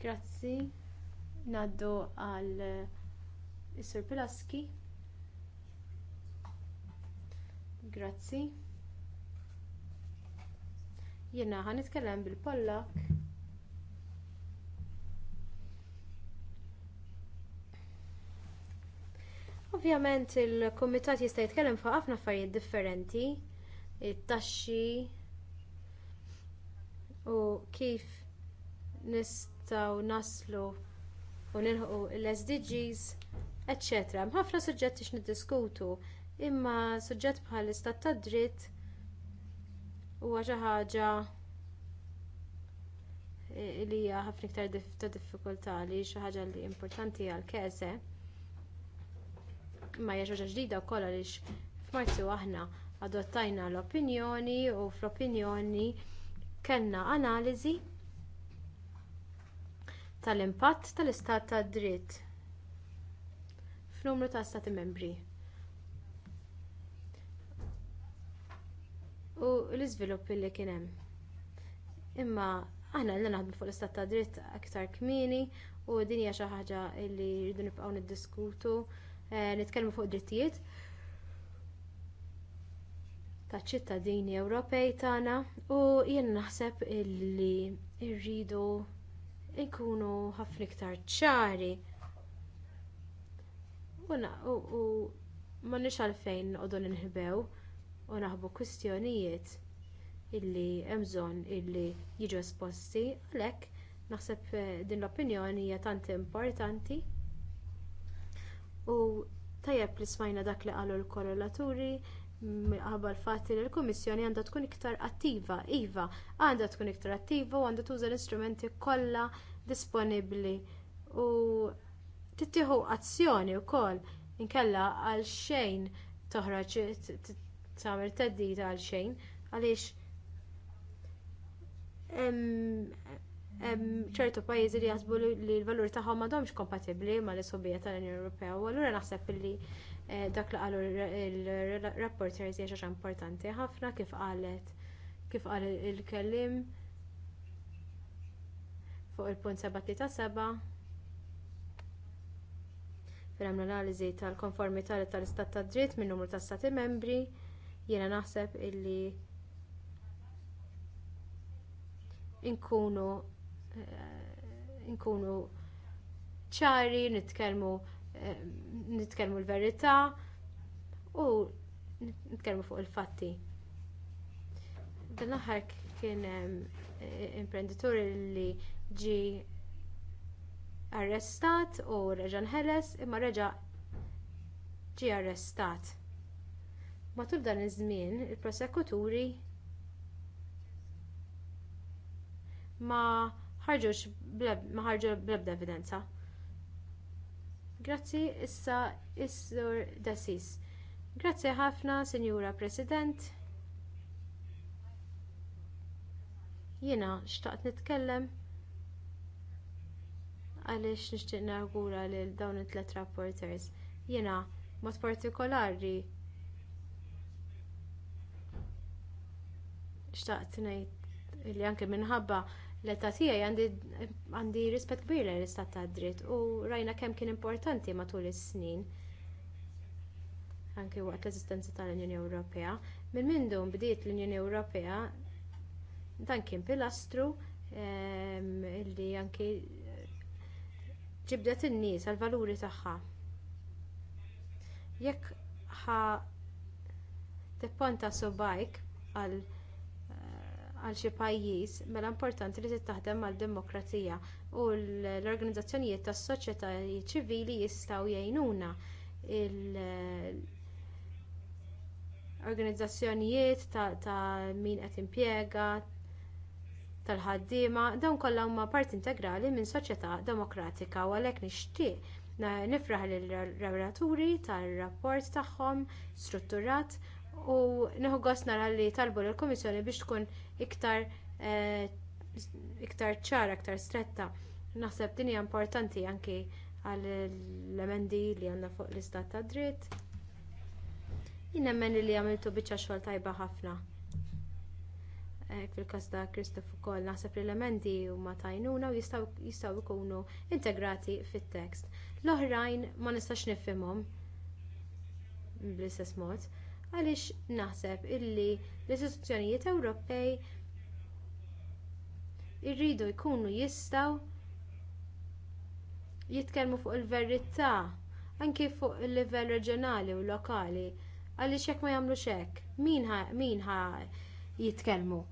Speaker 2: Grazzi. Naddu għal eh, Isur Pilaski. Grazzi. Jiena ħan nitkellem bil-Pollak Ovvjament il kumitat jista' jitkellem fuq ħafna affarijiet differenti, it-taxxi u kif nistgħu naslu u nilħu l-SDGs, etc. ħafna suġġetti niddiskutu imma suġġett bħal istat ta' dritt huwa xi ħaġa li hija ħafna iktar ta' diffikultà li xi ħaġa li importanti għal kese ma jaxoġa ġdida u kolla lix f'Marzu aħna adottajna l-opinjoni u fl-opinjoni kellna analiżi tal-impatt tal-istat tad dritt f'numru ta' stati membri. U l-iżviluppi li kien hemm. Imma aħna li naħdmu fuq l-istat tad dritt aktar kmieni u din hija xi ħaġa li rridu nibqgħu niddiskutu. Eh, nitkellmu fuq drittijiet taċ ċittadini Ewropej tagħna u jien naħseb illi rridu nkunu ħafna iktar ċari. U ma nix għalfejn noqogħdu ninħibew u naħbu kwistjonijiet illi hemm bżonn illi jiġu esposti għalhekk naħseb eh, din l-opinjoni hija tant importanti u tajjeb li smajna dak li qalu l-korrelaturi għabba l-fatti li l kummissjoni għandha tkun iktar attiva, iva, għandha tkun iktar attiva u għandha tuża l-istrumenti kollha disponibbli u tittieħu azzjoni wkoll inkella għal xejn toħroġ tagħmel theddida għal xejn għaliex ċertu pajjiżi li jasbu li l-valur tagħhom m'għadhomx kompatibbli mal l-isobija tal-Unjoni Ewropea u allura naħseb li eh, dak li qalu l-rapporters hija xi importanti ħafna kif qalet kif qal il-kellim fuq il-punt 737 fil l analiżi tal-konformità tal-istat tad dritt min numru ta' stati membri jiena naħseb illi inkunu Eh, nkunu ċari, nitkellmu eh, nitkellmu l-verità u nitkellmu fuq il-fatti. Dan aħħar kien eh, imprenditur li ġi arrestat u reġan ħeles imma reġa ġie arrestat. Matul dan iż-żmien il-prosekuturi ma' ħarġux ma ħarġu blebda evidenza. Grazzi issa is-sur Dasis. Grazzi ħafna, Sinjura President. Jiena xtaqt nitkellem għaliex nixtieq nargura lil dawn it-tlet rapporters. Jiena mod partikolari xtaqt ngħid li anke minħabba l-età tiegħi għandi rispett kbir l-istat ta' dritt u rajna kemm kien importanti matul is-snin anke waqt l-eżistenza tal-Unjoni Ewropea. Minn mindu bdiet l-Unjoni Ewropea dan kien pilastru ehm, illi anke eh, ġibdet in-nies għall-valuri tagħha. Jekk ħa tipponta bike għal għal xi pajjiż mela importanti li tittaħdem mal demokrazija u l-organizzazzjonijiet tas-soċjetà ċivili jistgħu jgħinuna organizzazzjonijiet ta' min qed impjega tal-ħaddiema dawn kollha huma parti integrali minn soċjetà demokratika u għalhekk nixtieq nifraħ lill relaturi tar-rapport tagħhom strutturat u neħu gost nara li talbu l-Komissjoni biex tkun iktar eh, iktar ċara, iktar stretta. Naħseb din hija importanti anki għal l-emendi li għandna fuq l-istat ta' dritt. Jien nemmen li għamiltu biċċa xogħol tajba ħafna. Eh, fil-każ ta' Kristof ukoll naħseb li l-emendi huma tajnuna u jistgħu jkunu integrati fit-tekst. L-oħrajn ma nistax nifhimhom bl-istess mod għaliex naħseb illi l-istituzzjonijiet Ewropej irridu jkunu jistgħu jitkellmu fuq il-verità anke fuq il-livell reġjonali u lokali għaliex jekk ma jagħmlux hekk min ħa jitkellmu.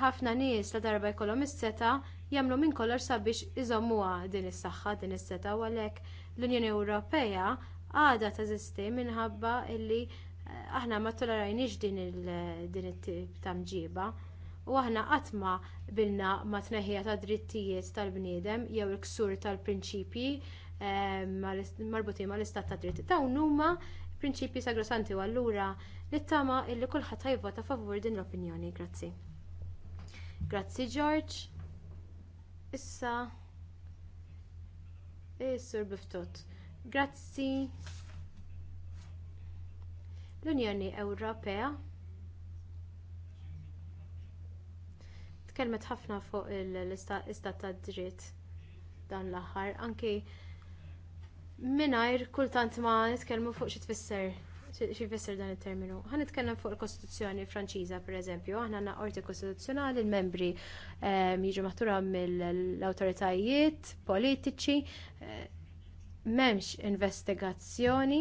Speaker 2: Ħafna nies ta' darba jkollhom is-seta' jagħmlu minn kollox sabiex iżommuha din is-saħħa din is-seta' u għalhekk l-Unjoni Ewropea għada zisti minħabba illi eh, aħna ma tolerajniex din it-tip ta' mġiba u aħna qatt ma bilna ma tneħħija ta' drittijiet tal-bniedem jew il-ksur tal-prinċipji eh, marbutin mal-istat ta' dritt. Dawn huma prinċipji sagrosanti u allura nittama illi kulħadd ħajvota favur din l-opinjoni. Grazzi. Grazzi George. Issa. Is-sur biftot. Grazzi. L-Unjoni Ewropea tkellmet ħafna fuq l-istat ta' dritt dan l-aħħar, anki mingħajr kultant ma nitkellmu fuq xi tfisser xi jfisser dan it-terminu. Ħan nitkellem fuq il-Kostituzzjoni Franċiża pereżempju, aħna għandna qorti kostituzzjonali l-membri ehm, jiġu maħtura mill-awtoritajiet politiċi eh, m'hemmx investigazzjoni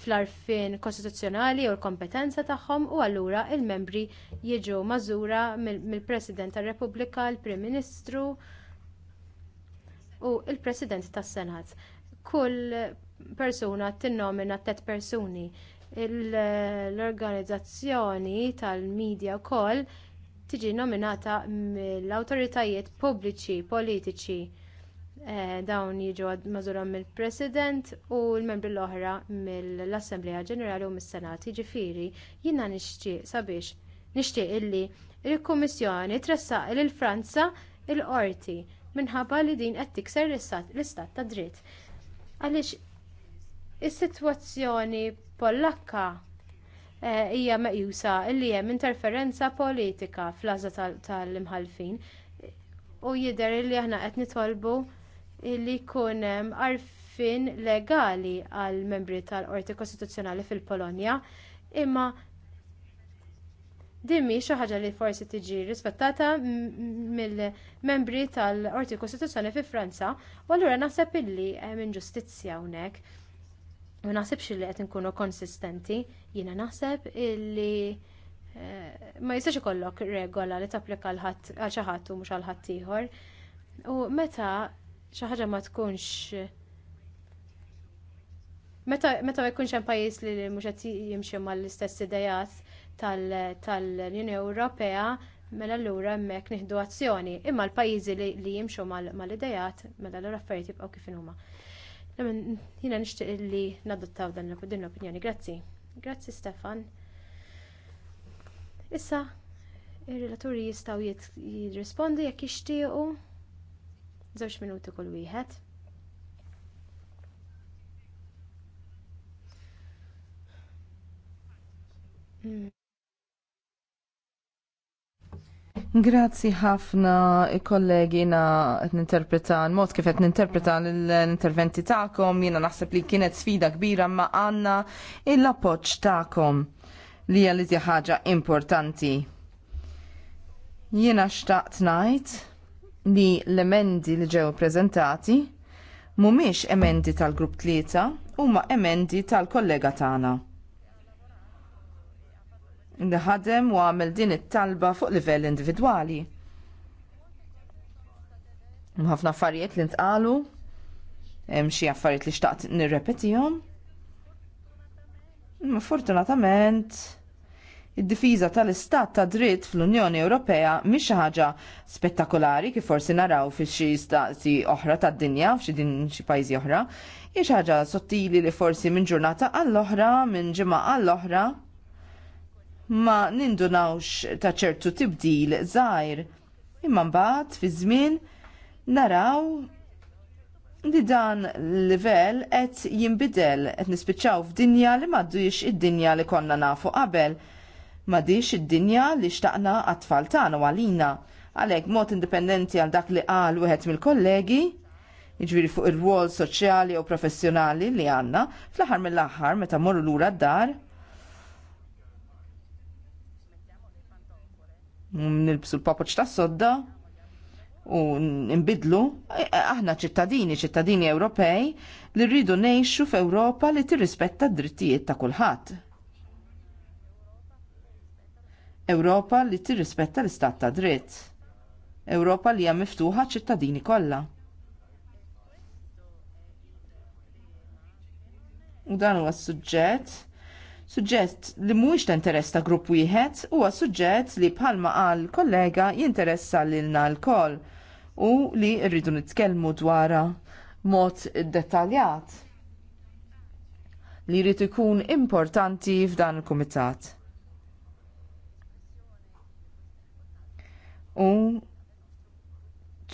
Speaker 2: fl-arfin kostituzzjonali u l-kompetenza tagħhom u allura l membri jiġu mażura mill-President tar-Repubblika, l prim Ministru u l president tas-Senat. Kull persuna tinnomina tet persuni. L-organizzazzjoni tal-medja wkoll tiġi nominata mill-awtoritajiet pubbliċi politiċi Eh, dawn jiġu magħżula mill-President u l-membri l-oħra mill-Assembleja Ġenerali u mis-Senat. Jiġifieri jiena nixtieq sabiex nixtieq illi l-Kummissjoni tressaq lil Franza l qorti minħabba li din qed tikser l-istat ta' dritt. Għaliex is-sitwazzjoni Pollakka eh, hija meqjusa li hemm interferenza politika fl-għażla tal-imħalfin u jidher li aħna qed nitolbu li jkun hemm arfin legali għal membri tal-Qorti Kostituzzjonali fil-Polonja imma din mhi xi ħaġa li forsi tiġi rispettata mill-membri tal-Qorti Kostituzzjoni fi Franza, u allura naħseb illi hemm inġustizzja hawnhekk. Ma naħsebx li qed inkunu konsistenti, jiena naħseb illi eh, ma jistax ikollok regola li tapplika għal xi ħadd u mhux għal ħadd ieħor. U meta xi ħaġa ma tkunx Meta ma jkunx hemm pajjiż li mhux qed jimxi mal-istess idejat tal-Unjoni Ewropea, mela allura hemmhekk nieħdu azzjoni. Imma l-pajjiżi li jimxu mal-idejat, mela allura affarijiet jibqgħu kif huma. Jiena nixtieq li nadottaw dan din l-opinjoni. Grazzi. Grazzi Stefan. Issa, ir-relaturi jistgħu jirrispondi jekk jixtiequ żewġ minuti kull wieħed.
Speaker 4: Grazzi ħafna eh, kollegi na qed ninterpreta mod kif qed ninterpreta l-interventi tagħkom, jiena naħseb li kienet sfida kbira ma' għandna l-appoġġ tagħkom li hija li ħaġa importanti. Jiena xtaqt ngħid li l-emendi li ġew prezentati mhumiex emendi tal-grupp tlieta huma emendi tal-kollega tagħna. Li ħadem u għamel din it-talba fuq livell individwali. Ħafna affarijiet li ntqalu, hemm xi affarijiet li xtaqt nirrepetihom. Fortunatament, id-difiża tal-istat ta' dritt fl-Unjoni Ewropea mhix xi ħaġa spettakolari kif forsi naraw fi xi stati oħra tad-dinja f'xi din xi pajjiżi oħra, hi xi ħaġa sottili li forsi minn ġurnata għall-oħra, minn ġimgħa għall-oħra ma nindunawx ta' ċertu tibdil żgħir. Imma mbagħad fi żmien naraw li dan l-livell qed jinbidel qed nispiċċaw f'dinja li m'għaddux id-dinja li konna nafu qabel madix id-dinja li xtaqna għat-tfal tagħna għalina. Għalhekk mod indipendenti għal dak li qal wieħed mill-kollegi, iġviri fuq ir-rwol soċjali u professjonali li għandna, fl-aħħar mill-aħħar meta morru lura d-dar, nilbsu l-papoċ ta' sodda u nbidlu, eh, eh, aħna ċittadini, ċittadini Ewropej li rridu nejxu f'Ewropa li tirrispetta d-drittijiet ta' kulħadd. Ewropa li tirrispetta l-istat ta' dritt. Ewropa li hija miftuħa ċittadini kollha. U dan huwa suġġett suġġett li mhuwiex ta' interess ta' grupp wieħed huwa suġġett li bħalma qal kollega jinteressa lilna lkoll u li rridu nitkellmu dwara mod dettaljat li jrid ikun importanti f'dan il-kumitat. U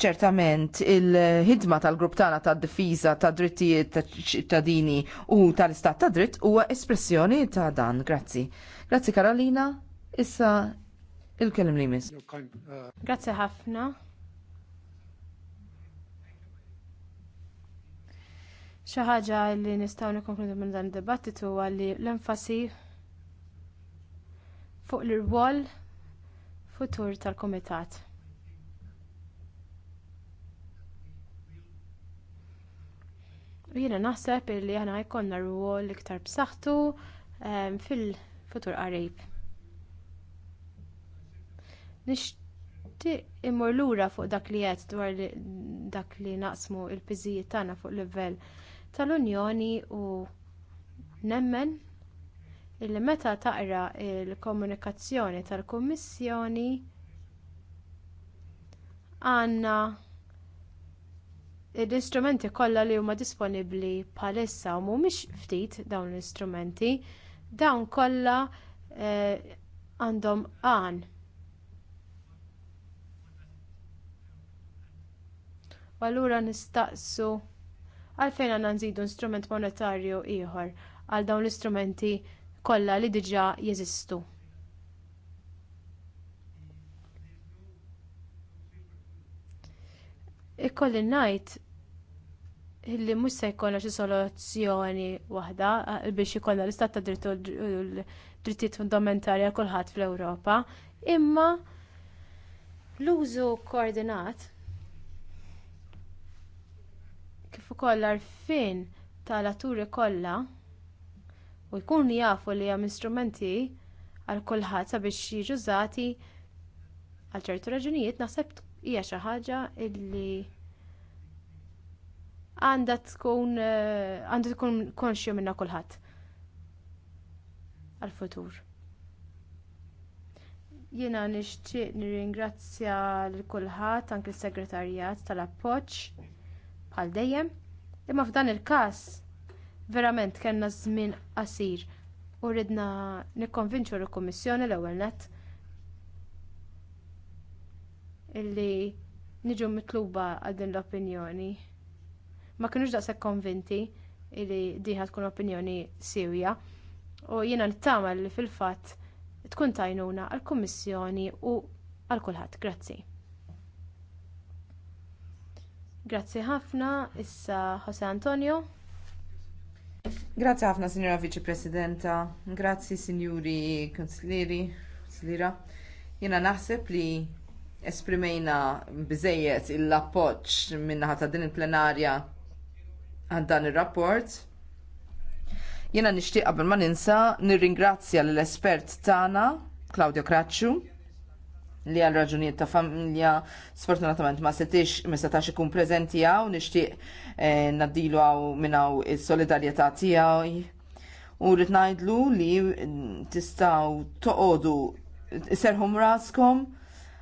Speaker 4: ċertament il-ħidma tal-grupp tagħna tad-difiża tad drittijiet tal-ċittadini u tal-istat ta' dritt huwa espressjoni ta' dan. Grazzi. Grazzi Karolina.
Speaker 2: Issa il-kellim li mis. Grazzi ħafna. Xi ħaġa li nistgħu nikkonkludu minn dan id-dibattitu huwa li l-enfasi fuq l-irwol futur tal-Kumitat. Jiena naħseb li aħna jkollna rwol iktar b'saħħtu ehm, fil-futur qarib. Nixtieq imur lura fuq dak li qed dwar dak li naqsmu l piżijiet tagħna fuq livell tal-Unjoni u nemmen illi meta taqra l komunikazzjoni tal-Kummissjoni għandna l-istrumenti kollha li huma disponibbli bħalissa u mhumiex ftit dawn l-istrumenti, dawn kollha eh, għandhom eh, għan. u allura nistaqsu għalfejn għandna nżidu instrument monetarju ieħor għal dawn l-istrumenti kollha li diġà jeżistu. Ikolli ngħid illi mhux se jkollna xi soluzzjoni waħda biex ikollna l-istat ta' dritt u l-drittijiet fundamentali għal kulħadd fl-Ewropa, imma l-użu koordinat kif ukoll l tal aturi kollha u jkunu jafu li hemm instrumenti għal kulħadd sabiex jiġu żati għal ċertu raġunijiet naħseb hija xi ħaġa li għandha tkun eh, għandu tkun konxju minnha kulħadd għall futur Jiena nixtieq nirringrazzja lil kulħadd anke s-segretarjat tal-appoġġ bħal dejjem imma f'dan il-każ Verament kellna żmien qasir u ridna nikkonvinċu l-Kummissjoni l-ewwel nett illi niġu mitluba għal din l-opinjoni. Ma kinux daqshekk konvinti illi diħa tkun opinjoni sewja u jiena nittama li fil-fatt tkun tajnuna għall kummissjoni u għal kulħadd. Grazzi. Grazzi ħafna, issa Jose Antonio.
Speaker 4: Grazzi ħafna, Signora Viċi Presidenta. Grazzi, Signori konsilieri, Konsilira. Jena naħseb li esprimejna biżejjed il-appoċ minna ta' din il-plenarja għad dan il-rapport. Jena nishtiq qabel ma ninsa nirringrazzja l-espert tagħna Claudio Kraċċu, li għal raġunijiet ta' familja sfortunatament ma setix ma setax ikun prezenti għaw nishtiq eh, naddilu għaw minnaw il-solidarieta tijaw u rrit li mm, tistaw toqodu serħum raskom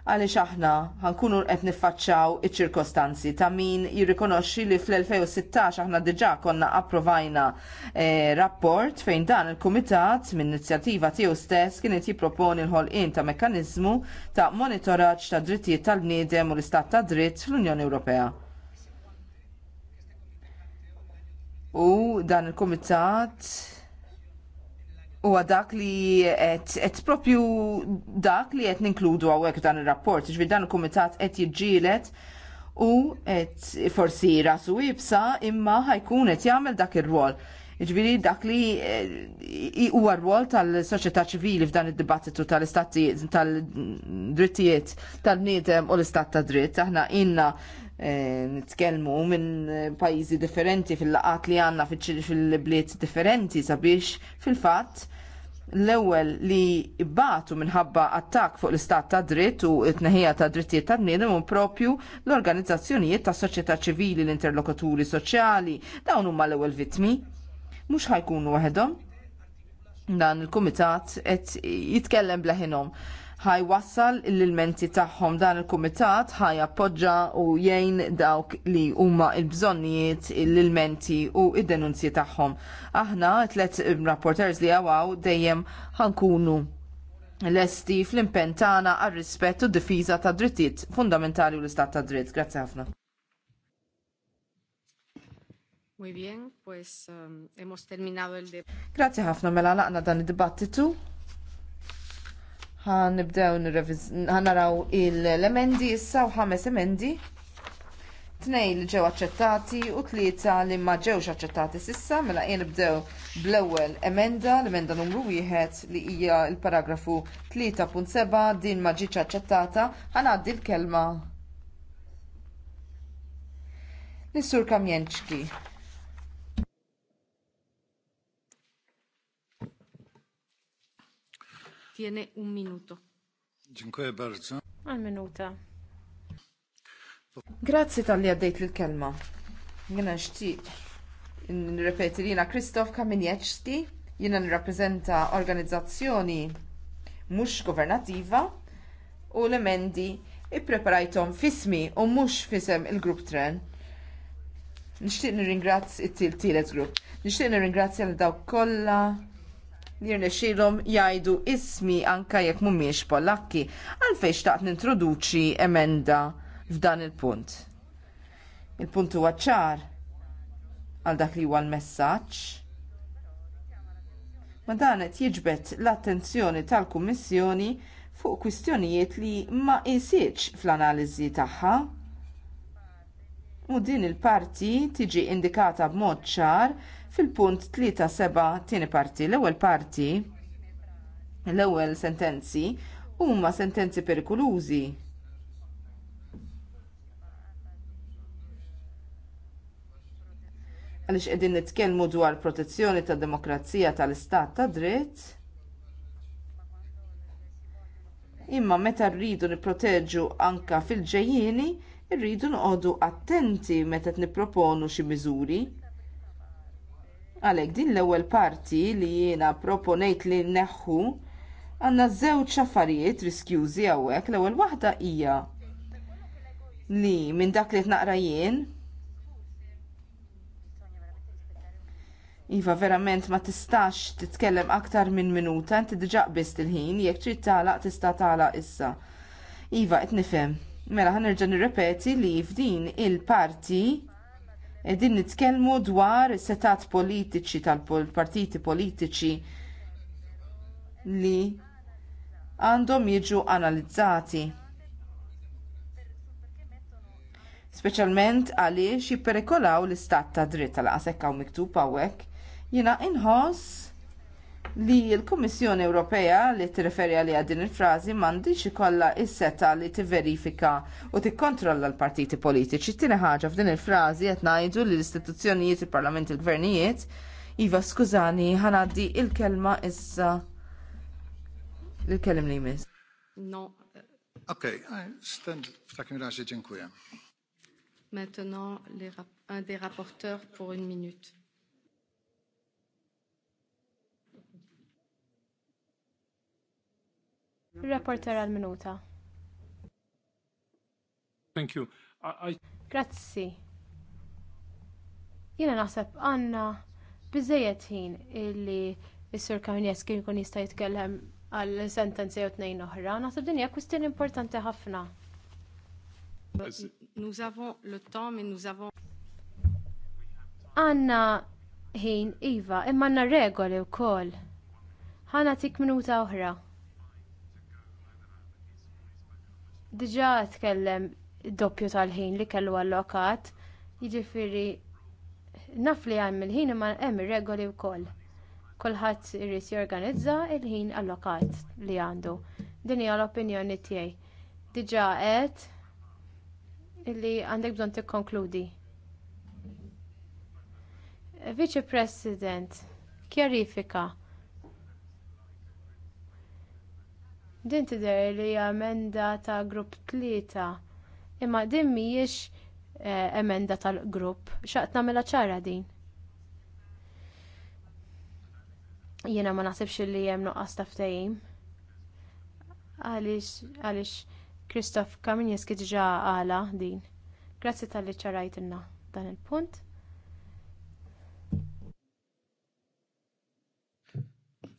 Speaker 4: għaliex aħna ħankunu qed niffaċċaw iċ-ċirkostanzi ta' min jirrikonoxxi li fl-2016 aħna diġà konna approvajna eh, rapport fejn dan il-kumitat minn inizjattiva tiegħu stess kien qed jipproponi l-ħolqien ta' mekkaniżmu ta' monitoraġġ ta' drittijiet tal-bniedem u l-istat ta' dritt fl-Unjoni Ewropea. U dan il-kumitat U dak li qed propju dak li qed ninkludu għawek dan ir-rapport, ġvi dan il-kumitat qed jiġġielet u qed forsi rasu ibsa imma ħajkun qed jagħmel dak ir-rwol. Ġviri dak li eh, huwa rwol tal-soċjetà ċivili f'dan id-dibattitu tal-istati tal-drittijiet tal nidem u l-istat ta' dritt. Aħna inna Eh, nitkellmu minn eh, pajjiżi differenti fil-laqat li għandna fil-bliet differenti sabiex fil-fatt l-ewwel li batu minħabba attakk fuq l-istat ta' dritt u t tneħħija ta' drittijiet ta' bniedem u propju l-organizzazzjonijiet ta' soċjetà ċivili l-interlokuturi soċjali dawn huma l-ewwel vittmi mhux ħajkunu waħedhom dan il-kumitat qed jitkellem ħinhom ħaj wassal l-ilmenti tagħhom dan il-kumitat ħaj appoġġa u jgħin dawk li huma l-bżonnijiet l-ilmenti u id-denunzji tagħhom. Aħna tliet rapporters li għawaw dejjem ħankunu lesti fl impentana għal għar-rispett u d-difiża ta' drittijiet fundamentali u l-istat ta' dritt. Grazzi ħafna.
Speaker 3: Muy bien, pues um, hemos terminado el
Speaker 4: Grazie ħafna mela laqna dan id-dibattitu ħan nibdew naraw il-emendi issa u ħames emendi. Tnej li ġew aċċettati u tlieta li ma ġewx aċċettati sissa mela jien nibdew bl-ewwel emenda, l-emenda numru wieħed li hija l-paragrafu 3.7 din ma ġietx aċċettata ħanaddi l-kelma. Nissur Kamjenċki.
Speaker 3: tiene un minuto.
Speaker 1: Dziękuję bardzo.
Speaker 3: Al minuta.
Speaker 4: Grazzi tal-li għaddejt l-kelma. Jena xtiq. Nirrepeti li jena Kristof Kaminjeċti, jena nirrapprezenta organizzazzjoni mux governativa u l-emendi i-preparajtom fismi u mux fisem il-grupp tren. Nishtiq nirringrazz it-til-tielet grupp. Nishtiq nirringrazzja l-daw kolla jirnexilom jajdu ismi anka jekk mumiex Polakki, għalfej xtaqt nintroduċi emenda f'dan il-punt. Il-punt huwa ċar għal dak li huwa l-messaġġ. Ma dan qed jiġbed l-attenzjoni tal-Kummissjoni fuq kwistjonijiet li ma jsirx fl-analiżi tagħha. U din il-parti tiġi indikata b'mod ċar Fil-punt 3-7 tieni parti, l-ewwel parti, l-ewwel sentenzi huma sentenzi perikolużi. Għaliex qegħdin nitkellmu dwar protezzjoni tad demokrazija tal-istat ta' dritt, imma meta rridu nipproteġu anka fil-ġejjieni, rridu noqogħdu attenti meta nipproponu xi miżuri Għalhekk din l-ewwel parti li jiena proponejt li nneħħu għandna żewġ affarijiet riskjużi hawnhekk. L-ewwel waħda hija li minn dak li tnaqra jien Iva, verament ma tistax titkellem aktar minn minuta, inti diġà biss il-ħin, jekk trid tagħlaq tista' tagħlaq issa. Iva, qed nifhem. Mela ħanerġa' nirrepeti li f'din il-parti Din nitkellmu dwar setat politiċi tal-partiti politiċi li għandhom jiġu analizzati. Speċjalment għaliex jipperikolaw l-istat ta' dritt tal-qasek hawn miktub għawek jiena inħoss li l-Kummissjoni Ewropea li tirreferi għalli din il frazi m'għandix ikollha is-seta li tiverifika u tikkontrolla l-partiti politiċi. Tieni ħaġa f'din il-frażi qed ngħidu li l-istituzzjonijiet il-Parlament il-Gvernijiet Iva, skużani, ħanaddi il-kelma issa il-kelim
Speaker 1: li mis. No. Ok, stend f'takim raġi ġinkuja.
Speaker 3: Maintenant, les rap un des rapporteurs pour une minute.
Speaker 1: Rapporter
Speaker 2: għal-minuta.
Speaker 1: Thank you. I...
Speaker 2: Grazzi. Jena naħseb għanna bizzejet ħin illi s-sur Kaminjes kien kun jista' jitkellem għal sentenzi u tnejn oħra, naħseb din hija kwistjoni importanti ħafna.
Speaker 3: Nous l le temps,
Speaker 2: Għanna ħin, Iva, imma għanna regoli u kol. Ħana tik minuta oħra. diġà tkellem doppju tal-ħin li kellu allokat, jiġifieri naf li hemm il-ħin imma hemm ir-regoli wkoll. Kulħadd irid jorganizza l ħin allokat li għandu. Din hija l-opinjoni tiegħi. Diġà għedt li għandek bżonn tikkonkludi. Vice President, kjarifika Din tidher li hija emenda ta' grupp tlieta. Imma din mhijiex eh, emenda tal-grupp. Xaqt nagħmilha ċara din. Jiena ma naħsibx li hemm nuqqas ta' ftehim. Għaliex għaliex Kristof Kaminjeski diġà għala din. Grazzi tal-li ċarajtilna dan il-punt.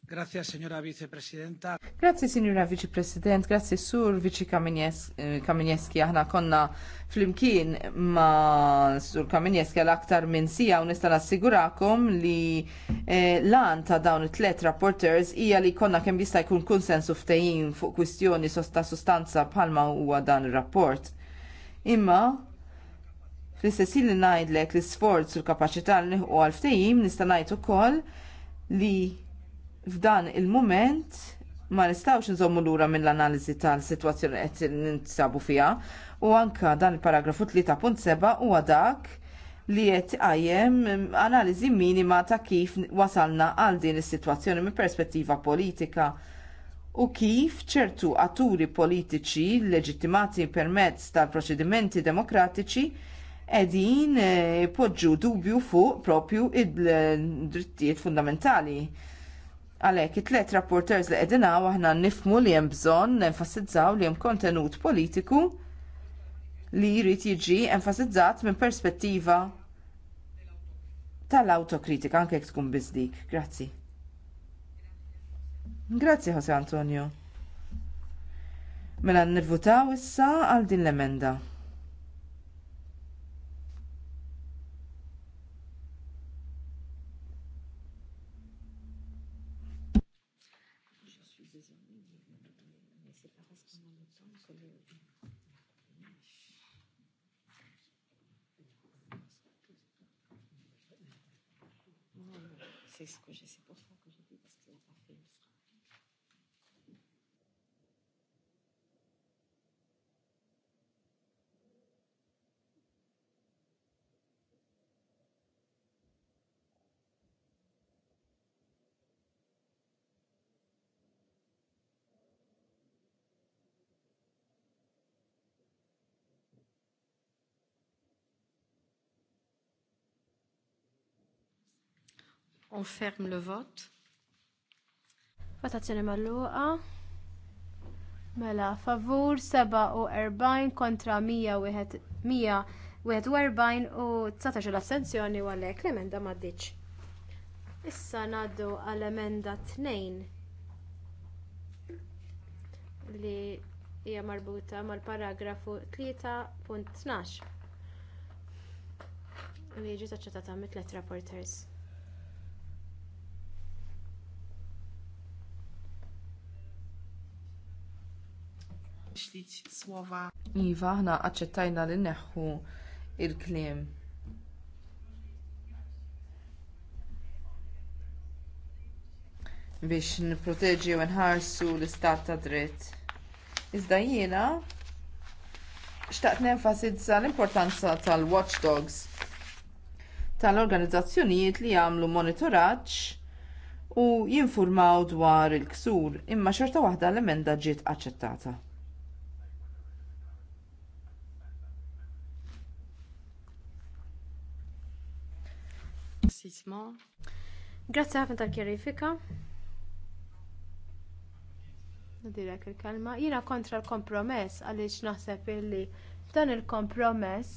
Speaker 1: Grazie, signora vicepresidenta.
Speaker 2: Grazie, signora
Speaker 4: vicepresident. Grazie, sur vici Kaminjeski. Eh, Aħna konna flimkien ma sur Kaminjeski għal-aktar minn sija u nista' nassigurakom li eh, lan ta' dawn it-tlet rapporters hija li konna kemm jista' jkun konsensu ftehim fuq kwistjoni ta' sustanza bħalma huwa dan ir-rapport. Imma fl-istess li ngħidlek l-isforz u l-kapaċità li nħuq għal ftehim nista' ngħid ukoll li f'dan il-moment ma nistawx nżommu lura mill-analiżi tal-sitwazzjoni qed ninsabu fiha u anka dan il-paragrafu 3.7 huwa dak li qed qajjem analiżi minima ta' kif wasalna għal din is-sitwazzjoni minn perspettiva politika u kif ċertu atturi politiċi leġittimati permezz tal-proċedimenti demokratiċi qegħdin eh, poġġu dubju fuq propju id-drittijiet fundamentali Għalhekk it-tlet rapporters li qegħdin hawn aħna nifmu li hemm bżonn nenfasizzaw li hemm kontenut politiku li jrid jiġi enfasizzat minn perspettiva tal-autokritika anke jekk tkun biżdik. Grazzi. Grazzi Jose Antonio. Mela nirvutaw issa għal din l-emenda.
Speaker 3: On ferme le vote.
Speaker 2: Votazzjoni luqa. Mela, favur 47 kontra 141 u 19 l-assenzjoni u l-emenda maddiċ. Issa naddu għall-emenda 2 li hija marbuta mal-paragrafu 3.12 li ġiet aċċettata mit-tlet rapporters.
Speaker 4: Iva, aħna aċċettajna li neħħu il-kliem. biex nipproteġi u nħarsu l-istat ta' dritt. Iżda jiena xtaqt nenfasizza l-importanza tal-watchdogs tal-organizzazzjonijiet li jagħmlu monitoraġġ u jinfurmaw dwar il-ksur imma xorta waħda l-emenda ġiet aċċettata.
Speaker 3: précisément.
Speaker 2: Grazzi ħafna tal-kjerifika. Nadirek il-kalma. Jina kontra l-kompromess għaliex naħseb illi dan il-kompromess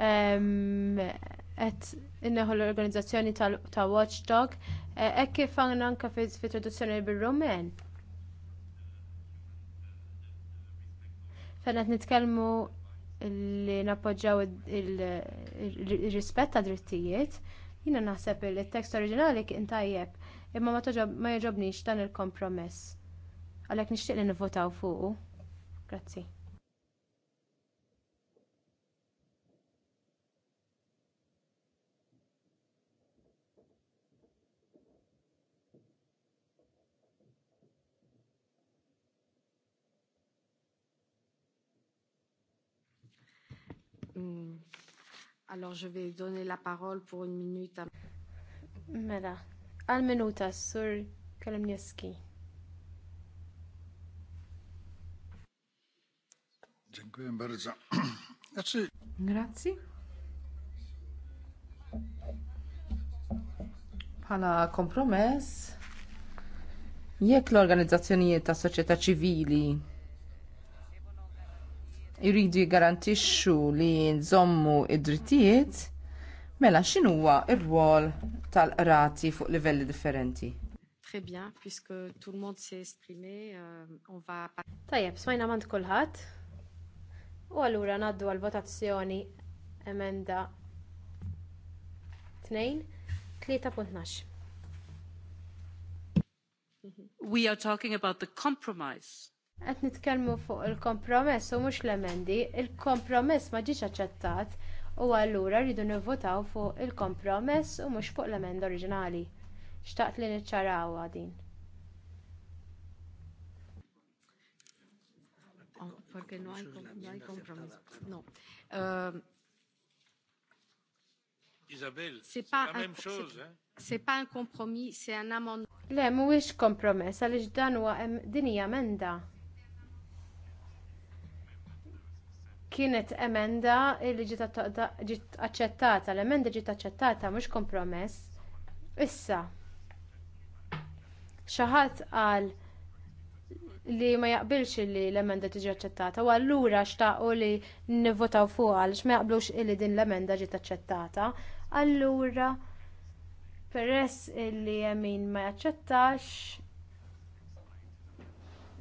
Speaker 2: qed inneħu l-organizzazzjoni ta' Watchdog hekk e kif għandna anke fi traduzzjoni bil-Rumen. Fennet nitkelmu nitkellmu li napoġġaw il-rispett drittijiet, Jiena naħseb li t-tekst oriġinali kien tajjeb, imma ma jogħġobniex dan il-kompromess. Għalhekk nishtiq li nivvotaw fuqu. Grazzi.
Speaker 3: Mm. Alors je vais donner la parole pour une minute à... Mela,
Speaker 2: għal minuta sur Kalemnieski.
Speaker 1: Dziękuję bardzo.
Speaker 2: Znaczy...
Speaker 5: Grazie.
Speaker 4: Bħala kompromess, jekk l-organizzazzjonijiet ta' soċjetà ċivili jridu jgarantixxu li nżommu id-drittijiet, mela x'inhuwa r-rwol tal-qrati fuq livelli differenti?
Speaker 3: Très bien, puisque tout le monde s'est exprimé, euh, on va...
Speaker 2: Tajjeb, smajna mand kulħadd. U allura naddu għal-votazzjoni emenda 2, 3.12. We are talking about the compromise. Qed nitkellmu fuq il-kompromess u mhux l-emendi, il-kompromess ma ġiex aċċettat u allura rridu nivvotaw fuq il-kompromess u mhux fuq l-emenda oriġinali. Xtaqt li niċċaraw din.
Speaker 3: Oh, perché no hay, no hay compromiso. No. Euh, um,
Speaker 1: Isabelle, c'est pas la même chose.
Speaker 3: C'est pas un
Speaker 2: compromis, c'est un amendement. Le, mhuwiex kompromess għaliex dan huwa din hija emenda. kienet emenda li ġiet aċċettata, l-emenda ġiet aċċettata mhux kompromess. Issa xi ħadd qal li ma jaqbilx li l-emenda tiġi aċċettata u allura xtaqu li nivvotaw fuq għaliex ma jaqblux illi din l-emenda ġiet aċċettata. Allura peress illi jemin ma jaċċettax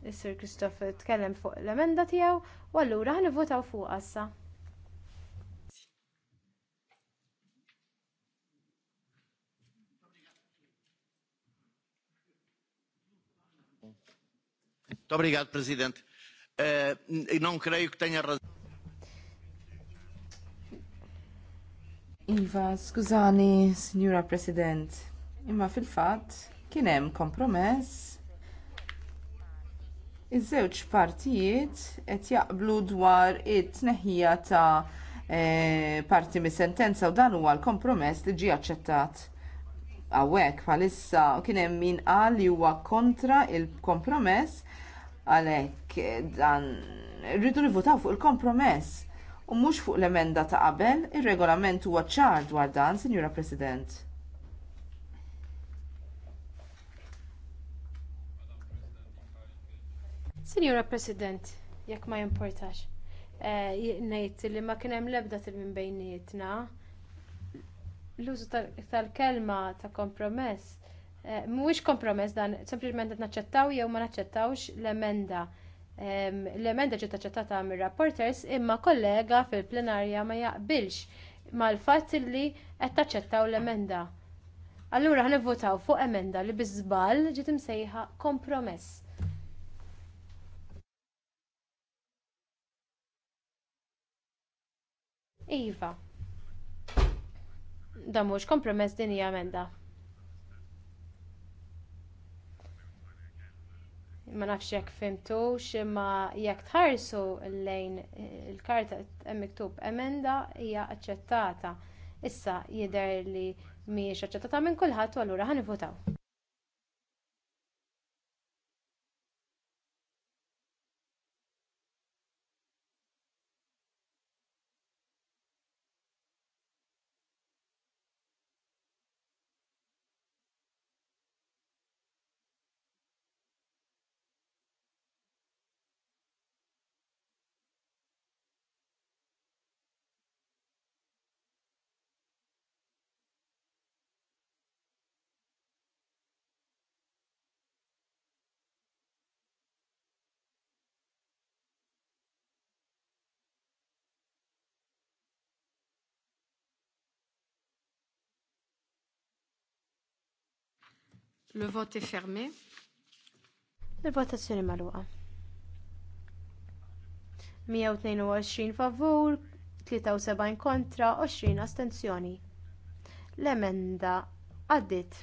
Speaker 2: Is-Sir Kristoff tkellem fuq l-emenda tiegħu u allura ħanivvotaw fuq issa.
Speaker 3: Tobrigat, President. Eh, non kreju ktenja que tenha
Speaker 4: Iva, skużani, Signora President, imma fil-fat kienem kompromess Iż-żewġ partijiet qed jaqblu dwar it-tneħħija ta' eh, parti mis sentenza u dan huwa l-kompromess li ġie aċċettat hawnhekk bħalissa kien hemm min qal li huwa kontra il-kompromess għalhekk dan rridu nivvotaw fuq il-kompromess u mhux fuq l-emenda ta' qabel, ir-regolament huwa ċar dwar dan, Sinjura President.
Speaker 2: Signora President, jekk ma jimportax, eh, ngħid li ma kien hemm l-ebda minn bejnietna. L-użu tal-kelma ta' kompromess eh, mhuwiex kompromess dan, sempliċement qed naċċettaw jew ma naċċettawx l-emenda. L-emenda ġiet aċċettata mir-rapporters imma kollega fil-plenarja ma jaqbilx mal-fatt li qed taċċettaw l-emenda. Allura ħnivvotaw fuq emenda li biżbal ġiet imsejħa kompromess. Iva. Dan mhux kompromess din hija emenda. ma nafx jekk fimtux imma jekk tħarsu lejn il-karta miktub emenda hija aċċettata. Issa jidher li mhijiex aċċettata minn kulħadd u allura ħanivvutaw.
Speaker 3: Le vote est fermé.
Speaker 2: Il-votazzjoni magħluqa. 122 favur, 73 kontra, 20 astenzjoni. L-emenda għaddit.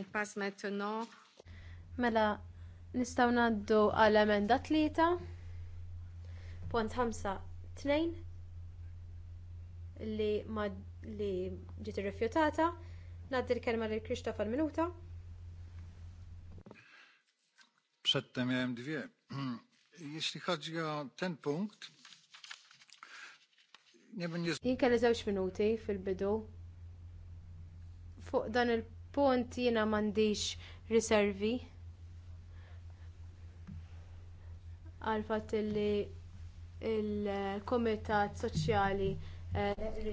Speaker 3: On passe maintenant.
Speaker 2: Mela Nistaw naddu għal emenda tlieta.
Speaker 3: Punt ħamsa
Speaker 2: tnejn li ma li ġiet irrifjutata. Naddi l-kelma lil Krzysztof minuta
Speaker 1: Przedtem miałem dwie. Jeśli chodzi ten punkt,
Speaker 2: Jien kelli żewġ minuti fil-bidu. Fuq dan il-punt jiena m'għandix riservi. għal fatt li il-Komitat Soċjali eh,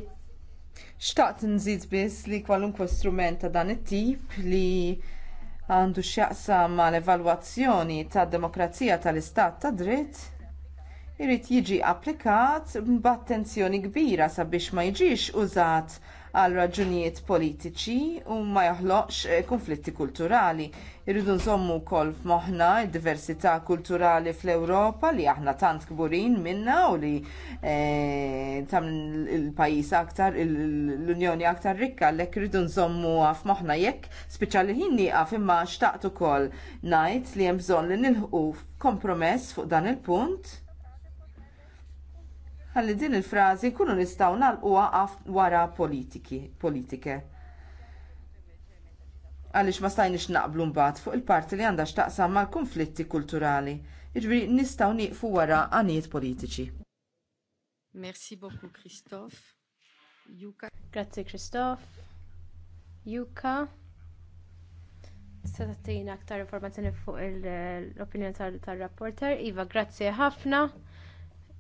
Speaker 4: Xtaqt nżid biss li kwalunkwe strument ta' dan it-tip li għandu x'jaqsam ma' l-evalwazzjoni tad demokrazija tal-istat ta' dritt irid jiġi applikat b'attenzjoni kbira sabiex ma jiġix użat għal raġunijiet politiċi u ma joħloqx eh, konflitti kulturali. Irridu nżommu wkoll f'moħħna d diversità kulturali fl-Ewropa li aħna tant kburin minnha u li ta' eh, tam il-pajis aktar, l-Unjoni aktar rikka l-ek irridu nżommu f'moħħna jekk speċjali ħin nieqaf imma xtaqt ukoll ngħid li hemm bżonn li nilħqu kompromess fuq dan il-punt ħalli din il-frażi kunu nistgħu nagħlquha wara politiki, politike. Għaliex ma stajniex naqblu mbagħad fuq il-parti li għandha x'taqsam mal-konflitti kulturali. Jiġri nistgħu nieqfu wara għanijiet politiċi.
Speaker 3: Merci beaucoup Christophe. Juka. Grazie Christophe.
Speaker 2: Juka se tattina aktar informazzjoni fuq l-opinjoni tar-rapporter. Iva, grazzi ħafna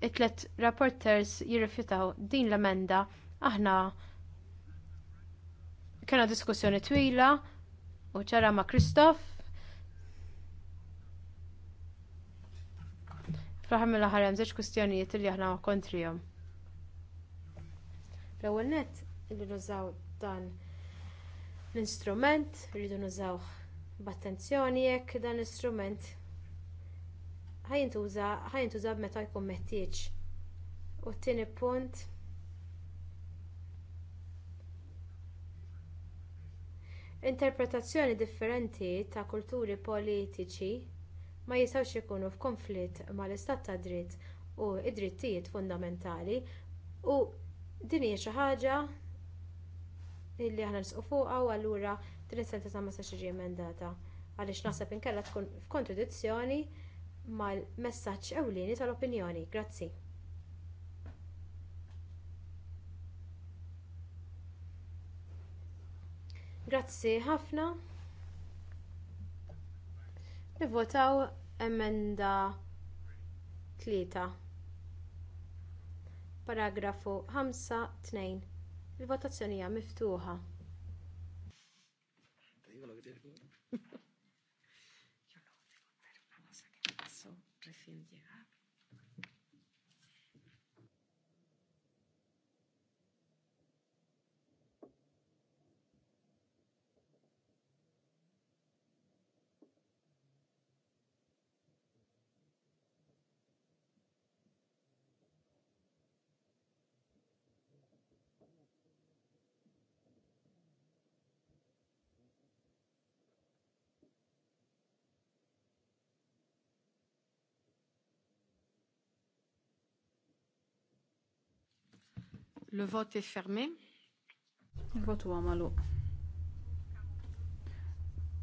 Speaker 2: it-tlet rapporters jirrifjutaw din l-emenda aħna kena diskussjoni twila u ċara ma' Kristof. Fraħam mill ħar hemm żewġ kwistjonijiet li aħna kontrihom. L-ewwel nett illi nużaw dan l-instrument, rridu nużaw b'attenzjoni jekk dan l-istrument ħajintuża meta jkun meħtieġ. U t-tieni punt interpretazzjoni differenti ta' kulturi politiċi ma jistgħux ikunu f'konflitt mal-istat ta' dritt u id-drittijiet fundamentali u din hija xi ħaġa li aħna nisqu fuqha u allura din is-sentenza se sax emendata għaliex naħseb inkella tkun f'kontradizzjoni mal-messaġġ ewlieni tal-opinjoni. Grazzi. Grazzi ħafna. Nivvotaw emenda tlieta. Paragrafu 5-2. Il-votazzjoni hija miftuħa.
Speaker 3: Le vote est fermé. Il-vot huwa magħluq.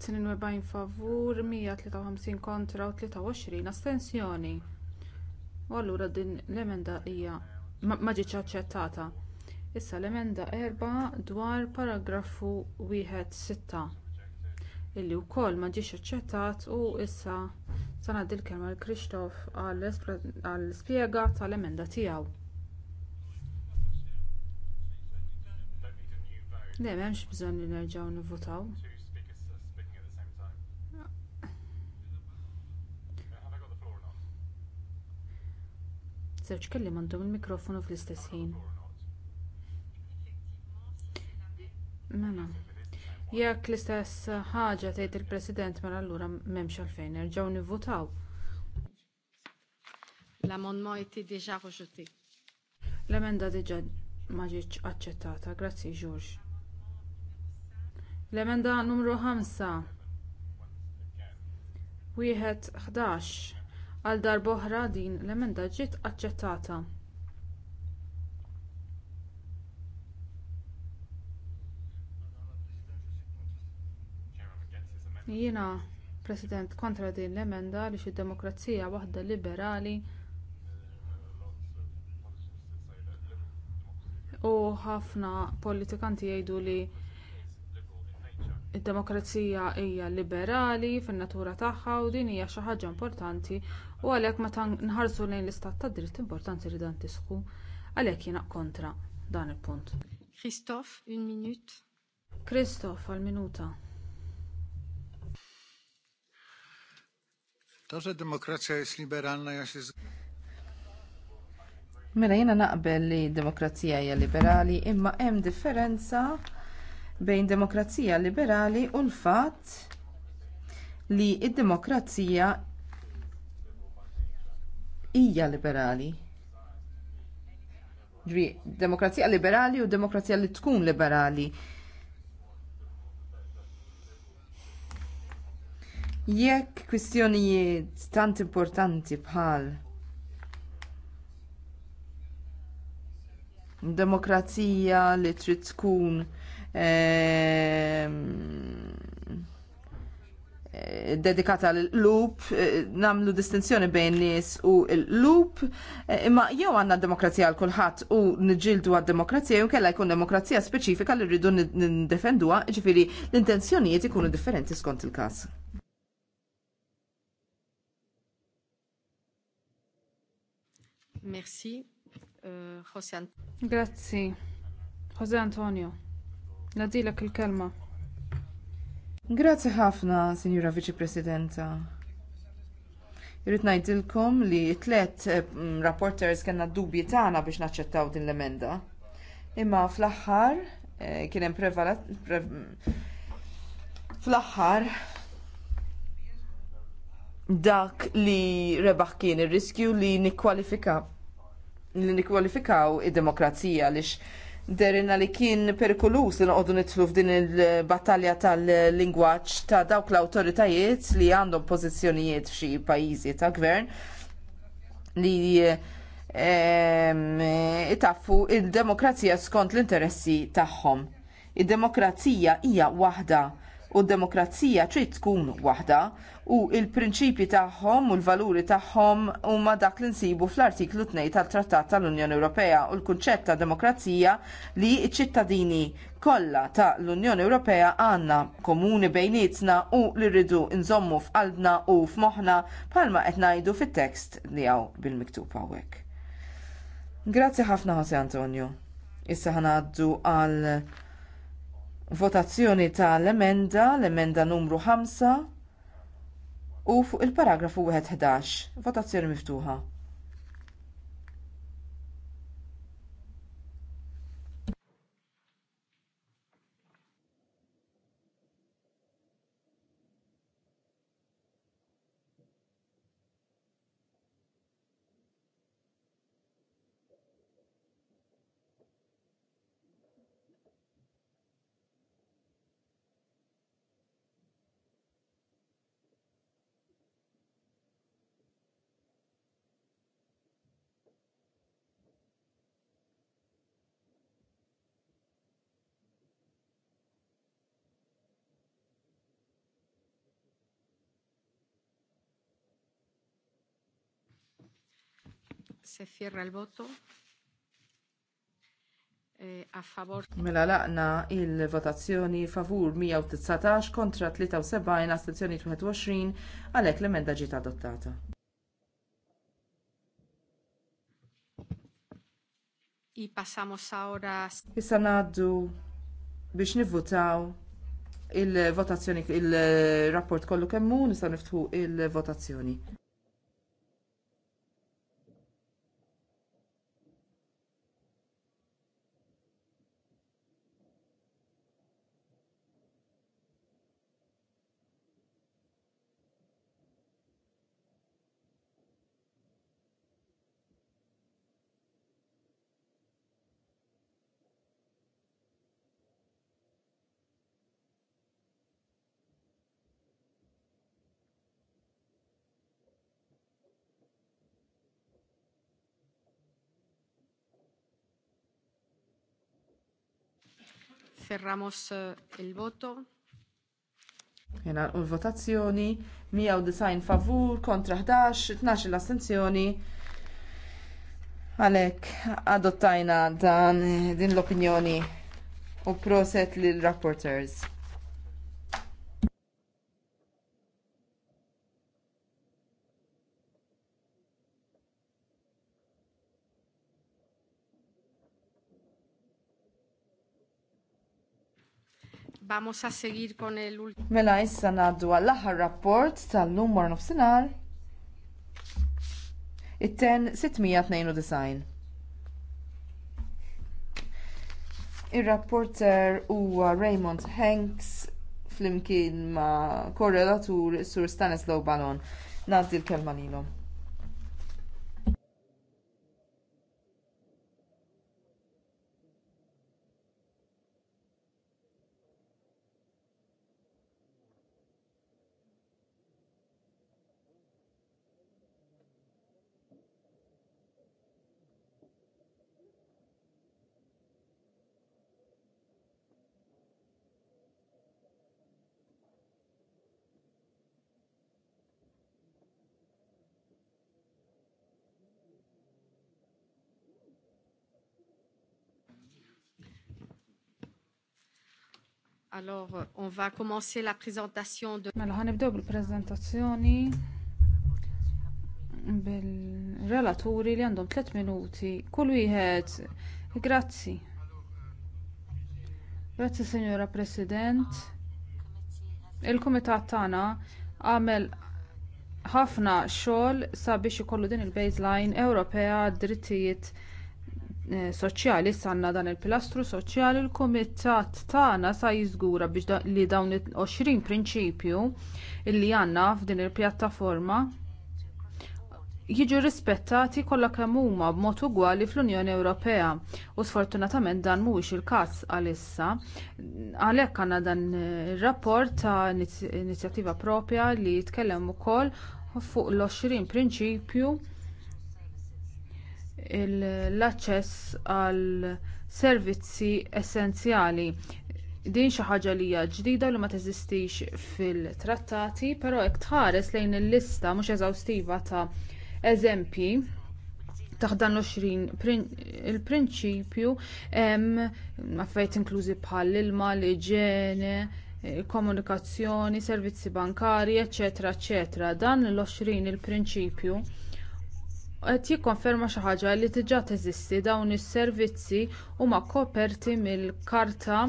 Speaker 5: 42 favur, 153 kontra u 23 astensjoni. U allura din l-emenda hija ma ġietx aċċettata. Issa l-emenda 4 dwar paragrafu 16. illi wkoll ma ġiex aċċettat u issa sa ngħaddi l-kelma l-Kristof għall-spjega tal-emenda tiegħu. Le, m'hemmx bżonn li nerġgħu nivvotaw. Żewġ kelli għandhom il-mikrofonu fl-istess ħin. Mela. Jekk l-istess ħaġa tgħid il-President mela allura m'hemmx għalfejn nerġgħu nivvotaw.
Speaker 3: L-amendment était déjà rejeté.
Speaker 5: L-emenda diġà ma ġietx aċċettata. Grazzi, George. L-emenda numru 5. Wieħed 11. Għal darb'oħra din l-emenda ġiet aċċettata. Jiena President kontra din l-emenda li xi demokrazija waħda liberali u ħafna politikanti jgħidu li Id-demokrazija hija liberali fin-natura tagħha u din hija xi ħaġa importanti u għalhekk meta nħarsu lejn l-istat ta' dritt importanti li dan tisħu għalhekk jiena kontra dan il-punt. Christophe, un minut. Christophe, għal minuta.
Speaker 1: Ta' demokrazija jis liberalna jax iz...
Speaker 4: Mela jiena naqbel li d demokrazija hija liberali imma hemm differenza bejn demokrazija liberali u l-fatt li d-demokrazija hija liberali. demokrazija liberali u demokrazija li tkun liberali. Jekk kwistjonijiet tant importanti bħal demokrazija li trid tkun Ehm, eh, dedikata l-loop, eh, namlu distinzjoni bejn nies u l-loop, eh, imma jew għanna demokrazija għal kulħadd u nġildu għad demokrazija jew kella jkun demokrazija speċifika li rridu nindefenduha, ġifiri l-intenzjonijiet ikunu differenti skont il-każ.
Speaker 3: Merci, uh, José Antonio.
Speaker 5: Grazie, José Antonio. Nadilek il-kelma.
Speaker 4: Grazzi ħafna, Signora Viċi Presidenta. Irrit ngħidilkom li t-tlet eh, rapporters kena dubji tagħna biex naċċettaw din l-emenda. Imma fl-aħħar kienem eh, kien hemm prevalat fl-aħħar dak li rebaħ kien ir-riskju li nikkwalifika li nikkwalifikaw id-demokrazija għaliex derina li kien perikolus li noqogħdu nitlu f'din il-battalja tal-lingwaġġ ta' dawk l-awtoritajiet li għandhom pożizzjonijiet f'xi pajjiżi ta' gvern li ehm, itaffu il-demokrazija skont l-interessi tagħhom. Id-demokrazija hija waħda u d-demokrazija trid tkun waħda u l prinċipji tagħhom u l-valuri tagħhom huma dak li nsibu fl-artiklu 2 tat-Trattat tal-Unjoni Ewropea u l-kunċett ta' demokrazija li ċ-ċittadini kollha ta' l-Unjoni Ewropea għandna komuni bejnietna u li rridu nżommu f'qalbna u f'moħħna bħalma qed ngħidu fit-tekst li hawn bil-miktub hawnhekk. Grazzi ħafna Jose Antonio. Issa ħanaddu għal votazzjoni ta' l-emenda, l-emenda numru 5 u fuq il-paragrafu 11. Votazzjoni miftuħa.
Speaker 3: Se cierra il voto. E, a favor.
Speaker 4: Mela laqna il-votazzjoni favur 119 kontra 73 astenzjoni 21 għalhekk l-emenda ġiet adottata.
Speaker 3: I passamos ora.
Speaker 4: Issa ngħaddu biex nivvutaw il-votazzjoni il-rapport kollu kemm hu nista' niftħu il-votazzjoni.
Speaker 3: Cerramos il eh, voto.
Speaker 4: Jena u votazzjoni 190 favur kontra 11, 12 l-astenzjoni. Għalek, adottajna dan eh, din l-opinjoni u proset lill rapporters
Speaker 3: Vamos a seguir con el último.
Speaker 4: Mela issa naddu għall-aħħar rapport tal-lum nofsinhar. It-ten 692. Ir-rapporter huwa Raymond Hanks flimkien ma' korrelatur Sur Stanislaw Ballon. Nagħti l-kelma lilhom.
Speaker 3: Alors, euh, on va commencer la présentation de...
Speaker 5: Mela ħanibdew bil-prezentazzjoni bil-relaturi li għandhom 3 minuti. Kull wieħed, grazzi. Grazzi, Signora President. Il-Kumitat tagħna għamel ħafna xogħol sabiex ikollu din il-baseline Ewropea drittijiet Eh, soċjali sanna dan il-pilastru soċjali l-kumitat tagħna sa jiżgura biex da, li dawn il-20 prinċipju li għandna f'din il-pjattaforma jiġu rispettati kollha kemm huma b'mod ugwali fl-Unjoni Ewropea u sfortunatament dan mhuwiex il-każ għalissa. Għalhekk għandna dan ir-rapport eh, ta' inizjattiva propja li jitkellem ukoll fuq l-20 prinċipju l-aċċess għal servizzi essenzjali. Din xi ħaġa li hija ġdida li ma teżistix fil-trattati, però hekk tħares lejn il-lista mhux eżawstiva ta' eżempji taħdan l-20 il-prinċipju hemm affarijiet inklużi bħal ilma, l-iġene, komunikazzjoni, servizzi bankarji, eċetera, eċetera. Dan l-20 il-prinċipju qed jikkonferma xi ħaġa li diġà teżisti dawn is-servizzi huma koperti mill-karta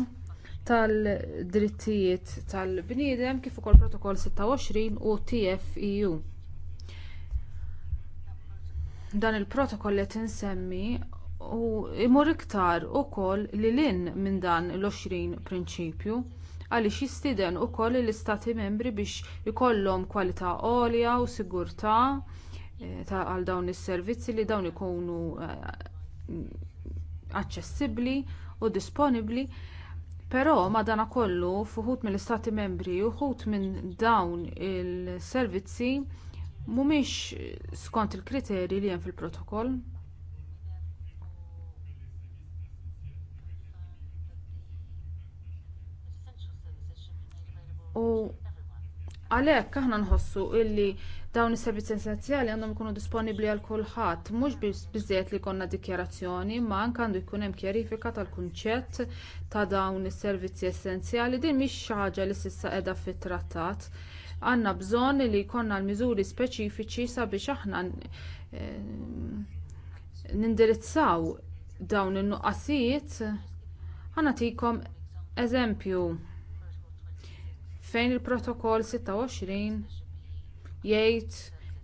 Speaker 5: tad-drittijiet tal-bniedem kif ukoll protokoll 26 u tfeu e dan il-protokoll qed insemmi imur iktar ukoll lil hinn minn dan l-20 prinċipju għaliex jistieden ukoll lill istati membri biex ikollhom kwalità għolja u sigurtà Eh, ta' għal dawn is-servizzi li dawn ikunu eh, aċċessibbli u disponibbli. Però madanakollu fuq mill-istati membri uħud minn dawn il-servizzi mhumiex skont il-kriterji li hemm fil-protokoll. U Għalhekk aħna nħossu illi dawn is-servizzi essenzjali għandhom ikunu disponibbli għal kulħadd, mhux biżżejjed li jkollna dikjarazzjoni, ma anke għandu jkun hemm kjerifika tal-kunċett ta' dawn is-servizzi essenzjali din mhix xi ħaġa li s'issa qiegħda fit-trattat. Għandna bżonn li jkollna l-miżuri speċifiċi sabiex aħna eh, nindirizzaw dawn in-nuqqasijiet ħanatikom eżempju fejn il-protokoll 26 jgħid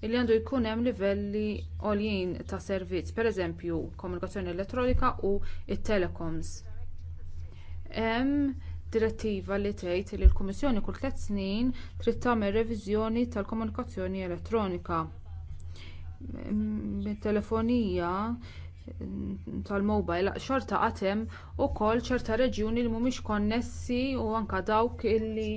Speaker 5: li għandu jkun hemm livelli għoljin ta' servizz pereżempju komunikazzjoni elettronika u t-telecoms hemm direttiva li tgħid li l-kummissjoni kull tliet snin trid tagħmel reviżjoni tal-komunikazzjoni elettronika mit-telefonija tal-mowbajl xorta qatt hemm ukoll ċerta reġjuni li mhumiex konnessi u anke dawk illi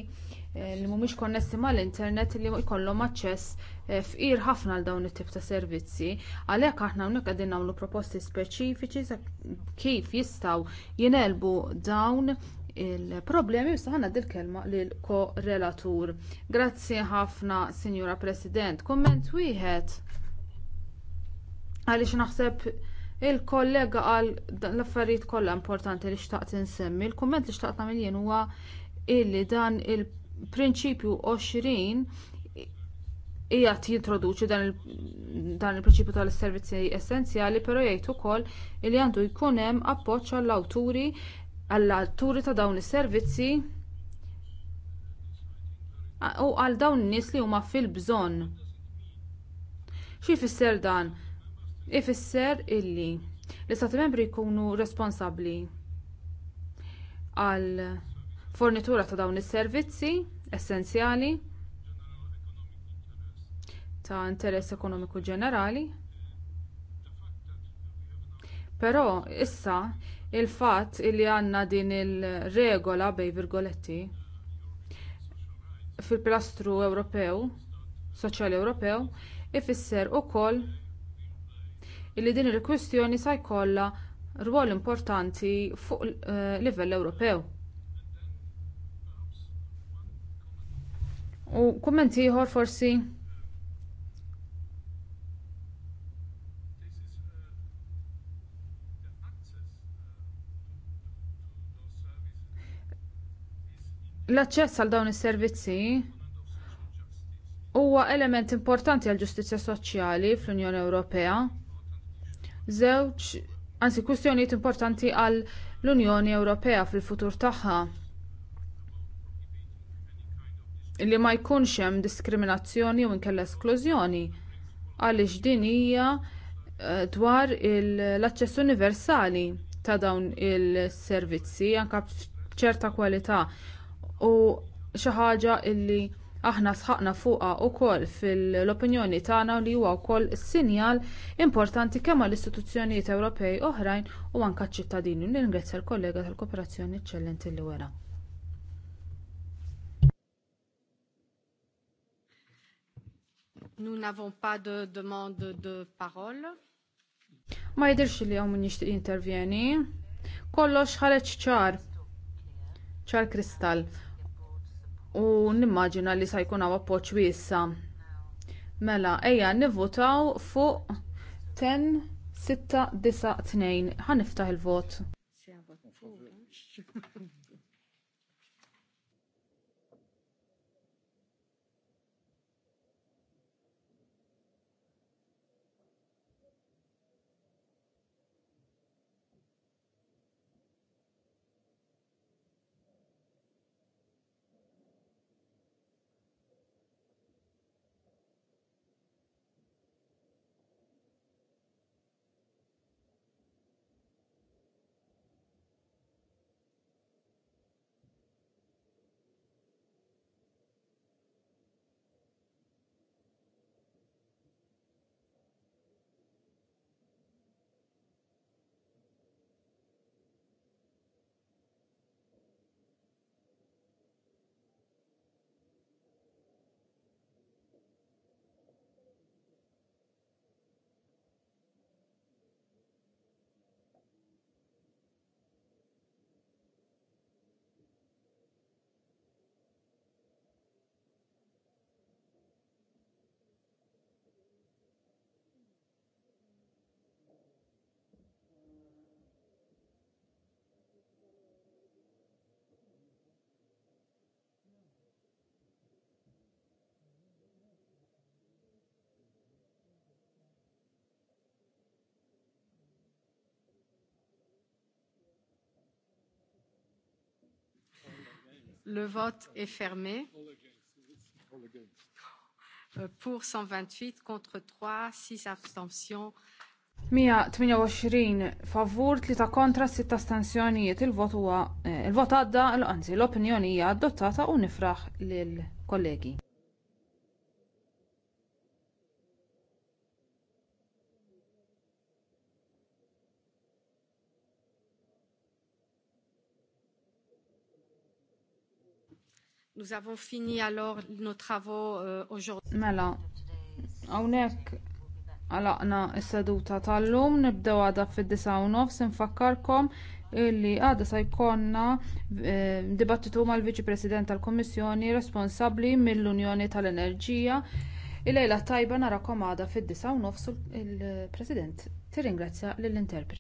Speaker 5: Eh, li mhumiex konnessi mal-internet li jkollhom aċċess eh, fqir ħafna għal dawn it-tip ta' servizzi. Għalhekk aħna hawnhekk qegħdin nagħmlu proposti speċifiċi kif jistgħu jingħelbu dawn il-problemi jista' ħanna dil kelma lil korrelatur. Grazzi ħafna, Sinjura President. Komment wieħed għaliex naħseb il-kollega qal l-affarijiet kollha importanti li xtaqt insemmi. Il-kumment li xtaqt nagħmel jien huwa illi dan il- prinċipju 20 qiegħed jintroduċi dan il-prinċipju il tal-servizzi essenzjali, però jgħid ukoll li għandu jkun hemm appoġġ għall-awturi għall-atturi ta' dawn is-servizzi u għal dawn in-nies li huma fil-bżonn. Xi jfisser dan? Ifisser illi l-istati membri jkunu responsabbli għal fornitura ta' dawn is-servizzi essenzjali ta' interess ekonomiku ġenerali. Però issa il-fatt li għandna din il-regola bej virgoletti fil-pilastru Ewropew, soċjali Ewropew, ifisser ukoll li din il-kwistjoni se jkollha rwol importanti fuq eh, livell Ewropew. U kummenti ieħor forsi l-aċċess għal dawn is-servizzi huwa element importanti għal ġustizzja soċjali fl-Unjoni Ewropea. Żewġ anzi kwistjonijiet importanti għal l unjoni Ewropea fil-futur tagħha li ma jkunx hemm diskriminazzjoni u nkella esklużjoni għaliex din hija eh, dwar l-aċċess universali ta' dawn il-servizzi anke b'ċerta kwalità u xi ħaġa li aħna sħaqna fuqha wkoll fil-opinjoni tagħna li huwa wkoll sinjal importanti kemm għall istituzzjonijiet Ewropej oħrajn u anke ċ-ċittadini. Ningrazzja l-kollega tal-kooperazzjoni eċċellenti li wera.
Speaker 3: Nous n'avons pas de demande de parole.
Speaker 5: Ma jidirx li għom nishtiq intervjeni. Kollox ħareċ ċar. ċar kristall. U nimmaġina li sajkun jkun għaw appoċ wissa. Mela, eja, nivvotaw fuq 10-6-9. Ħaniftaħ il-vot.
Speaker 1: Le vote est fermé.
Speaker 3: Euh, pour 128 contre 3, 6 abstentions.
Speaker 5: 128 favur, 3 kontra, 6 astensjonijiet. Il-vot huwa eh, il-vot għadda, anzi l-opinjoni hija adottata u nifraħ lill kollegi.
Speaker 3: Nous avons fini alors nos travaux euh, aujourd'hui. Mela,
Speaker 5: hawnhekk għalaqna s-seduta tal-lum nibdew għadha fid-9 nofs infakkarkom illi għadha se jkollna e, dibattitu mal-Viċi President tal-Kummissjoni responsabbli mill-Unjoni tal-Enerġija. Il-lejla tajba narakom għada fid-9 nofs il-President tirringrazzja lill-interpreti.